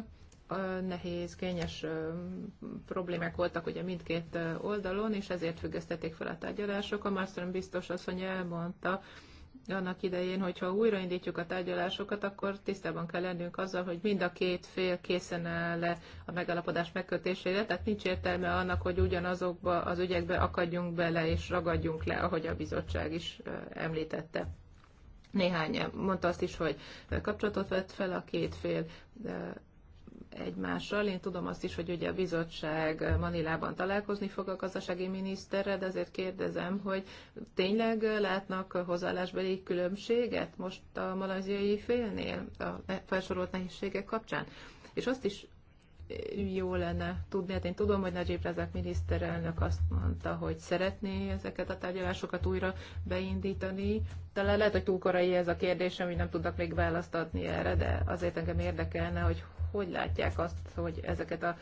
nehéz, kényes problémák voltak ugye mindkét oldalon, és ezért függesztették fel a tárgyalások. A Marston biztos hogy elmondta, annak idején, hogyha újraindítjuk a tárgyalásokat, akkor tisztában kell lennünk azzal, hogy mind a két fél készen áll-e a megállapodás megkötésére, tehát nincs értelme annak, hogy ugyanazokba az ügyekbe akadjunk bele és ragadjunk le, ahogy a bizottság is említette. Néhány mondta azt is, hogy kapcsolatot vett fel a két fél, egymással. Én tudom azt is, hogy ugye a bizottság Manilában találkozni fog a gazdasági miniszterrel, de azért kérdezem, hogy tényleg látnak hozzáállásbeli különbséget most a malaziai félnél a felsorolt nehézségek kapcsán? És azt is jó lenne tudni. Hát én tudom, hogy Najib Razak miniszterelnök azt mondta, hogy szeretné ezeket a tárgyalásokat újra beindítani. Talán lehet, hogy túl korai ez a kérdés, hogy nem tudnak még választ adni erre, de azért engem érdekelne, hogy hogy látják azt, hogy ezeket a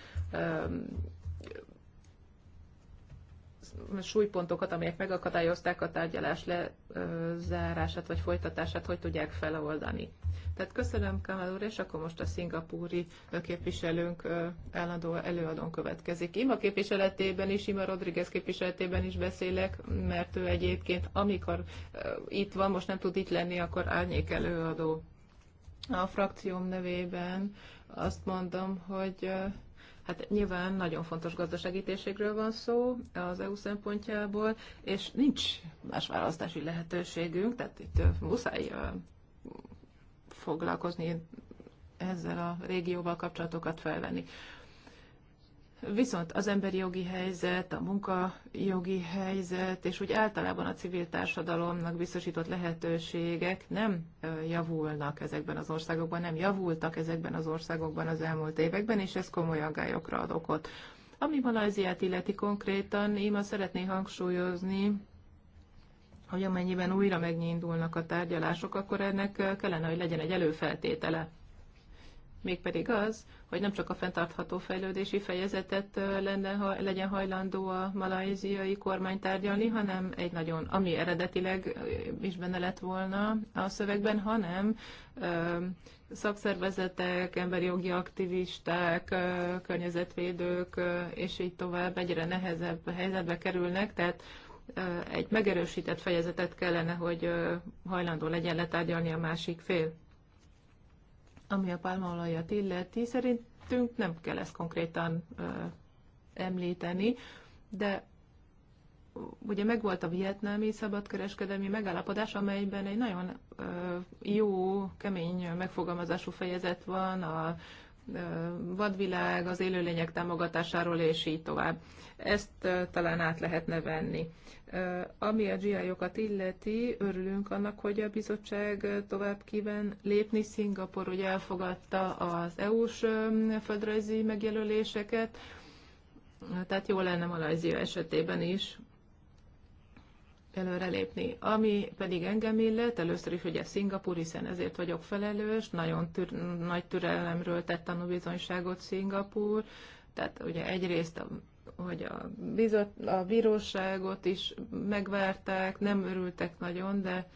súlypontokat, amelyek megakadályozták a tárgyalás lezárását vagy folytatását, hogy tudják feloldani. Tehát köszönöm, Kamal úr, és akkor most a szingapúri képviselőnk állandó előadón következik. Ima képviseletében is, Ima Rodriguez képviseletében is beszélek, mert ő egyébként, amikor itt van, most nem tud itt lenni, akkor árnyék előadó a frakcióm nevében azt mondom, hogy hát nyilván nagyon fontos gazdasági van szó az EU szempontjából, és nincs más választási lehetőségünk, tehát itt muszáj foglalkozni ezzel a régióval kapcsolatokat felvenni. Viszont az emberi jogi helyzet, a munkajogi helyzet, és úgy általában a civil társadalomnak biztosított lehetőségek nem javulnak ezekben az országokban, nem javultak ezekben az országokban az elmúlt években, és ez komoly aggályokra ad okot. Ami Malajziát illeti konkrétan, én ma szeretné hangsúlyozni, hogy amennyiben újra megnyindulnak a tárgyalások, akkor ennek kellene, hogy legyen egy előfeltétele mégpedig az, hogy nem csak a fenntartható fejlődési fejezetet lenne, ha, legyen hajlandó a malajziai kormány tárgyalni, hanem egy nagyon, ami eredetileg is benne lett volna a szövegben, hanem ö, szakszervezetek, emberi jogi aktivisták, ö, környezetvédők, ö, és így tovább egyre nehezebb helyzetbe kerülnek, tehát ö, egy megerősített fejezetet kellene, hogy ö, hajlandó legyen letárgyalni a másik fél. Ami a pálmaolajat illeti, szerintünk nem kell ezt konkrétan ö, említeni, de ugye megvolt a vietnámi szabadkereskedelmi megállapodás, amelyben egy nagyon jó, kemény megfogalmazású fejezet van a vadvilág, az élőlények támogatásáról, és így tovább. Ezt talán át lehetne venni. Ami a GI-okat illeti, örülünk annak, hogy a bizottság tovább kíván lépni. Szingapur ugye elfogadta az EU-s földrajzi megjelöléseket, tehát jó lenne Malajzia esetében is előrelépni. Ami pedig engem illet, először is ugye Szingapur, hiszen ezért vagyok felelős, nagyon tür, nagy türelemről tett tanúbizonyságot Szingapur, tehát ugye egyrészt a hogy a, bizot, a bíróságot is megvárták, nem örültek nagyon, de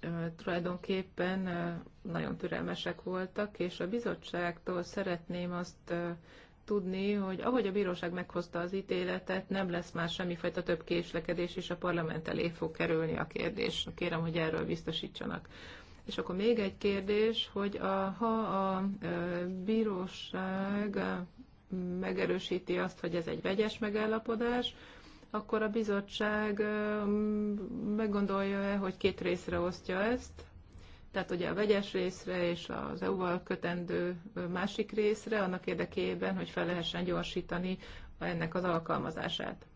e, tulajdonképpen e, nagyon türelmesek voltak, és a bizottságtól szeretném azt e, tudni, hogy ahogy a bíróság meghozta az ítéletet, nem lesz már semmifajta több késlekedés, és a parlament elé fog kerülni a kérdés. Kérem, hogy erről biztosítsanak. És akkor még egy kérdés, hogy a, ha a bíróság megerősíti azt, hogy ez egy vegyes megállapodás, akkor a bizottság meggondolja-e, hogy két részre osztja ezt, tehát ugye a vegyes részre és az EU-val kötendő másik részre, annak érdekében, hogy fel lehessen gyorsítani ennek az alkalmazását.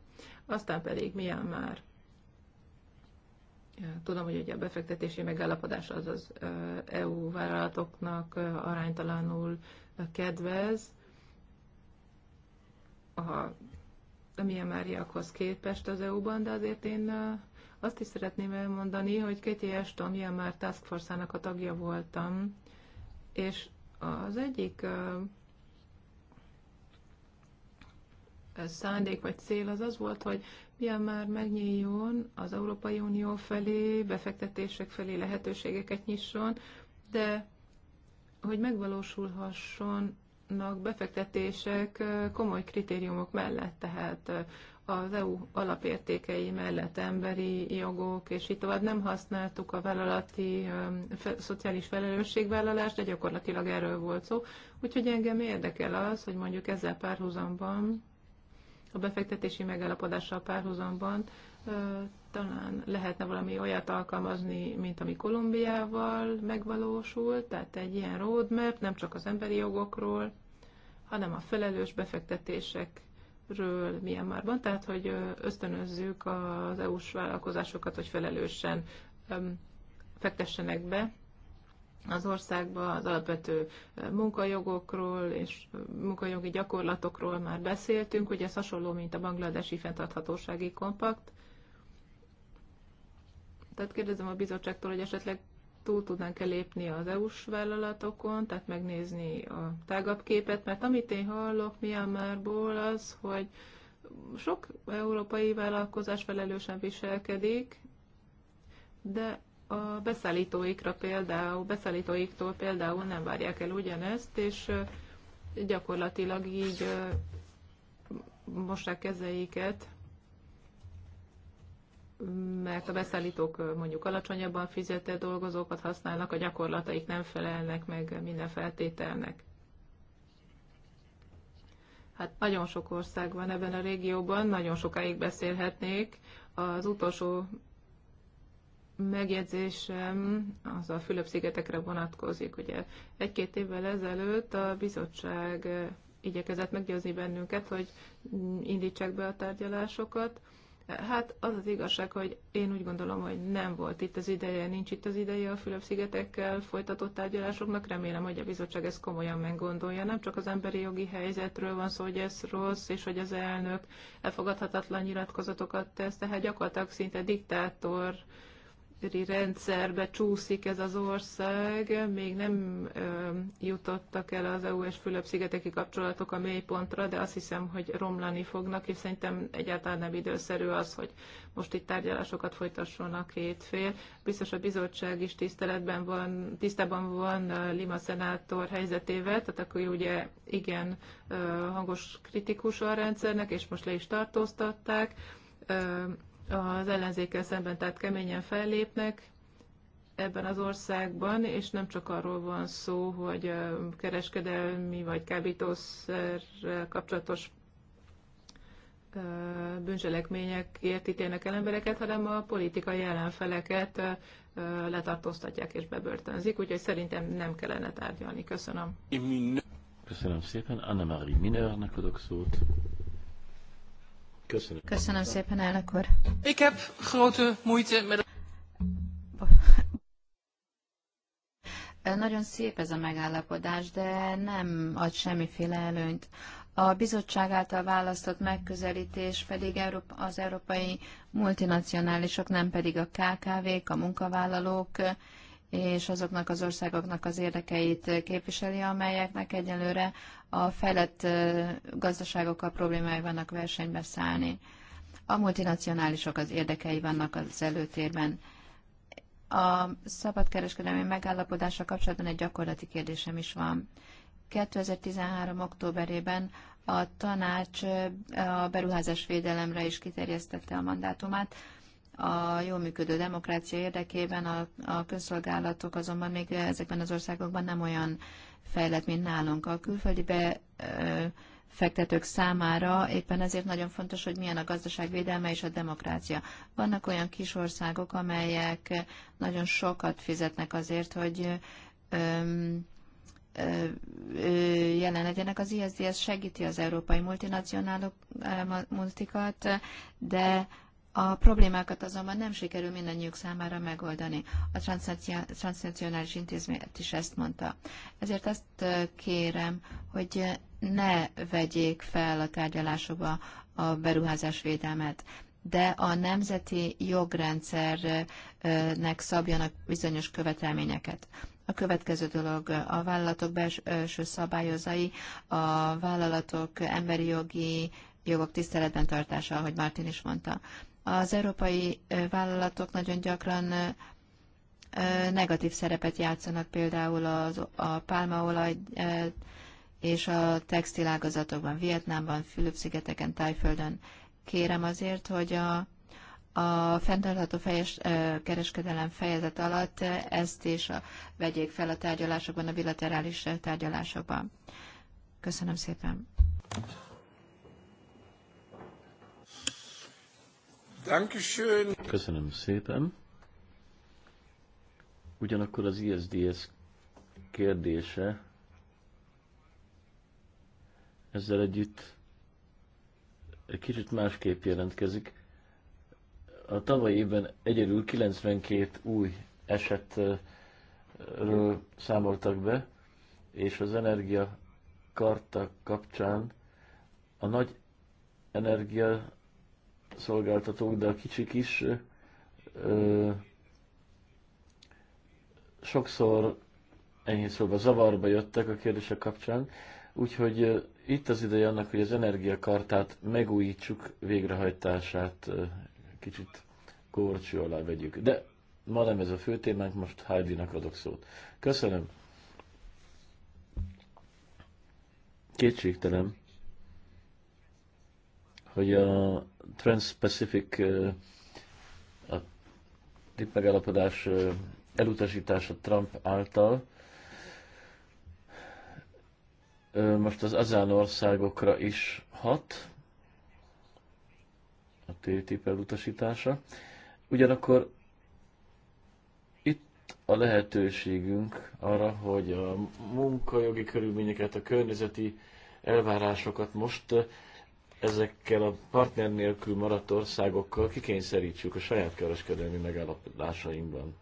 Aztán pedig milyen már Tudom, hogy ugye a befektetési megállapodás az az EU vállalatoknak aránytalanul kedvez, a, milyen máriakhoz képest az EU-ban, de azért én azt is szeretném elmondani, hogy két Ashton ilyen már Task force a tagja voltam, és az egyik szándék vagy cél az az volt, hogy milyen már megnyíljon az Európai Unió felé, befektetések felé lehetőségeket nyisson, de hogy megvalósulhasson befektetések komoly kritériumok mellett, tehát az EU alapértékei mellett emberi jogok, és így tovább nem használtuk a vállalati fe, szociális felelősségvállalást, de gyakorlatilag erről volt szó. Úgyhogy engem érdekel az, hogy mondjuk ezzel párhuzamban, a befektetési megállapodással párhuzamban talán lehetne valami olyat alkalmazni, mint ami Kolumbiával megvalósult, tehát egy ilyen roadmap, nem csak az emberi jogokról, hanem a felelős befektetések ről Myanmarban, tehát hogy ösztönözzük az EU-s vállalkozásokat, hogy felelősen fektessenek be az országba az alapvető munkajogokról és munkajogi gyakorlatokról már beszéltünk, ugye ez hasonló, mint a bangladesi fenntarthatósági kompakt. Tehát kérdezem a bizottságtól, hogy esetleg túl tudnánk-e lépni az EU-s vállalatokon, tehát megnézni a tágabb képet, mert amit én hallok Myanmarból az, hogy sok európai vállalkozás felelősen viselkedik, de a beszállítóikra például, beszállítóiktól például nem várják el ugyanezt, és gyakorlatilag így mossák kezeiket mert a beszállítók mondjuk alacsonyabban fizető dolgozókat használnak, a gyakorlataik nem felelnek meg minden feltételnek. Hát nagyon sok ország van ebben a régióban, nagyon sokáig beszélhetnék. Az utolsó megjegyzésem az a Fülöp-szigetekre vonatkozik. Ugye egy-két évvel ezelőtt a bizottság igyekezett meggyőzni bennünket, hogy indítsák be a tárgyalásokat, Hát az az igazság, hogy én úgy gondolom, hogy nem volt itt az ideje, nincs itt az ideje a Fülöp-szigetekkel folytatott tárgyalásoknak. Remélem, hogy a bizottság ezt komolyan meggondolja. Nem csak az emberi jogi helyzetről van szó, hogy ez rossz, és hogy az elnök elfogadhatatlan nyilatkozatokat tesz, tehát gyakorlatilag szinte diktátor rendszerbe csúszik ez az ország, még nem ö, jutottak el az EU és Fülöp-szigeteki kapcsolatok a mélypontra, de azt hiszem, hogy romlani fognak, és szerintem egyáltalán nem időszerű az, hogy most itt tárgyalásokat folytasson a két fél. Biztos a bizottság is tiszteletben van, tisztában van Lima szenátor helyzetével, tehát akkor ugye igen hangos kritikus a rendszernek, és most le is tartóztatták az ellenzékkel szemben, tehát keményen fellépnek ebben az országban, és nem csak arról van szó, hogy kereskedelmi vagy kábítószer kapcsolatos bűncselekményekért ítélnek el embereket, hanem a politikai ellenfeleket letartóztatják és bebörtönzik, úgyhogy szerintem nem kellene tárgyalni. Köszönöm. Köszönöm szépen. Anna-Marie Minernek adok szót. Köszönöm. Köszönöm szépen, elnök úr. Ik heb grote moeite met... Nagyon szép ez a megállapodás, de nem ad semmiféle előnyt. A bizottság által választott megközelítés pedig az európai multinacionálisok, nem pedig a KKV-k, a munkavállalók és azoknak az országoknak az érdekeit képviseli, amelyeknek egyelőre a fejlett gazdaságokkal problémái vannak versenybe szállni. A multinacionálisok az érdekei vannak az előtérben. A szabadkereskedelmi megállapodása kapcsolatban egy gyakorlati kérdésem is van. 2013. októberében a tanács a beruházás védelemre is kiterjesztette a mandátumát. A jól működő demokrácia érdekében a, a közszolgálatok azonban még ezekben az országokban nem olyan fejlett, mint nálunk. A külföldi be, ö, fektetők számára, éppen ezért nagyon fontos, hogy milyen a gazdaságvédelme és a demokrácia. Vannak olyan kis országok, amelyek nagyon sokat fizetnek azért, hogy öm, ö, ö, jelen legyenek. Az ISDS segíti az európai multinacionálok, multikat, de a problémákat azonban nem sikerül mindannyiuk számára megoldani. A transnacionális intézményt is ezt mondta. Ezért azt kérem, hogy ne vegyék fel a tárgyalásokba a beruházás védelmet, de a nemzeti jogrendszernek szabjanak bizonyos követelményeket. A következő dolog a vállalatok belső szabályozai, a vállalatok emberi jogi jogok tiszteletben tartása, ahogy Martin is mondta. Az európai vállalatok nagyon gyakran negatív szerepet játszanak például az, a pálmaolaj és a textilágazatokban, Vietnámban, Fülöp-szigeteken, Tájföldön. Kérem azért, hogy a, a fenntartható fejes, kereskedelem fejezet alatt ezt is a, vegyék fel a tárgyalásokban, a bilaterális tárgyalásokban. Köszönöm szépen. Dankeschön. Köszönöm szépen. Ugyanakkor az ISDS kérdése ezzel együtt egy kicsit másképp jelentkezik. A tavalyi évben egyedül 92 új esetről számoltak be, és az energia karta kapcsán a nagy energia szolgáltatók, de a kicsik is ö, sokszor ennyi szóval zavarba jöttek a kérdések kapcsán, úgyhogy itt az ideje annak, hogy az energiakartát megújítsuk, végrehajtását kicsit korcsú alá vegyük. De ma nem ez a fő témánk, most Heidi-nak adok szót. Köszönöm! Kétségtelen, hogy a Trans-Pacific a TIP megállapodás elutasítása Trump által. Most az azán országokra is hat a TTIP elutasítása. Ugyanakkor a lehetőségünk arra, hogy a munkajogi körülményeket, a környezeti elvárásokat most ezekkel a partner nélkül maradt országokkal kikényszerítsük a saját kereskedelmi megállapodásainkban.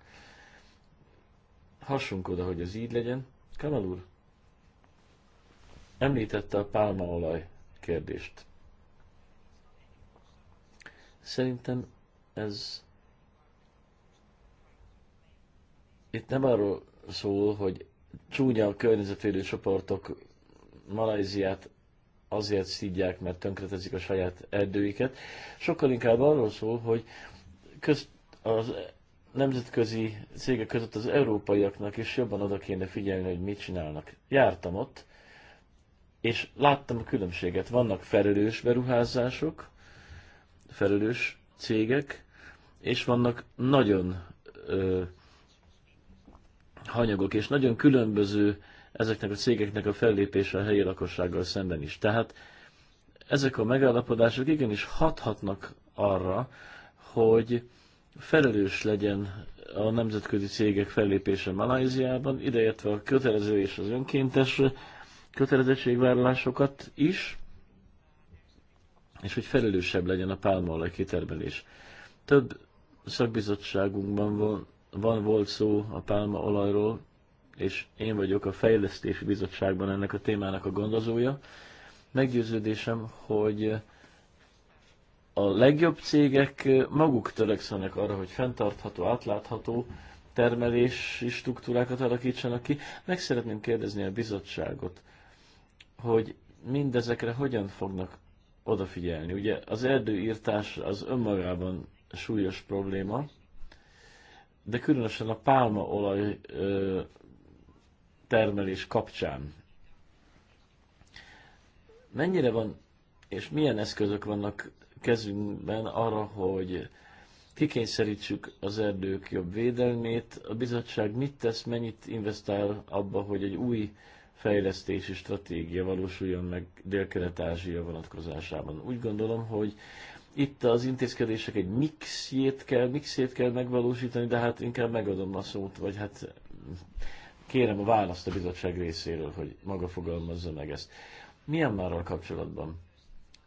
Hassunk oda, hogy ez így legyen. Kamal úr említette a pálmaolaj kérdést. Szerintem ez itt nem arról szól, hogy csúnya a környezetvédő csoportok Malajziát azért szidják, mert tönkretezik a saját erdőiket. Sokkal inkább arról szól, hogy köz, az nemzetközi cégek között az európaiaknak is jobban oda kéne figyelni, hogy mit csinálnak. Jártam ott, és láttam a különbséget. Vannak felelős beruházások, felelős cégek, és vannak nagyon ö, hanyagok, és nagyon különböző ezeknek a cégeknek a fellépése a helyi lakossággal szemben is. Tehát ezek a megállapodások igenis hathatnak arra, hogy felelős legyen a nemzetközi cégek fellépése Malajziában, ideértve a kötelező és az önkéntes kötelezettségvállalásokat is, és hogy felelősebb legyen a pálmaolaj kitermelés. Több szakbizottságunkban van, van volt szó a pálmaolajról, és én vagyok a Fejlesztési Bizottságban ennek a témának a gondozója. Meggyőződésem, hogy a legjobb cégek maguk törekszenek arra, hogy fenntartható, átlátható termelési struktúrákat alakítsanak ki. Meg szeretném kérdezni a bizottságot, hogy mindezekre hogyan fognak odafigyelni. Ugye az erdőírtás az önmagában súlyos probléma, de különösen a pálmaolaj termelés kapcsán. Mennyire van, és milyen eszközök vannak kezünkben arra, hogy kikényszerítsük az erdők jobb védelmét, a bizottság mit tesz, mennyit investál abba, hogy egy új fejlesztési stratégia valósuljon meg Dél-Kelet-Ázsia vonatkozásában. Úgy gondolom, hogy itt az intézkedések egy mixjét kell, mixjét kell megvalósítani, de hát inkább megadom a szót, vagy hát kérem a választ a bizottság részéről, hogy maga fogalmazza meg ezt. Milyen márral kapcsolatban?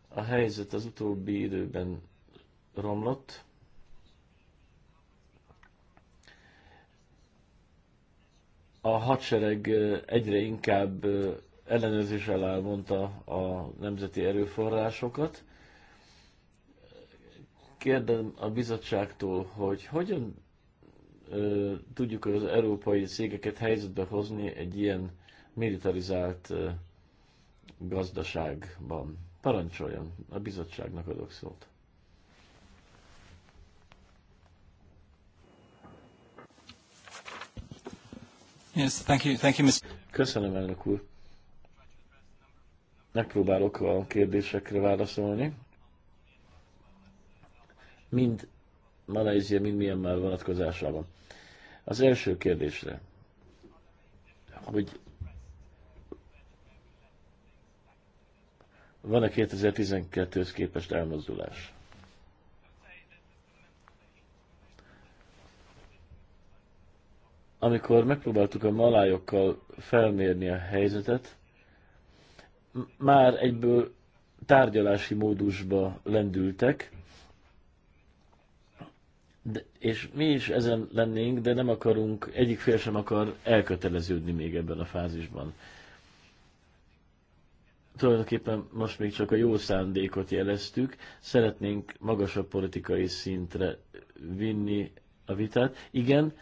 A helyzet az utóbbi időben romlott. A hadsereg egyre inkább ellenőrzés alá mondta a nemzeti erőforrásokat. Kérdem a bizottságtól, hogy hogyan tudjuk az európai cégeket helyzetbe hozni egy ilyen militarizált gazdaságban. Parancsoljon, a bizottságnak adok szót. Yes, thank you, thank you, Mr. Köszönöm, elnök úr. Megpróbálok a kérdésekre válaszolni. Mind Malajzia, mind már vonatkozásában. Az első kérdésre, hogy van-e 2012-höz képest elmozdulás? Amikor megpróbáltuk a malájokkal felmérni a helyzetet, már egyből tárgyalási módusba lendültek, de, és mi is ezen lennénk, de nem akarunk, egyik fél sem akar elköteleződni még ebben a fázisban. Tulajdonképpen most még csak a jó szándékot jeleztük, szeretnénk magasabb politikai szintre vinni a vitát. Igen,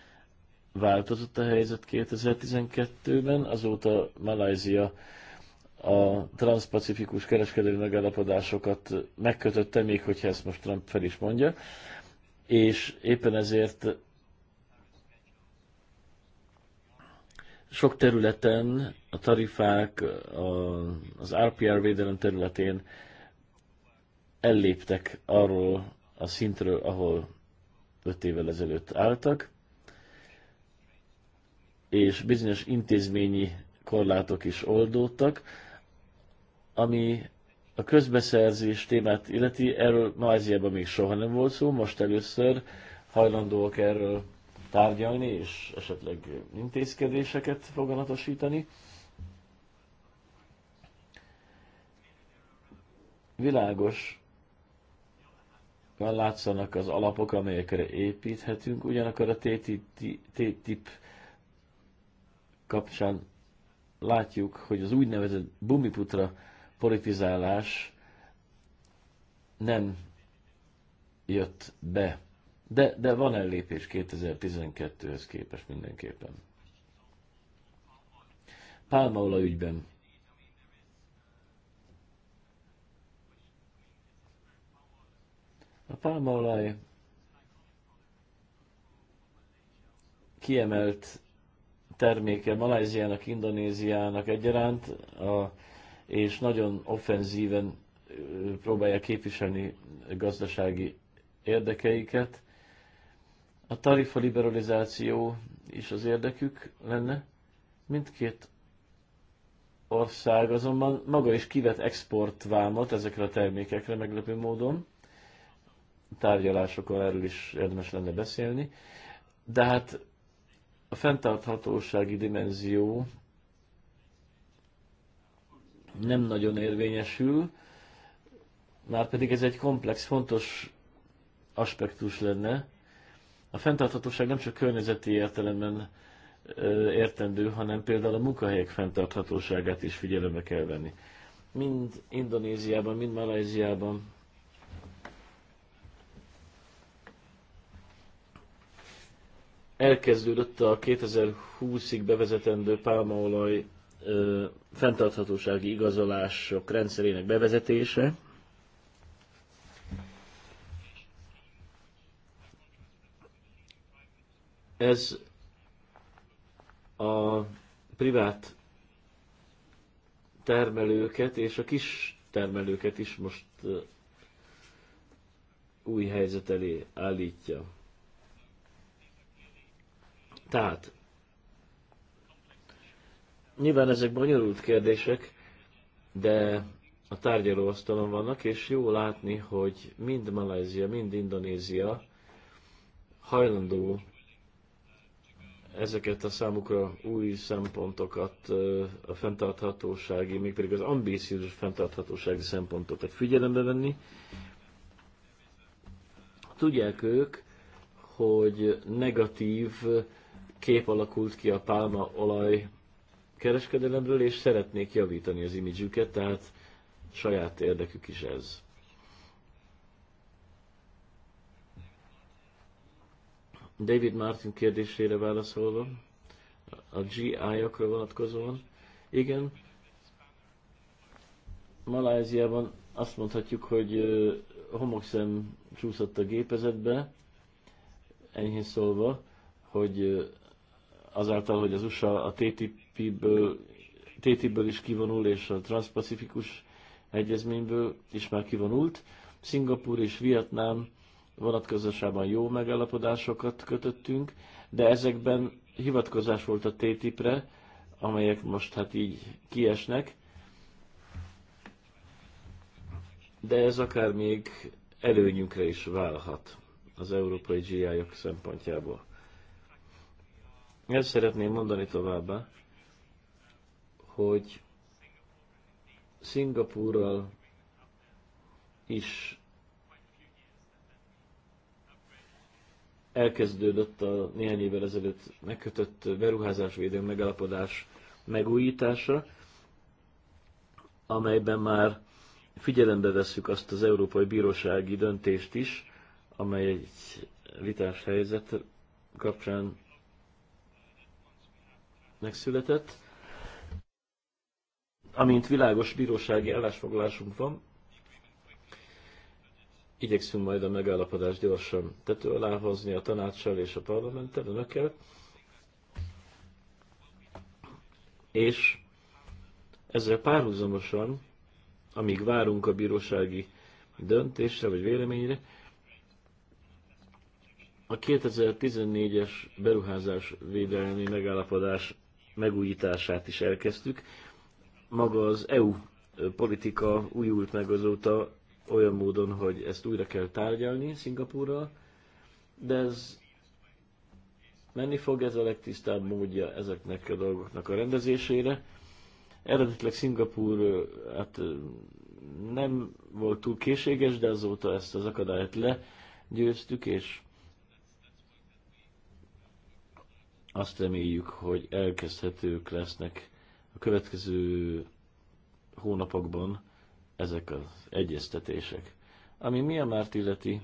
változott a helyzet 2012-ben, azóta Malajzia a transpacifikus kereskedelmi megállapodásokat megkötötte, még hogyha ezt most Trump fel is mondja és éppen ezért sok területen a tarifák a, az RPR védelem területén elléptek arról a szintről, ahol 5 évvel ezelőtt álltak, és bizonyos intézményi korlátok is oldódtak, ami a közbeszerzés témát illeti, erről Malajziában még soha nem volt szó, most először hajlandóak erről tárgyalni, és esetleg intézkedéseket foganatosítani. Világos látszanak az alapok, amelyekre építhetünk, ugyanakkor a TTIP kapcsán látjuk, hogy az úgynevezett bumiputra politizálás nem jött be. De, de van ellépés 2012-höz képest mindenképpen. Pálmaula ügyben. A pálmaolaj kiemelt terméke Malajziának, Indonéziának egyaránt, a és nagyon offenzíven próbálja képviselni gazdasági érdekeiket. A tarifa liberalizáció is az érdekük lenne. Mindkét ország azonban maga is kivet exportvámat ezekre a termékekre meglepő módon. Tárgyalásokon erről is érdemes lenne beszélni. De hát a fenntarthatósági dimenzió nem nagyon érvényesül, már pedig ez egy komplex, fontos aspektus lenne. A fenntarthatóság nem csak környezeti értelemben értendő, hanem például a munkahelyek fenntarthatóságát is figyelembe kell venni. Mind Indonéziában, mind Malajziában elkezdődött a 2020-ig bevezetendő pálmaolaj ö, fenntarthatósági igazolások rendszerének bevezetése. Ez a privát termelőket és a kis termelőket is most új helyzet elé állítja. Tehát Nyilván ezek bonyolult kérdések, de a tárgyalóasztalon vannak, és jó látni, hogy mind Malajzia, mind Indonézia hajlandó ezeket a számukra új szempontokat, a fenntarthatósági, mégpedig az ambíciós fenntarthatósági szempontokat figyelembe venni. Tudják ők, hogy negatív kép alakult ki a pálmaolaj kereskedelemről, és szeretnék javítani az imidzsüket, tehát saját érdekük is ez. David Martin kérdésére válaszolva, a GI-akra vonatkozóan, igen, Maláziában azt mondhatjuk, hogy homokszem csúszott a gépezetbe, enyhén szólva, hogy azáltal, hogy az USA a TTIP TTIP-ből, TTIP-ből is kivonul, és a transpacifikus egyezményből is már kivonult. Szingapúr és Vietnám vonatkozásában jó megállapodásokat kötöttünk, de ezekben hivatkozás volt a TTIP-re, amelyek most hát így kiesnek, de ez akár még előnyünkre is válhat az európai GI-ok szempontjából. Ezt szeretném mondani továbbá, hogy Szingapúrral is elkezdődött a néhány évvel ezelőtt megkötött beruházásvédő megalapodás megújítása, amelyben már figyelembe vesszük azt az Európai Bírósági döntést is, amely egy vitás helyzet kapcsán megszületett amint világos bírósági állásfoglalásunk van, igyekszünk majd a megállapodást gyorsan tető alá hozni a tanácssal és a parlamenttel, önökkel, és ezzel párhuzamosan, amíg várunk a bírósági döntésre vagy véleményre, a 2014-es beruházás védelmi megállapodás megújítását is elkezdtük, maga az EU politika újult meg azóta olyan módon, hogy ezt újra kell tárgyalni Szingapúrral, de ez menni fog, ez a legtisztább módja ezeknek a dolgoknak a rendezésére. Eredetileg Szingapúr hát nem volt túl készséges, de azóta ezt az akadályt legyőztük, és azt reméljük, hogy elkezdhetők lesznek a következő hónapokban ezek az egyeztetések. Ami Myanmart illeti,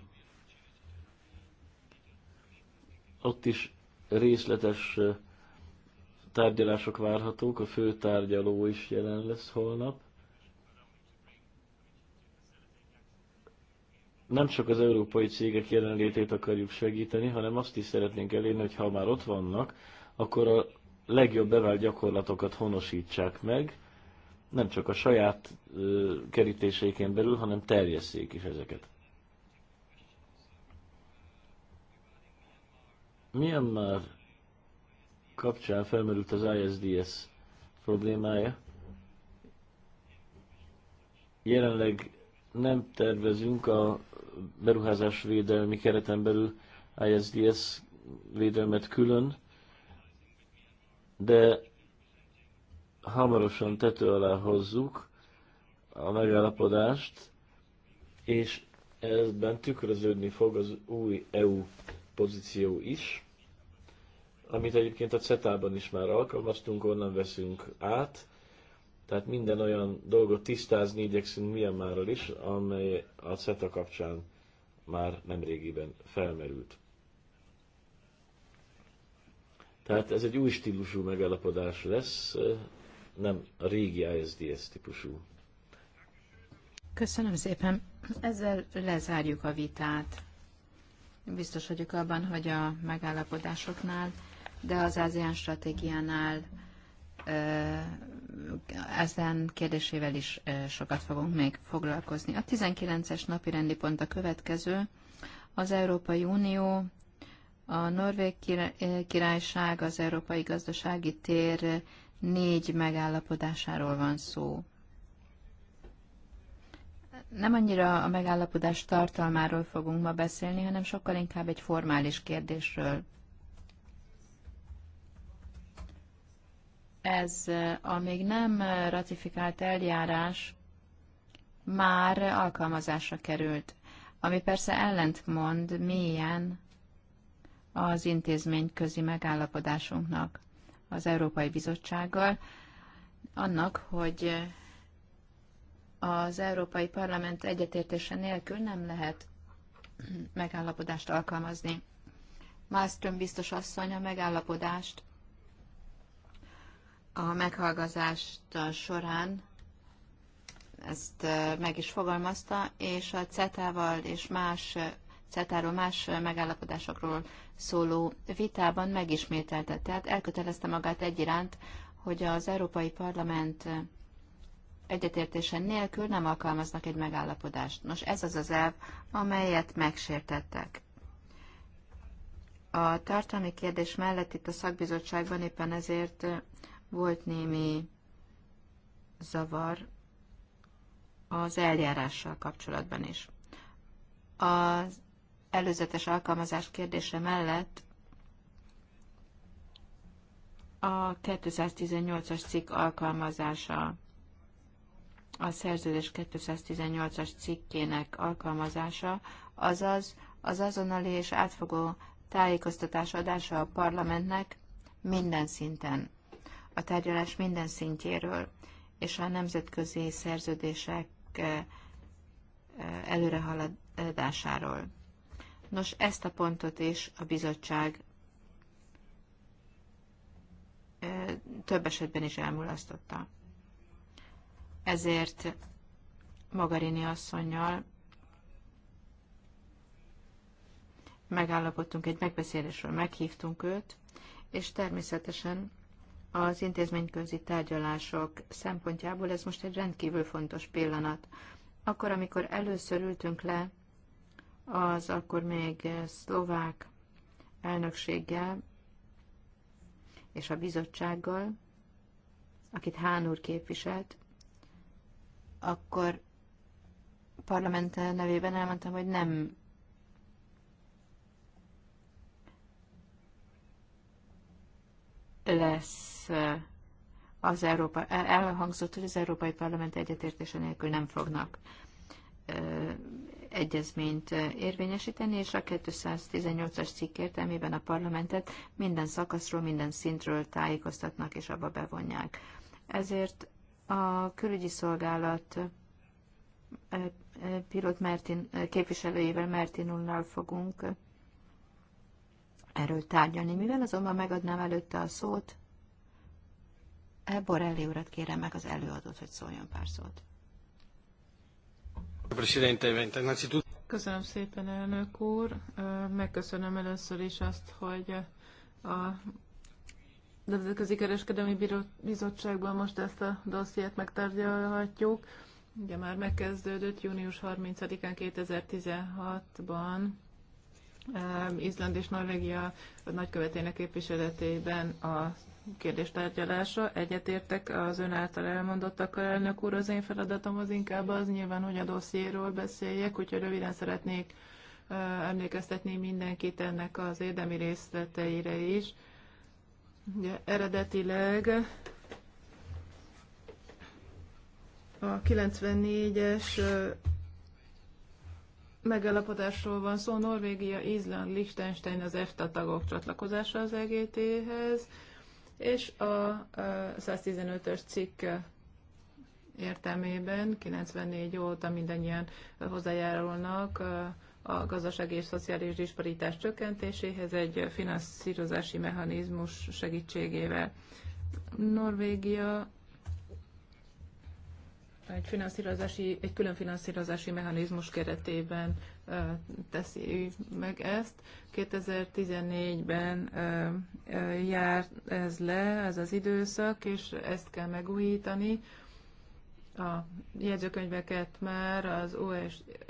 ott is részletes tárgyalások várhatók, a fő tárgyaló is jelen lesz holnap. Nem csak az európai cégek jelenlétét akarjuk segíteni, hanem azt is szeretnénk elérni, hogy ha már ott vannak, akkor a legjobb bevált gyakorlatokat honosítsák meg, nem csak a saját kerítéseikén kerítéseiken belül, hanem terjesszék is ezeket. már kapcsán felmerült az ISDS problémája. Jelenleg nem tervezünk a beruházás védelmi kereten belül ISDS védelmet külön de hamarosan tető alá hozzuk a megállapodást, és ezben tükröződni fog az új EU pozíció is, amit egyébként a CETA-ban is már alkalmaztunk, onnan veszünk át, tehát minden olyan dolgot tisztázni igyekszünk Myanmarral is, amely a CETA kapcsán már nem régiben felmerült. Tehát ez egy új stílusú megállapodás lesz, nem a régi ISDS típusú. Köszönöm szépen. Ezzel lezárjuk a vitát. Biztos vagyok abban, hogy a megállapodásoknál, de az ASEAN stratégiánál ezen kérdésével is sokat fogunk még foglalkozni. A 19-es napi rendi pont a következő. Az Európai Unió a Norvég eh, királyság az Európai Gazdasági Tér négy megállapodásáról van szó. Nem annyira a megállapodás tartalmáról fogunk ma beszélni, hanem sokkal inkább egy formális kérdésről. Ez a még nem ratifikált eljárás már alkalmazásra került, ami persze ellentmond mélyen az intézmény közi megállapodásunknak az Európai Bizottsággal, annak, hogy az Európai Parlament egyetértése nélkül nem lehet megállapodást alkalmazni. Malmström biztos asszony a megállapodást a meghallgazást során ezt eh, meg is fogalmazta, és a CETA-val és más eh, CETA-ról, más megállapodásokról szóló vitában megismételte. Tehát elkötelezte magát egyiránt, hogy az Európai Parlament egyetértése nélkül nem alkalmaznak egy megállapodást. Nos, ez az az elv, amelyet megsértettek. A tartalmi kérdés mellett itt a szakbizottságban éppen ezért volt némi zavar az eljárással kapcsolatban is. Az előzetes alkalmazás kérdése mellett a 218-as cikk alkalmazása, a szerződés 218-as cikkének alkalmazása, azaz az azonnali és átfogó tájékoztatás adása a parlamentnek minden szinten, a tárgyalás minden szintjéről, és a nemzetközi szerződések eh, eh, előrehaladásáról. Nos, ezt a pontot is a bizottság több esetben is elmulasztotta. Ezért Magarini asszonynal megállapodtunk egy megbeszélésről, meghívtunk őt, és természetesen az intézményközi tárgyalások szempontjából ez most egy rendkívül fontos pillanat. Akkor, amikor először ültünk le az akkor még szlovák elnökséggel és a bizottsággal, akit Hán úr képviselt, akkor parlament nevében elmondtam, hogy nem lesz az Európa, elhangzott, hogy az Európai Parlament egyetértése nélkül nem fognak egyezményt érvényesíteni, és a 218-as cikk értelmében a parlamentet minden szakaszról, minden szintről tájékoztatnak és abba bevonják. Ezért a külügyi szolgálat pilot Mertin, képviselőjével Mertinulnal fogunk erről tárgyalni. Mivel azonban megadnám előtte a szót, Borelli urat kérem meg az előadót, hogy szóljon pár szót. Köszönöm szépen, elnök úr. Megköszönöm először is azt, hogy a Nemzetközi Kereskedelmi Bizottságban most ezt a dossziét megtárgyalhatjuk. Ugye már megkezdődött június 30-án 2016-ban Izland és Norvégia nagykövetének képviseletében a kérdés tárgyalása. Egyetértek az ön által elmondottakkal, elnök úr, az én feladatom az inkább az nyilván, hogy a dossziéról beszéljek, úgyhogy röviden szeretnék emlékeztetni mindenkit ennek az érdemi részleteire is. Ugye, eredetileg a 94-es megállapodásról van szó, Norvégia, Izland, Liechtenstein az EFTA tagok csatlakozása az EGT-hez, és a 115-ös cikk értelmében 94 óta mindannyian hozzájárulnak a gazdasági és szociális disparitás csökkentéséhez egy finanszírozási mechanizmus segítségével. Norvégia egy, finanszírozási, egy külön finanszírozási mechanizmus keretében teszi meg ezt. 2014-ben jár ez le, ez az időszak, és ezt kell megújítani. A jegyzőkönyveket már az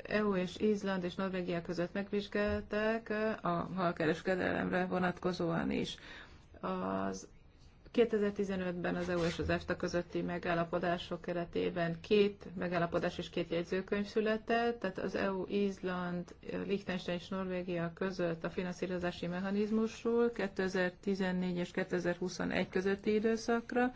EU és Izland és Norvégia között megvizsgálták, a halkereskedelemre vonatkozóan is. Az 2015-ben az EU és az EFTA közötti megállapodások keretében két megállapodás és két jegyzőkönyv született, tehát az EU, Izland, Liechtenstein és Norvégia között a finanszírozási mechanizmusról 2014 és 2021 közötti időszakra,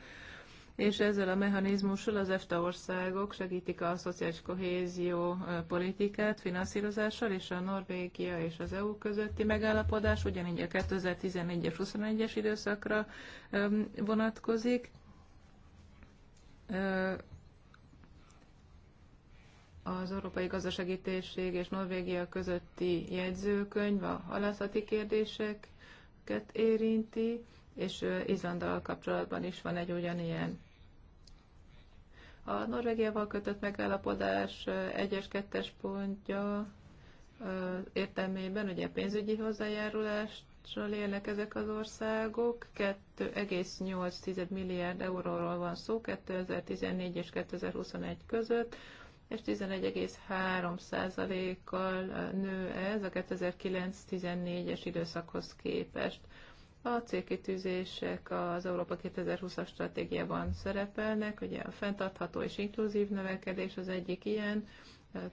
és ezzel a mechanizmussal az EFTA országok segítik a szociális kohézió politikát finanszírozással, és a Norvégia és az EU közötti megállapodás ugyanígy a 2014-es 21-es időszakra vonatkozik. Az Európai Gazdasági Térség és Norvégia közötti jegyzőkönyv a halászati kérdéseket érinti, és Izlanddal kapcsolatban is van egy ugyanilyen a Norvégiával kötött megállapodás egyes kettes pontja értelmében ugye pénzügyi hozzájárulással élnek ezek az országok. 2,8 milliárd euróról van szó 2014 és 2021 között és 11,3%-kal nő ez a 2009-14-es időszakhoz képest. A célkitűzések az Európa 2020-as stratégiában szerepelnek, ugye a fenntartható és inkluzív növekedés az egyik ilyen,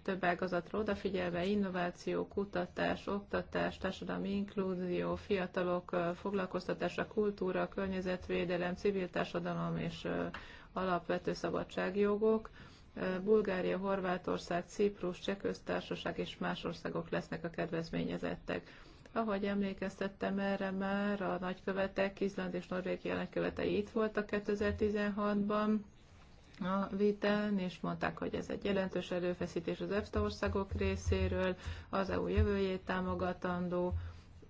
több ágazatra odafigyelve, innováció, kutatás, oktatás, társadalmi inklúzió, fiatalok foglalkoztatása, kultúra, környezetvédelem, civil társadalom és alapvető szabadságjogok. Bulgária, Horvátország, Ciprus, Cseh köztársaság és más országok lesznek a kedvezményezettek. Ahogy emlékeztettem erre már, a nagykövetek, Izland és Norvégia nagykövetei itt voltak 2016-ban a vitán, és mondták, hogy ez egy jelentős előfeszítés az EFTA országok részéről, az EU jövőjét támogatandó,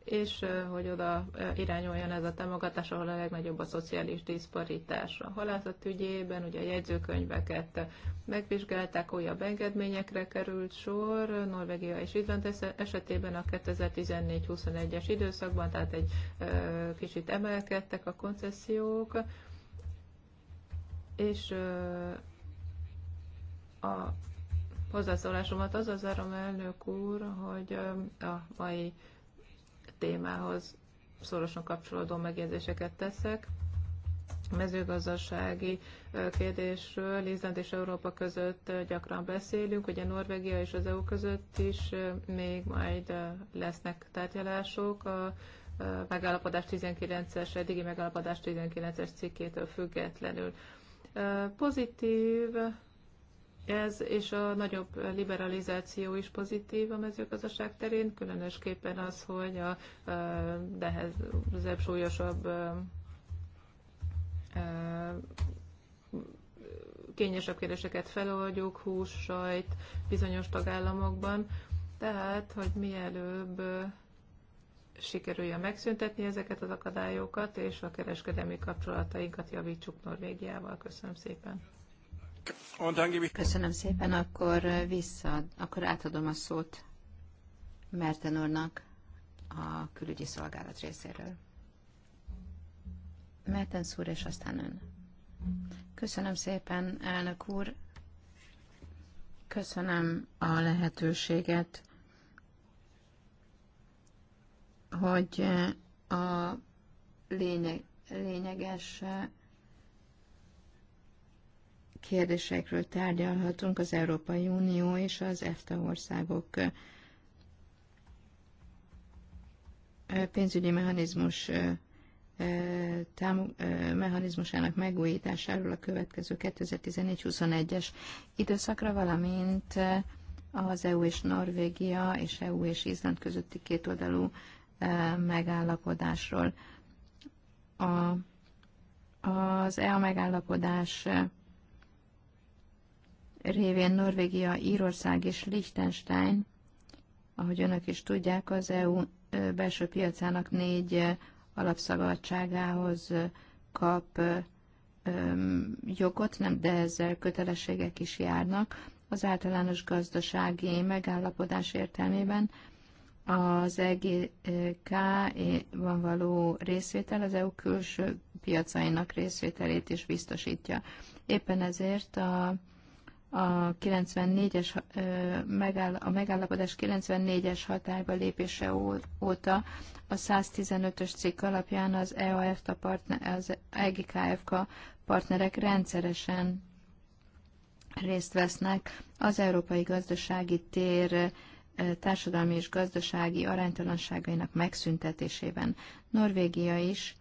és hogy oda irányuljon ez a támogatás, ahol a legnagyobb a szociális diszparitás. A halászat ügyében ugye a jegyzőkönyveket megvizsgálták, újabb engedményekre került sor, Norvégia és Izland esetében a 2014-21-es időszakban, tehát egy kicsit emelkedtek a koncesziók, és a hozzászólásomat az az elnök úr, hogy a mai témához szorosan kapcsolódó megjegyzéseket teszek. A mezőgazdasági kérdésről Izland és Európa között gyakran beszélünk, ugye Norvégia és az EU között is még majd lesznek tárgyalások. A megállapodás 19-es, eddigi megállapodás 19-es cikkétől függetlenül. Pozitív ez és a nagyobb liberalizáció is pozitív a mezőgazdaság terén, különösképpen az, hogy a nehezebb, súlyosabb kényesebb kérdéseket feloldjuk, hús, sajt bizonyos tagállamokban, tehát, hogy mielőbb sikerüljön megszüntetni ezeket az akadályokat, és a kereskedelmi kapcsolatainkat javítsuk Norvégiával. Köszönöm szépen! Köszönöm szépen, akkor vissza, akkor átadom a szót Merten úrnak a külügyi szolgálat részéről. Merten szúr és aztán ön. Köszönöm szépen, elnök úr. Köszönöm a lehetőséget, hogy a lényeg, lényeges kérdésekről tárgyalhatunk az Európai Unió és az EFTA országok pénzügyi mechanizmus mechanizmusának megújításáról a következő 2014-21-es időszakra, valamint az EU és Norvégia és EU és Izland közötti kétoldalú megállapodásról. A, az EA megállapodás révén Norvégia, Írország és Liechtenstein, ahogy önök is tudják, az EU belső piacának négy alapszabadságához kap jogot, nem, de ezzel kötelességek is járnak. Az általános gazdasági megállapodás értelmében az egk van való részvétel az EU külső piacainak részvételét is biztosítja. Éppen ezért a a 94-es a megállapodás 94-es hatályba lépése óta a 115-ös cikk alapján az eaf partner, az EGKFK partnerek rendszeresen részt vesznek az európai gazdasági tér társadalmi és gazdasági aránytalanságainak megszüntetésében. Norvégia is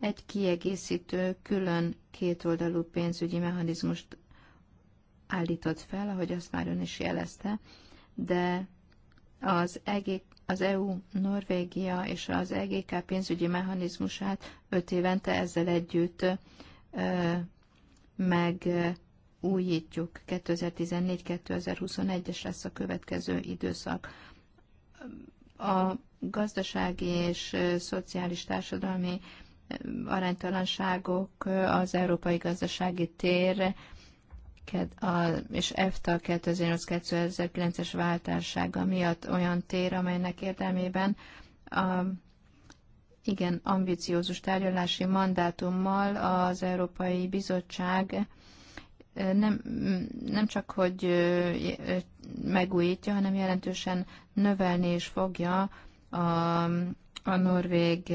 egy kiegészítő, külön kétoldalú pénzügyi mechanizmust állított fel, ahogy azt már ön is jelezte, de az, EG, az EU, Norvégia és az EGK pénzügyi mechanizmusát öt évente ezzel együtt ö, meg újítjuk. 2014-2021-es lesz a következő időszak. A gazdasági és szociális társadalmi aránytalanságok az európai gazdasági tér a, és EFTA 2008-2009-es váltársága miatt olyan tér, amelynek értelmében a, igen, ambiciózus tárgyalási mandátummal az Európai Bizottság nem, nem csak, hogy megújítja, hanem jelentősen növelni is fogja a, a norvég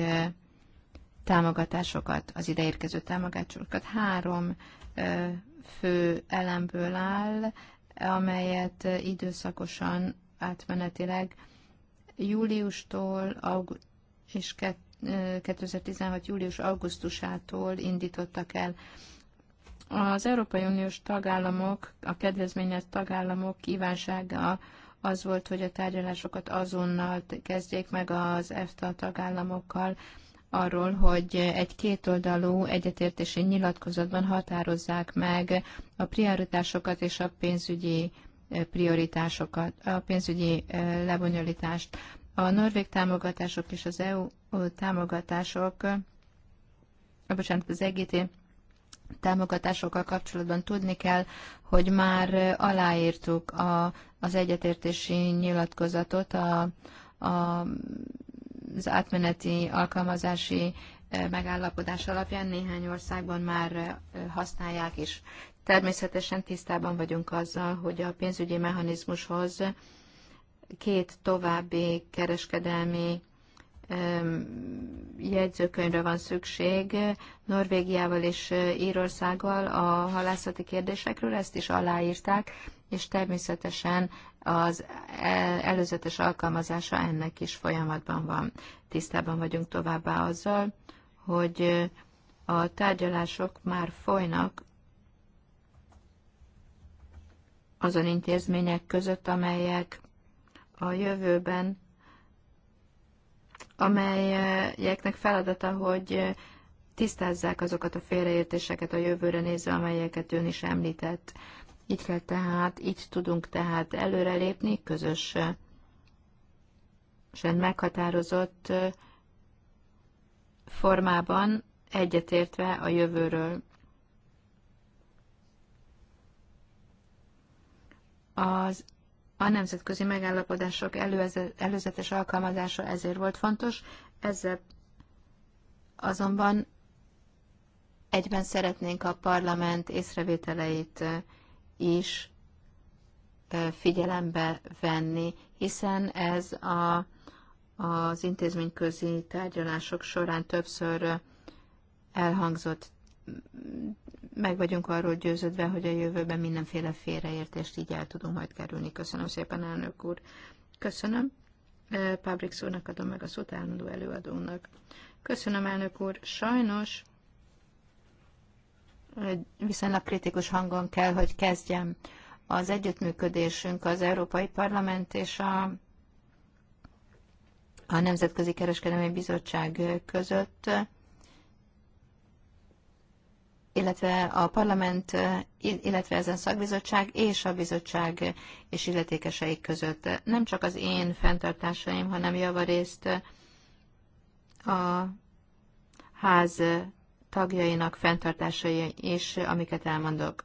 támogatásokat, az ideérkező támogatásokat. Három fő elemből áll, amelyet időszakosan átmenetileg júliustól és 2016. július-augusztusától indítottak el. Az Európai Uniós tagállamok, a kedvezményes tagállamok kívánsága az volt, hogy a tárgyalásokat azonnal kezdjék meg az EFTA tagállamokkal, arról, hogy egy kétoldalú egyetértési nyilatkozatban határozzák meg a prioritásokat és a pénzügyi prioritásokat, a pénzügyi lebonyolítást. A norvég támogatások és az EU támogatások, bocsánat, az EGT támogatásokkal kapcsolatban tudni kell, hogy már aláírtuk a, az egyetértési nyilatkozatot a, a az átmeneti alkalmazási megállapodás alapján néhány országban már használják is. Természetesen tisztában vagyunk azzal, hogy a pénzügyi mechanizmushoz két további kereskedelmi jegyzőkönyvre van szükség Norvégiával és Írországgal a halászati kérdésekről, ezt is aláírták, és természetesen az előzetes alkalmazása ennek is folyamatban van. Tisztában vagyunk továbbá azzal, hogy a tárgyalások már folynak azon intézmények között, amelyek a jövőben, amelyeknek feladata, hogy tisztázzák azokat a félreértéseket a jövőre nézve, amelyeket ön is említett így kell tehát, így tudunk tehát előrelépni és meghatározott formában, egyetértve a jövőről. Az a nemzetközi megállapodások előzetes alkalmazása ezért volt fontos, ezzel azonban egyben szeretnénk a parlament észrevételeit is figyelembe venni, hiszen ez a, az intézményközi tárgyalások során többször elhangzott. Meg vagyunk arról győződve, hogy a jövőben mindenféle félreértést így el tudunk majd kerülni. Köszönöm szépen, elnök úr. Köszönöm. Pabrik szónak adom meg a szót előadónak. Köszönöm, elnök úr. Sajnos viszonylag kritikus hangon kell, hogy kezdjem. Az együttműködésünk az Európai Parlament és a, a Nemzetközi Kereskedelmi Bizottság között, illetve a parlament, illetve ezen szakbizottság és a bizottság és illetékeseik között. Nem csak az én fenntartásaim, hanem javarészt a ház tagjainak fenntartásai és amiket elmondok.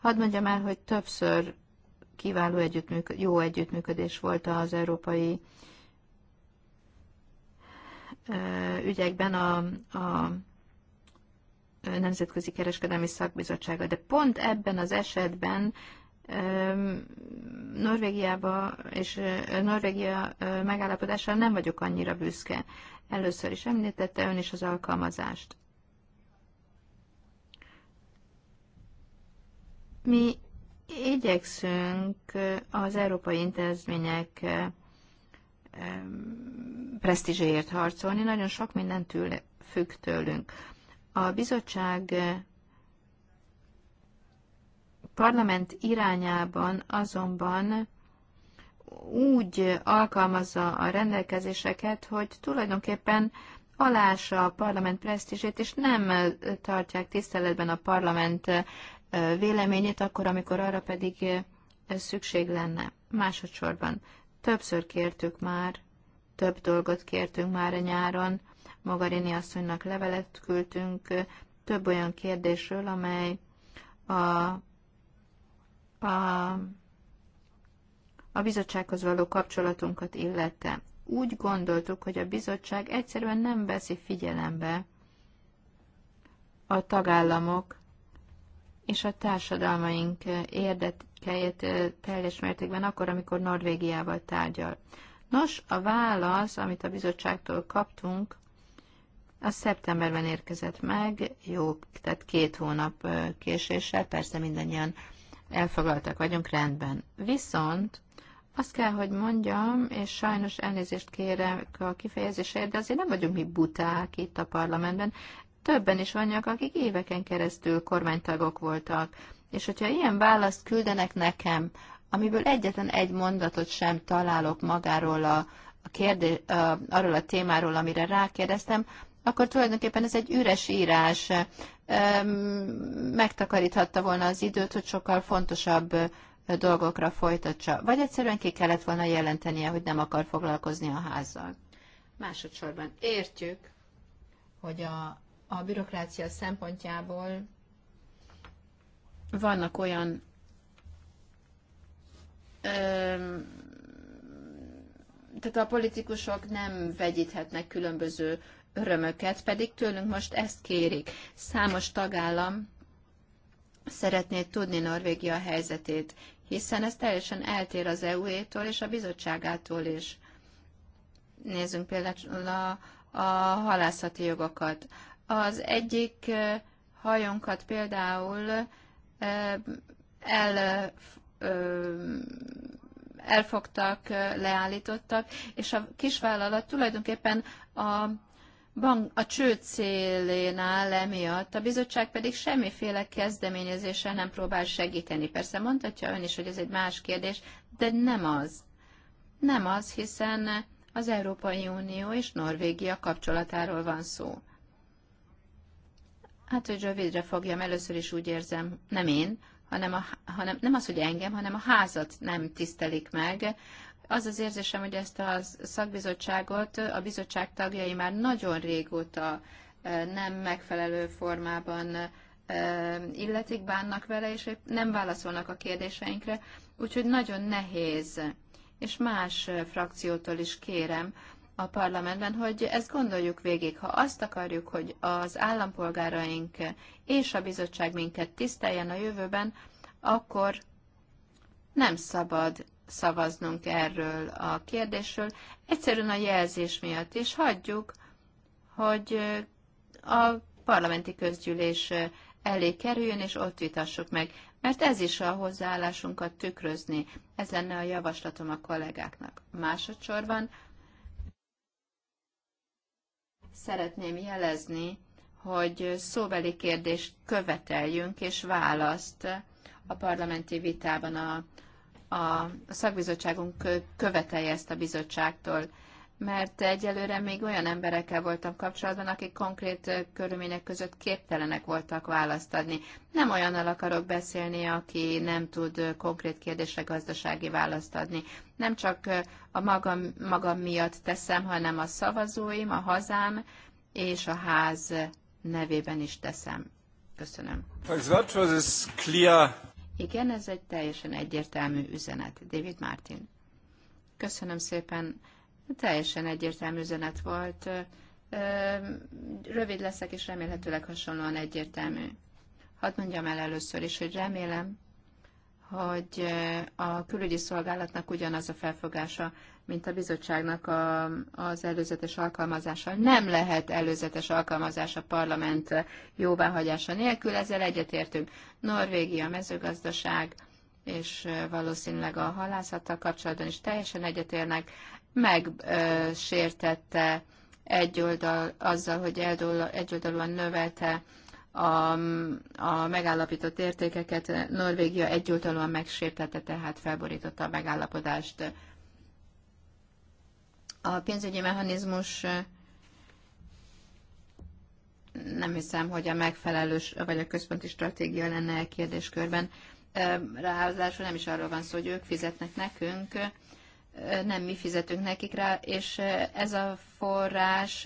Hadd mondjam el, hogy többször kiváló együttműk, jó együttműködés volt az európai ügyekben a, a Nemzetközi Kereskedelmi Szakbizottsága. De pont ebben az esetben Norvégiába és Norvégia megállapodással nem vagyok annyira büszke. Először is említette ön is az alkalmazást. Mi igyekszünk az európai intézmények presztízséért harcolni, nagyon sok minden tőle, függ tőlünk. A bizottság parlament irányában azonban úgy alkalmazza a rendelkezéseket, hogy tulajdonképpen alása a parlament presztízsét, és nem tartják tiszteletben a parlament véleményét, akkor, amikor arra pedig szükség lenne. Másodszorban többször kértük már, több dolgot kértünk már a nyáron, Magarini asszonynak levelet küldtünk, több olyan kérdésről, amely a, a, a bizottsághoz való kapcsolatunkat illette. Úgy gondoltuk, hogy a bizottság egyszerűen nem veszi figyelembe a tagállamok és a társadalmaink érdekeit teljes mértékben akkor, amikor Norvégiával tárgyal. Nos, a válasz, amit a bizottságtól kaptunk, az szeptemberben érkezett meg, jó, tehát két hónap késéssel, persze mindannyian elfoglaltak vagyunk, rendben. Viszont azt kell, hogy mondjam, és sajnos elnézést kérek a kifejezésért, de azért nem vagyunk mi buták itt a parlamentben. Többen is vannak, akik éveken keresztül kormánytagok voltak. És hogyha ilyen választ küldenek nekem, amiből egyetlen egy mondatot sem találok magáról a, a kérdés, a, arról a témáról, amire rákérdeztem, akkor tulajdonképpen ez egy üres írás. Megtakaríthatta volna az időt, hogy sokkal fontosabb dolgokra folytatsa. Vagy egyszerűen ki kellett volna jelentenie, hogy nem akar foglalkozni a házzal. Másodszorban értjük, hogy a a bürokrácia szempontjából vannak olyan öm, tehát a politikusok nem vegyíthetnek különböző örömöket, pedig tőlünk most ezt kérik. Számos tagállam szeretné tudni Norvégia helyzetét, hiszen ez teljesen eltér az EU-tól és a bizottságától is. Nézzünk például a, a halászati jogokat. Az egyik hajónkat például el, elfogtak, leállítottak, és a kisvállalat tulajdonképpen a bank a cső áll emiatt, a bizottság pedig semmiféle kezdeményezéssel nem próbál segíteni. Persze mondhatja ön is, hogy ez egy más kérdés, de nem az. Nem az, hiszen az Európai Unió és Norvégia kapcsolatáról van szó. Hát, hogy rövidre fogjam, először is úgy érzem, nem én, hanem, a, hanem nem az, hogy engem, hanem a házat nem tisztelik meg. Az az érzésem, hogy ezt a szakbizottságot a bizottság tagjai már nagyon régóta nem megfelelő formában illetik, bánnak vele, és nem válaszolnak a kérdéseinkre, úgyhogy nagyon nehéz. És más frakciótól is kérem, a parlamentben, hogy ezt gondoljuk végig. Ha azt akarjuk, hogy az állampolgáraink és a bizottság minket tiszteljen a jövőben, akkor nem szabad szavaznunk erről a kérdésről, egyszerűen a jelzés miatt, és hagyjuk, hogy a parlamenti közgyűlés elé kerüljön, és ott vitassuk meg. Mert ez is a hozzáállásunkat tükrözni. Ez lenne a javaslatom a kollégáknak. Másodszorban szeretném jelezni, hogy szóbeli kérdést követeljünk és választ a parlamenti vitában a, a, a szakbizottságunk követelje ezt a bizottságtól mert egyelőre még olyan emberekkel voltam kapcsolatban, akik konkrét körülmények között képtelenek voltak választ adni. Nem olyannal akarok beszélni, aki nem tud konkrét kérdésre gazdasági választ adni. Nem csak a magam, magam miatt teszem, hanem a szavazóim, a hazám és a ház nevében is teszem. Köszönöm. Igen, ez egy teljesen egyértelmű üzenet. David Martin. Köszönöm szépen Teljesen egyértelmű üzenet volt. Rövid leszek, és remélhetőleg hasonlóan egyértelmű. Hadd mondjam el először is, hogy remélem, hogy a külügyi szolgálatnak ugyanaz a felfogása, mint a bizottságnak a, az előzetes alkalmazása. Nem lehet előzetes alkalmazás a parlament jóváhagyása nélkül, ezzel egyetértünk. Norvégia, mezőgazdaság és valószínűleg a halászattal kapcsolatban is teljesen egyetérnek megsértette egyoldal, azzal, hogy egyoldalúan növelte a, a megállapított értékeket. Norvégia egyoldalúan megsértette, tehát felborította a megállapodást. A pénzügyi mechanizmus nem hiszem, hogy a megfelelő vagy a központi stratégia lenne a e kérdéskörben. Ráadásul nem is arról van szó, hogy ők fizetnek nekünk, nem mi fizetünk nekik rá, és ez a forrás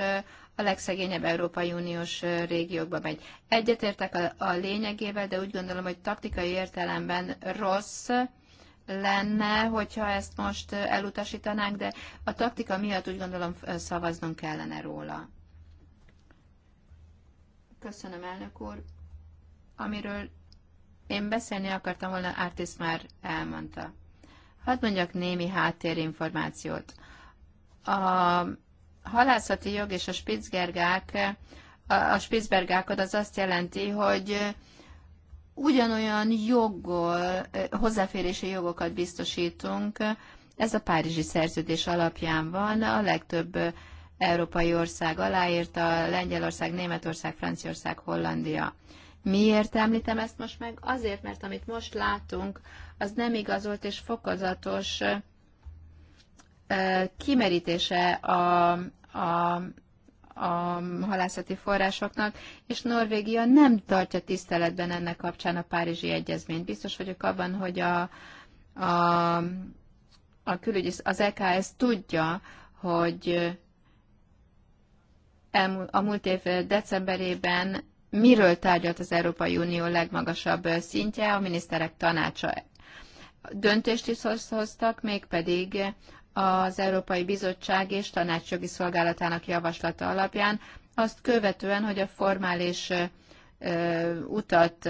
a legszegényebb Európai Uniós régiókba megy. Egyetértek a, a lényegével, de úgy gondolom, hogy taktikai értelemben rossz lenne, hogyha ezt most elutasítanánk, de a taktika miatt úgy gondolom szavaznunk kellene róla. Köszönöm, elnök úr. Amiről én beszélni akartam volna, Artis már elmondta. Hadd mondjak némi háttérinformációt. A halászati jog és a spitzgergák, a spitzbergákod az azt jelenti, hogy ugyanolyan joggal, hozzáférési jogokat biztosítunk, ez a Párizsi szerződés alapján van, a legtöbb európai ország aláírta, Lengyelország, Németország, Franciaország, Hollandia. Miért említem ezt most meg? Azért, mert amit most látunk, az nem igazolt és fokozatos kimerítése a, a, a halászati forrásoknak, és Norvégia nem tartja tiszteletben ennek kapcsán a Párizsi Egyezményt. Biztos vagyok abban, hogy a, a, a külügyi, az EKS tudja, hogy a múlt év decemberében miről tárgyalt az Európai Unió legmagasabb szintje, a miniszterek tanácsa döntést is hoztak, mégpedig az Európai Bizottság és Tanácsjogi Szolgálatának javaslata alapján, azt követően, hogy a formális utat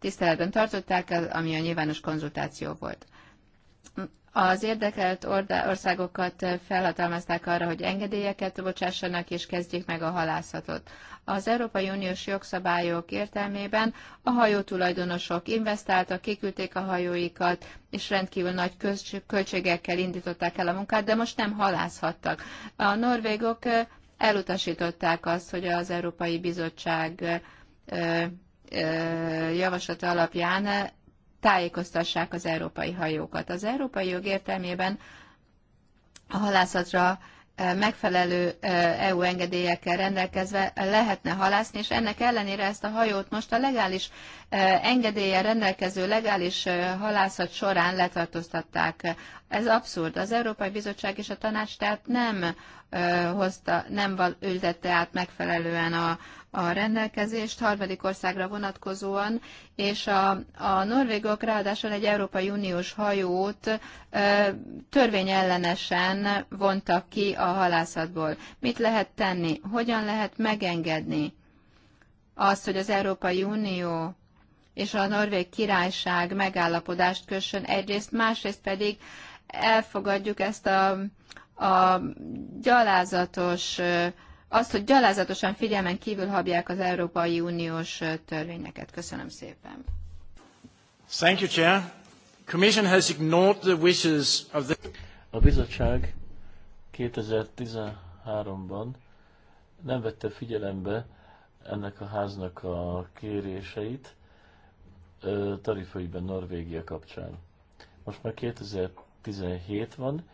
tiszteletben tartották, ami a nyilvános konzultáció volt. Az érdekelt országokat felhatalmazták arra, hogy engedélyeket bocsássanak és kezdjék meg a halászatot. Az Európai Uniós jogszabályok értelmében a hajótulajdonosok investáltak, kiküldték a hajóikat, és rendkívül nagy költségekkel indították el a munkát, de most nem halászhattak. A norvégok elutasították azt, hogy az Európai Bizottság javaslata alapján tájékoztassák az európai hajókat. Az európai jog értelmében a halászatra e, megfelelő e, EU engedélyekkel rendelkezve lehetne halászni, és ennek ellenére ezt a hajót most a legális e, engedélye rendelkező legális halászat során letartóztatták. Ez abszurd. Az Európai Bizottság és a Tanács tehát nem hozta, nem ültette át megfelelően a, a rendelkezést harmadik országra vonatkozóan, és a, a norvégok ráadásul egy Európai Uniós hajót ö, törvényellenesen vontak ki a halászatból. Mit lehet tenni? Hogyan lehet megengedni azt, hogy az Európai Unió és a Norvég királyság megállapodást kössön egyrészt, másrészt pedig elfogadjuk ezt a, a gyalázatos azt, hogy gyalázatosan figyelmen kívül habják az Európai Uniós törvényeket. Köszönöm szépen. Thank you, Chair. Commission has ignored the wishes of the... A bizottság 2013-ban nem vette figyelembe ennek a háznak a kéréseit tarifaiben Norvégia kapcsán. Most már 2017 van,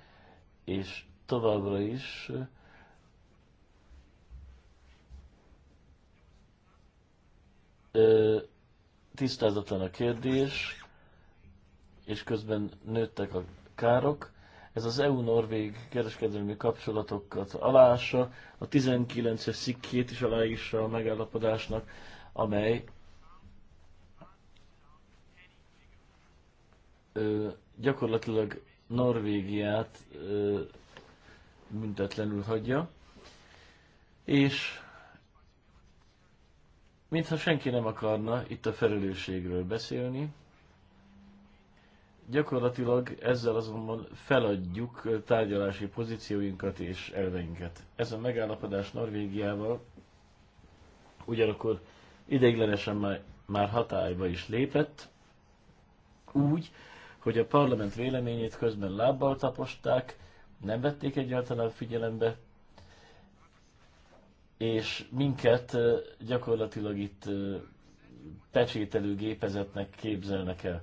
és továbbra is tisztázatlan a kérdés, és közben nőttek a károk. Ez az EU-Norvég kereskedelmi kapcsolatokat alása, a 19-es szikkét is aláírsa a megállapodásnak, amely ö, gyakorlatilag Norvégiát ö, büntetlenül hagyja, és mintha senki nem akarna itt a felelősségről beszélni. Gyakorlatilag ezzel azonban feladjuk tárgyalási pozícióinkat és elveinket. Ez a megállapodás Norvégiával ugyanakkor ideiglenesen már, hatályba is lépett, úgy, hogy a parlament véleményét közben lábbal taposták, nem vették egyáltalán figyelembe, és minket gyakorlatilag itt pecsételő gépezetnek képzelnek el.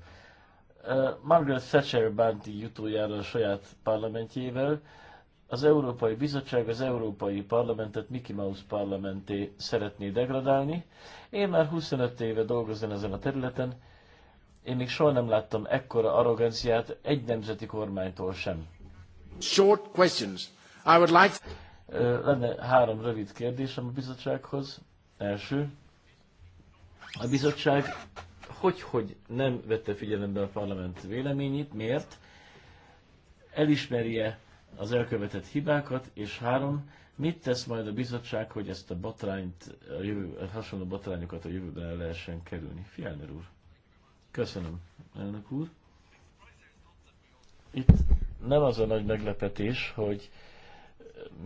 Margaret Thatcher bánti jutójára a saját parlamentjével, az Európai Bizottság az Európai Parlamentet Mickey Mouse parlamenté szeretné degradálni. Én már 25 éve dolgozom ezen a területen, én még soha nem láttam ekkora arroganciát egy nemzeti kormánytól sem. Short questions. I would like... Lenne három rövid kérdésem a bizottsághoz. Első. A bizottság hogy, hogy nem vette figyelembe a parlament véleményét, miért? Elismerje az elkövetett hibákat, és három, mit tesz majd a bizottság, hogy ezt a botrányt, a jövő, a hasonló botrányokat a jövőben el lehessen kerülni? Fielner úr. Köszönöm, elnök úr. Itt nem az a nagy meglepetés, hogy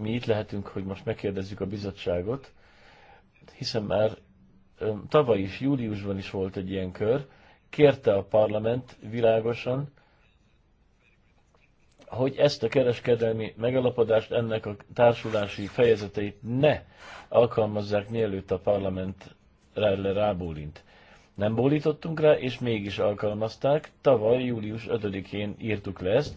mi itt lehetünk, hogy most megkérdezzük a bizottságot, hiszen már tavaly is, júliusban is volt egy ilyen kör, kérte a parlament világosan, hogy ezt a kereskedelmi megalapodást, ennek a társulási fejezeteit ne alkalmazzák, mielőtt a parlament rá, rábólint. Nem bólítottunk rá, és mégis alkalmazták. Tavaly, július 5-én írtuk le ezt.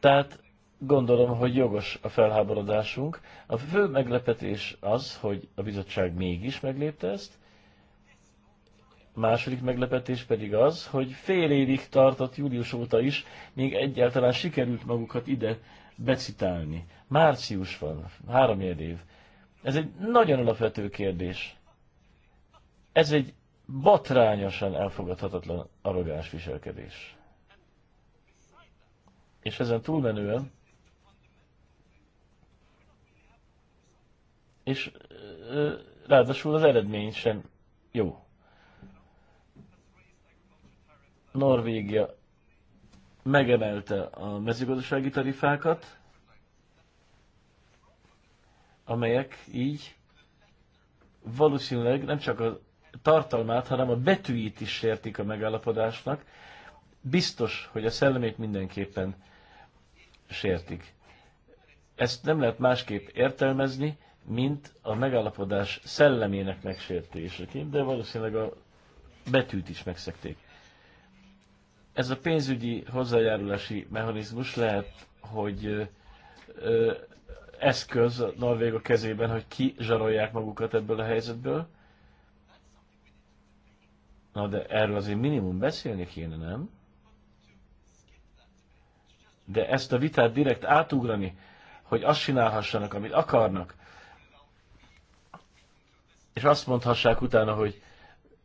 Tehát Gondolom, hogy jogos a felháborodásunk. A fő meglepetés az, hogy a bizottság mégis meglépte ezt. A második meglepetés pedig az, hogy fél évig tartott július óta is, még egyáltalán sikerült magukat ide becitálni. Március van, három év. Ez egy nagyon alapvető kérdés. Ez egy batrányosan elfogadhatatlan arrogáns viselkedés. És ezen túlmenően és ráadásul az eredmény sem jó. Norvégia megemelte a mezőgazdasági tarifákat, amelyek így valószínűleg nem csak a tartalmát, hanem a betűit is sértik a megállapodásnak. Biztos, hogy a szellemét mindenképpen sértik. Ezt nem lehet másképp értelmezni, mint a megállapodás szellemének megsértéseként, de valószínűleg a betűt is megszekték. Ez a pénzügyi hozzájárulási mechanizmus lehet, hogy ö, eszköz a norvégok kezében, hogy ki zsarolják magukat ebből a helyzetből. Na de erről azért minimum beszélni kéne, nem? De ezt a vitát direkt átugrani, hogy azt csinálhassanak, amit akarnak, és azt mondhassák utána, hogy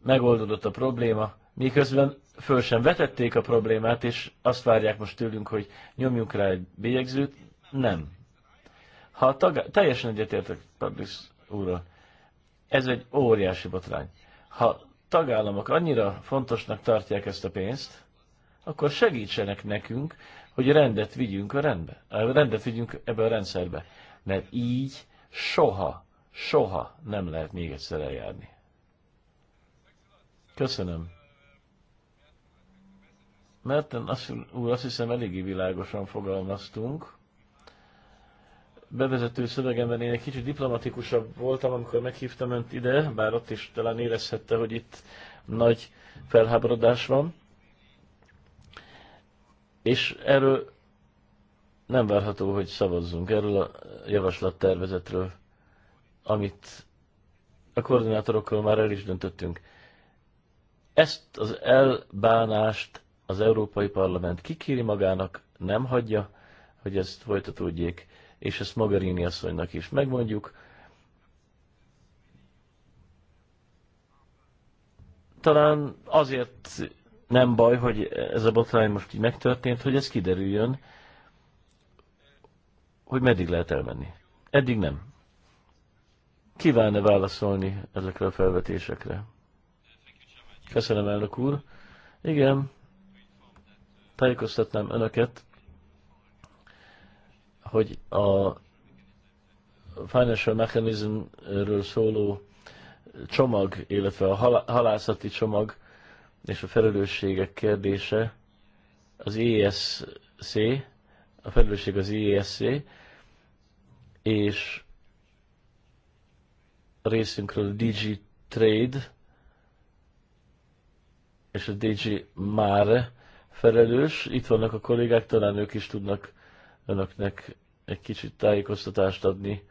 megoldódott a probléma, miközben föl sem vetették a problémát, és azt várják most tőlünk, hogy nyomjunk rá egy bélyegzőt. Nem. Ha a tag... teljesen egyetértek Pablis úrral, ez egy óriási botrány. Ha tagállamok annyira fontosnak tartják ezt a pénzt, akkor segítsenek nekünk, hogy rendet vigyünk a rendbe, rendet vigyünk ebbe a rendszerbe. Mert így soha soha nem lehet még egyszer eljárni. Köszönöm. Mert azt, úr, azt hiszem eléggé világosan fogalmaztunk. Bevezető szövegemben én egy kicsit diplomatikusabb voltam, amikor meghívtam önt ide, bár ott is talán érezhette, hogy itt nagy felháborodás van. És erről nem várható, hogy szavazzunk erről a javaslattervezetről amit a koordinátorokkal már el is döntöttünk. Ezt az elbánást az Európai Parlament kikéri magának, nem hagyja, hogy ezt folytatódjék, és ezt Magarini asszonynak is megmondjuk. Talán azért nem baj, hogy ez a botrány most így megtörtént, hogy ez kiderüljön, hogy meddig lehet elmenni. Eddig nem kíván-e válaszolni ezekre a felvetésekre? Köszönöm, elnök úr. Igen, tájékoztatnám önöket, hogy a Financial Mechanismről szóló csomag, illetve a halászati csomag és a felelősségek kérdése az ESC, a felelősség az ESC, és részünkről DG Trade és a DG már felelős. Itt vannak a kollégák, talán ők is tudnak önöknek egy kicsit tájékoztatást adni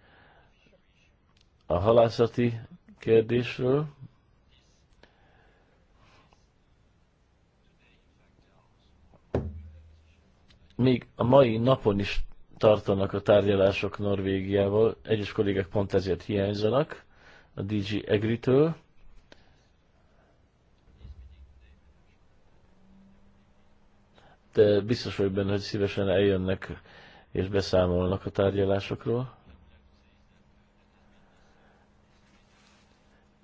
a halászati kérdésről. Még a mai napon is tartanak a tárgyalások Norvégiával, egyes kollégák pont ezért hiányzanak a DG Egritől. De biztos vagyok benne, hogy szívesen eljönnek és beszámolnak a tárgyalásokról.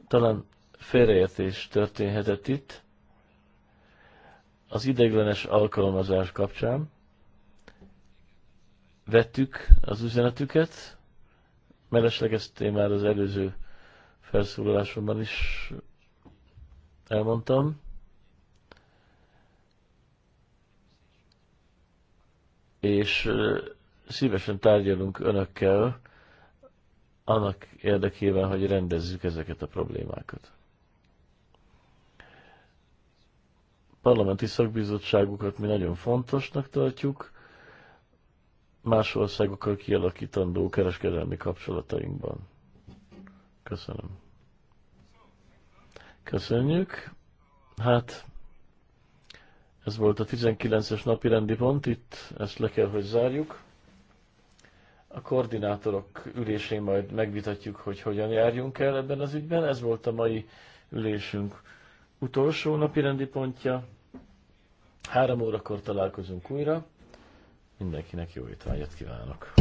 Talán félreértés történhetett itt az ideiglenes alkalmazás kapcsán. Vettük az üzenetüket, mellesleg ezt én már az előző felszólalásomban is elmondtam. És szívesen tárgyalunk önökkel annak érdekében, hogy rendezzük ezeket a problémákat. parlamenti szakbizottságukat mi nagyon fontosnak tartjuk, más országokkal kialakítandó kereskedelmi kapcsolatainkban. Köszönöm. Köszönjük. Hát, ez volt a 19-es napi rendi pont, itt ezt le kell, hogy zárjuk. A koordinátorok ülésén majd megvitatjuk, hogy hogyan járjunk el ebben az ügyben. Ez volt a mai ülésünk utolsó napi rendi pontja. Három órakor találkozunk újra. Mindenkinek jó étvágyat kívánok!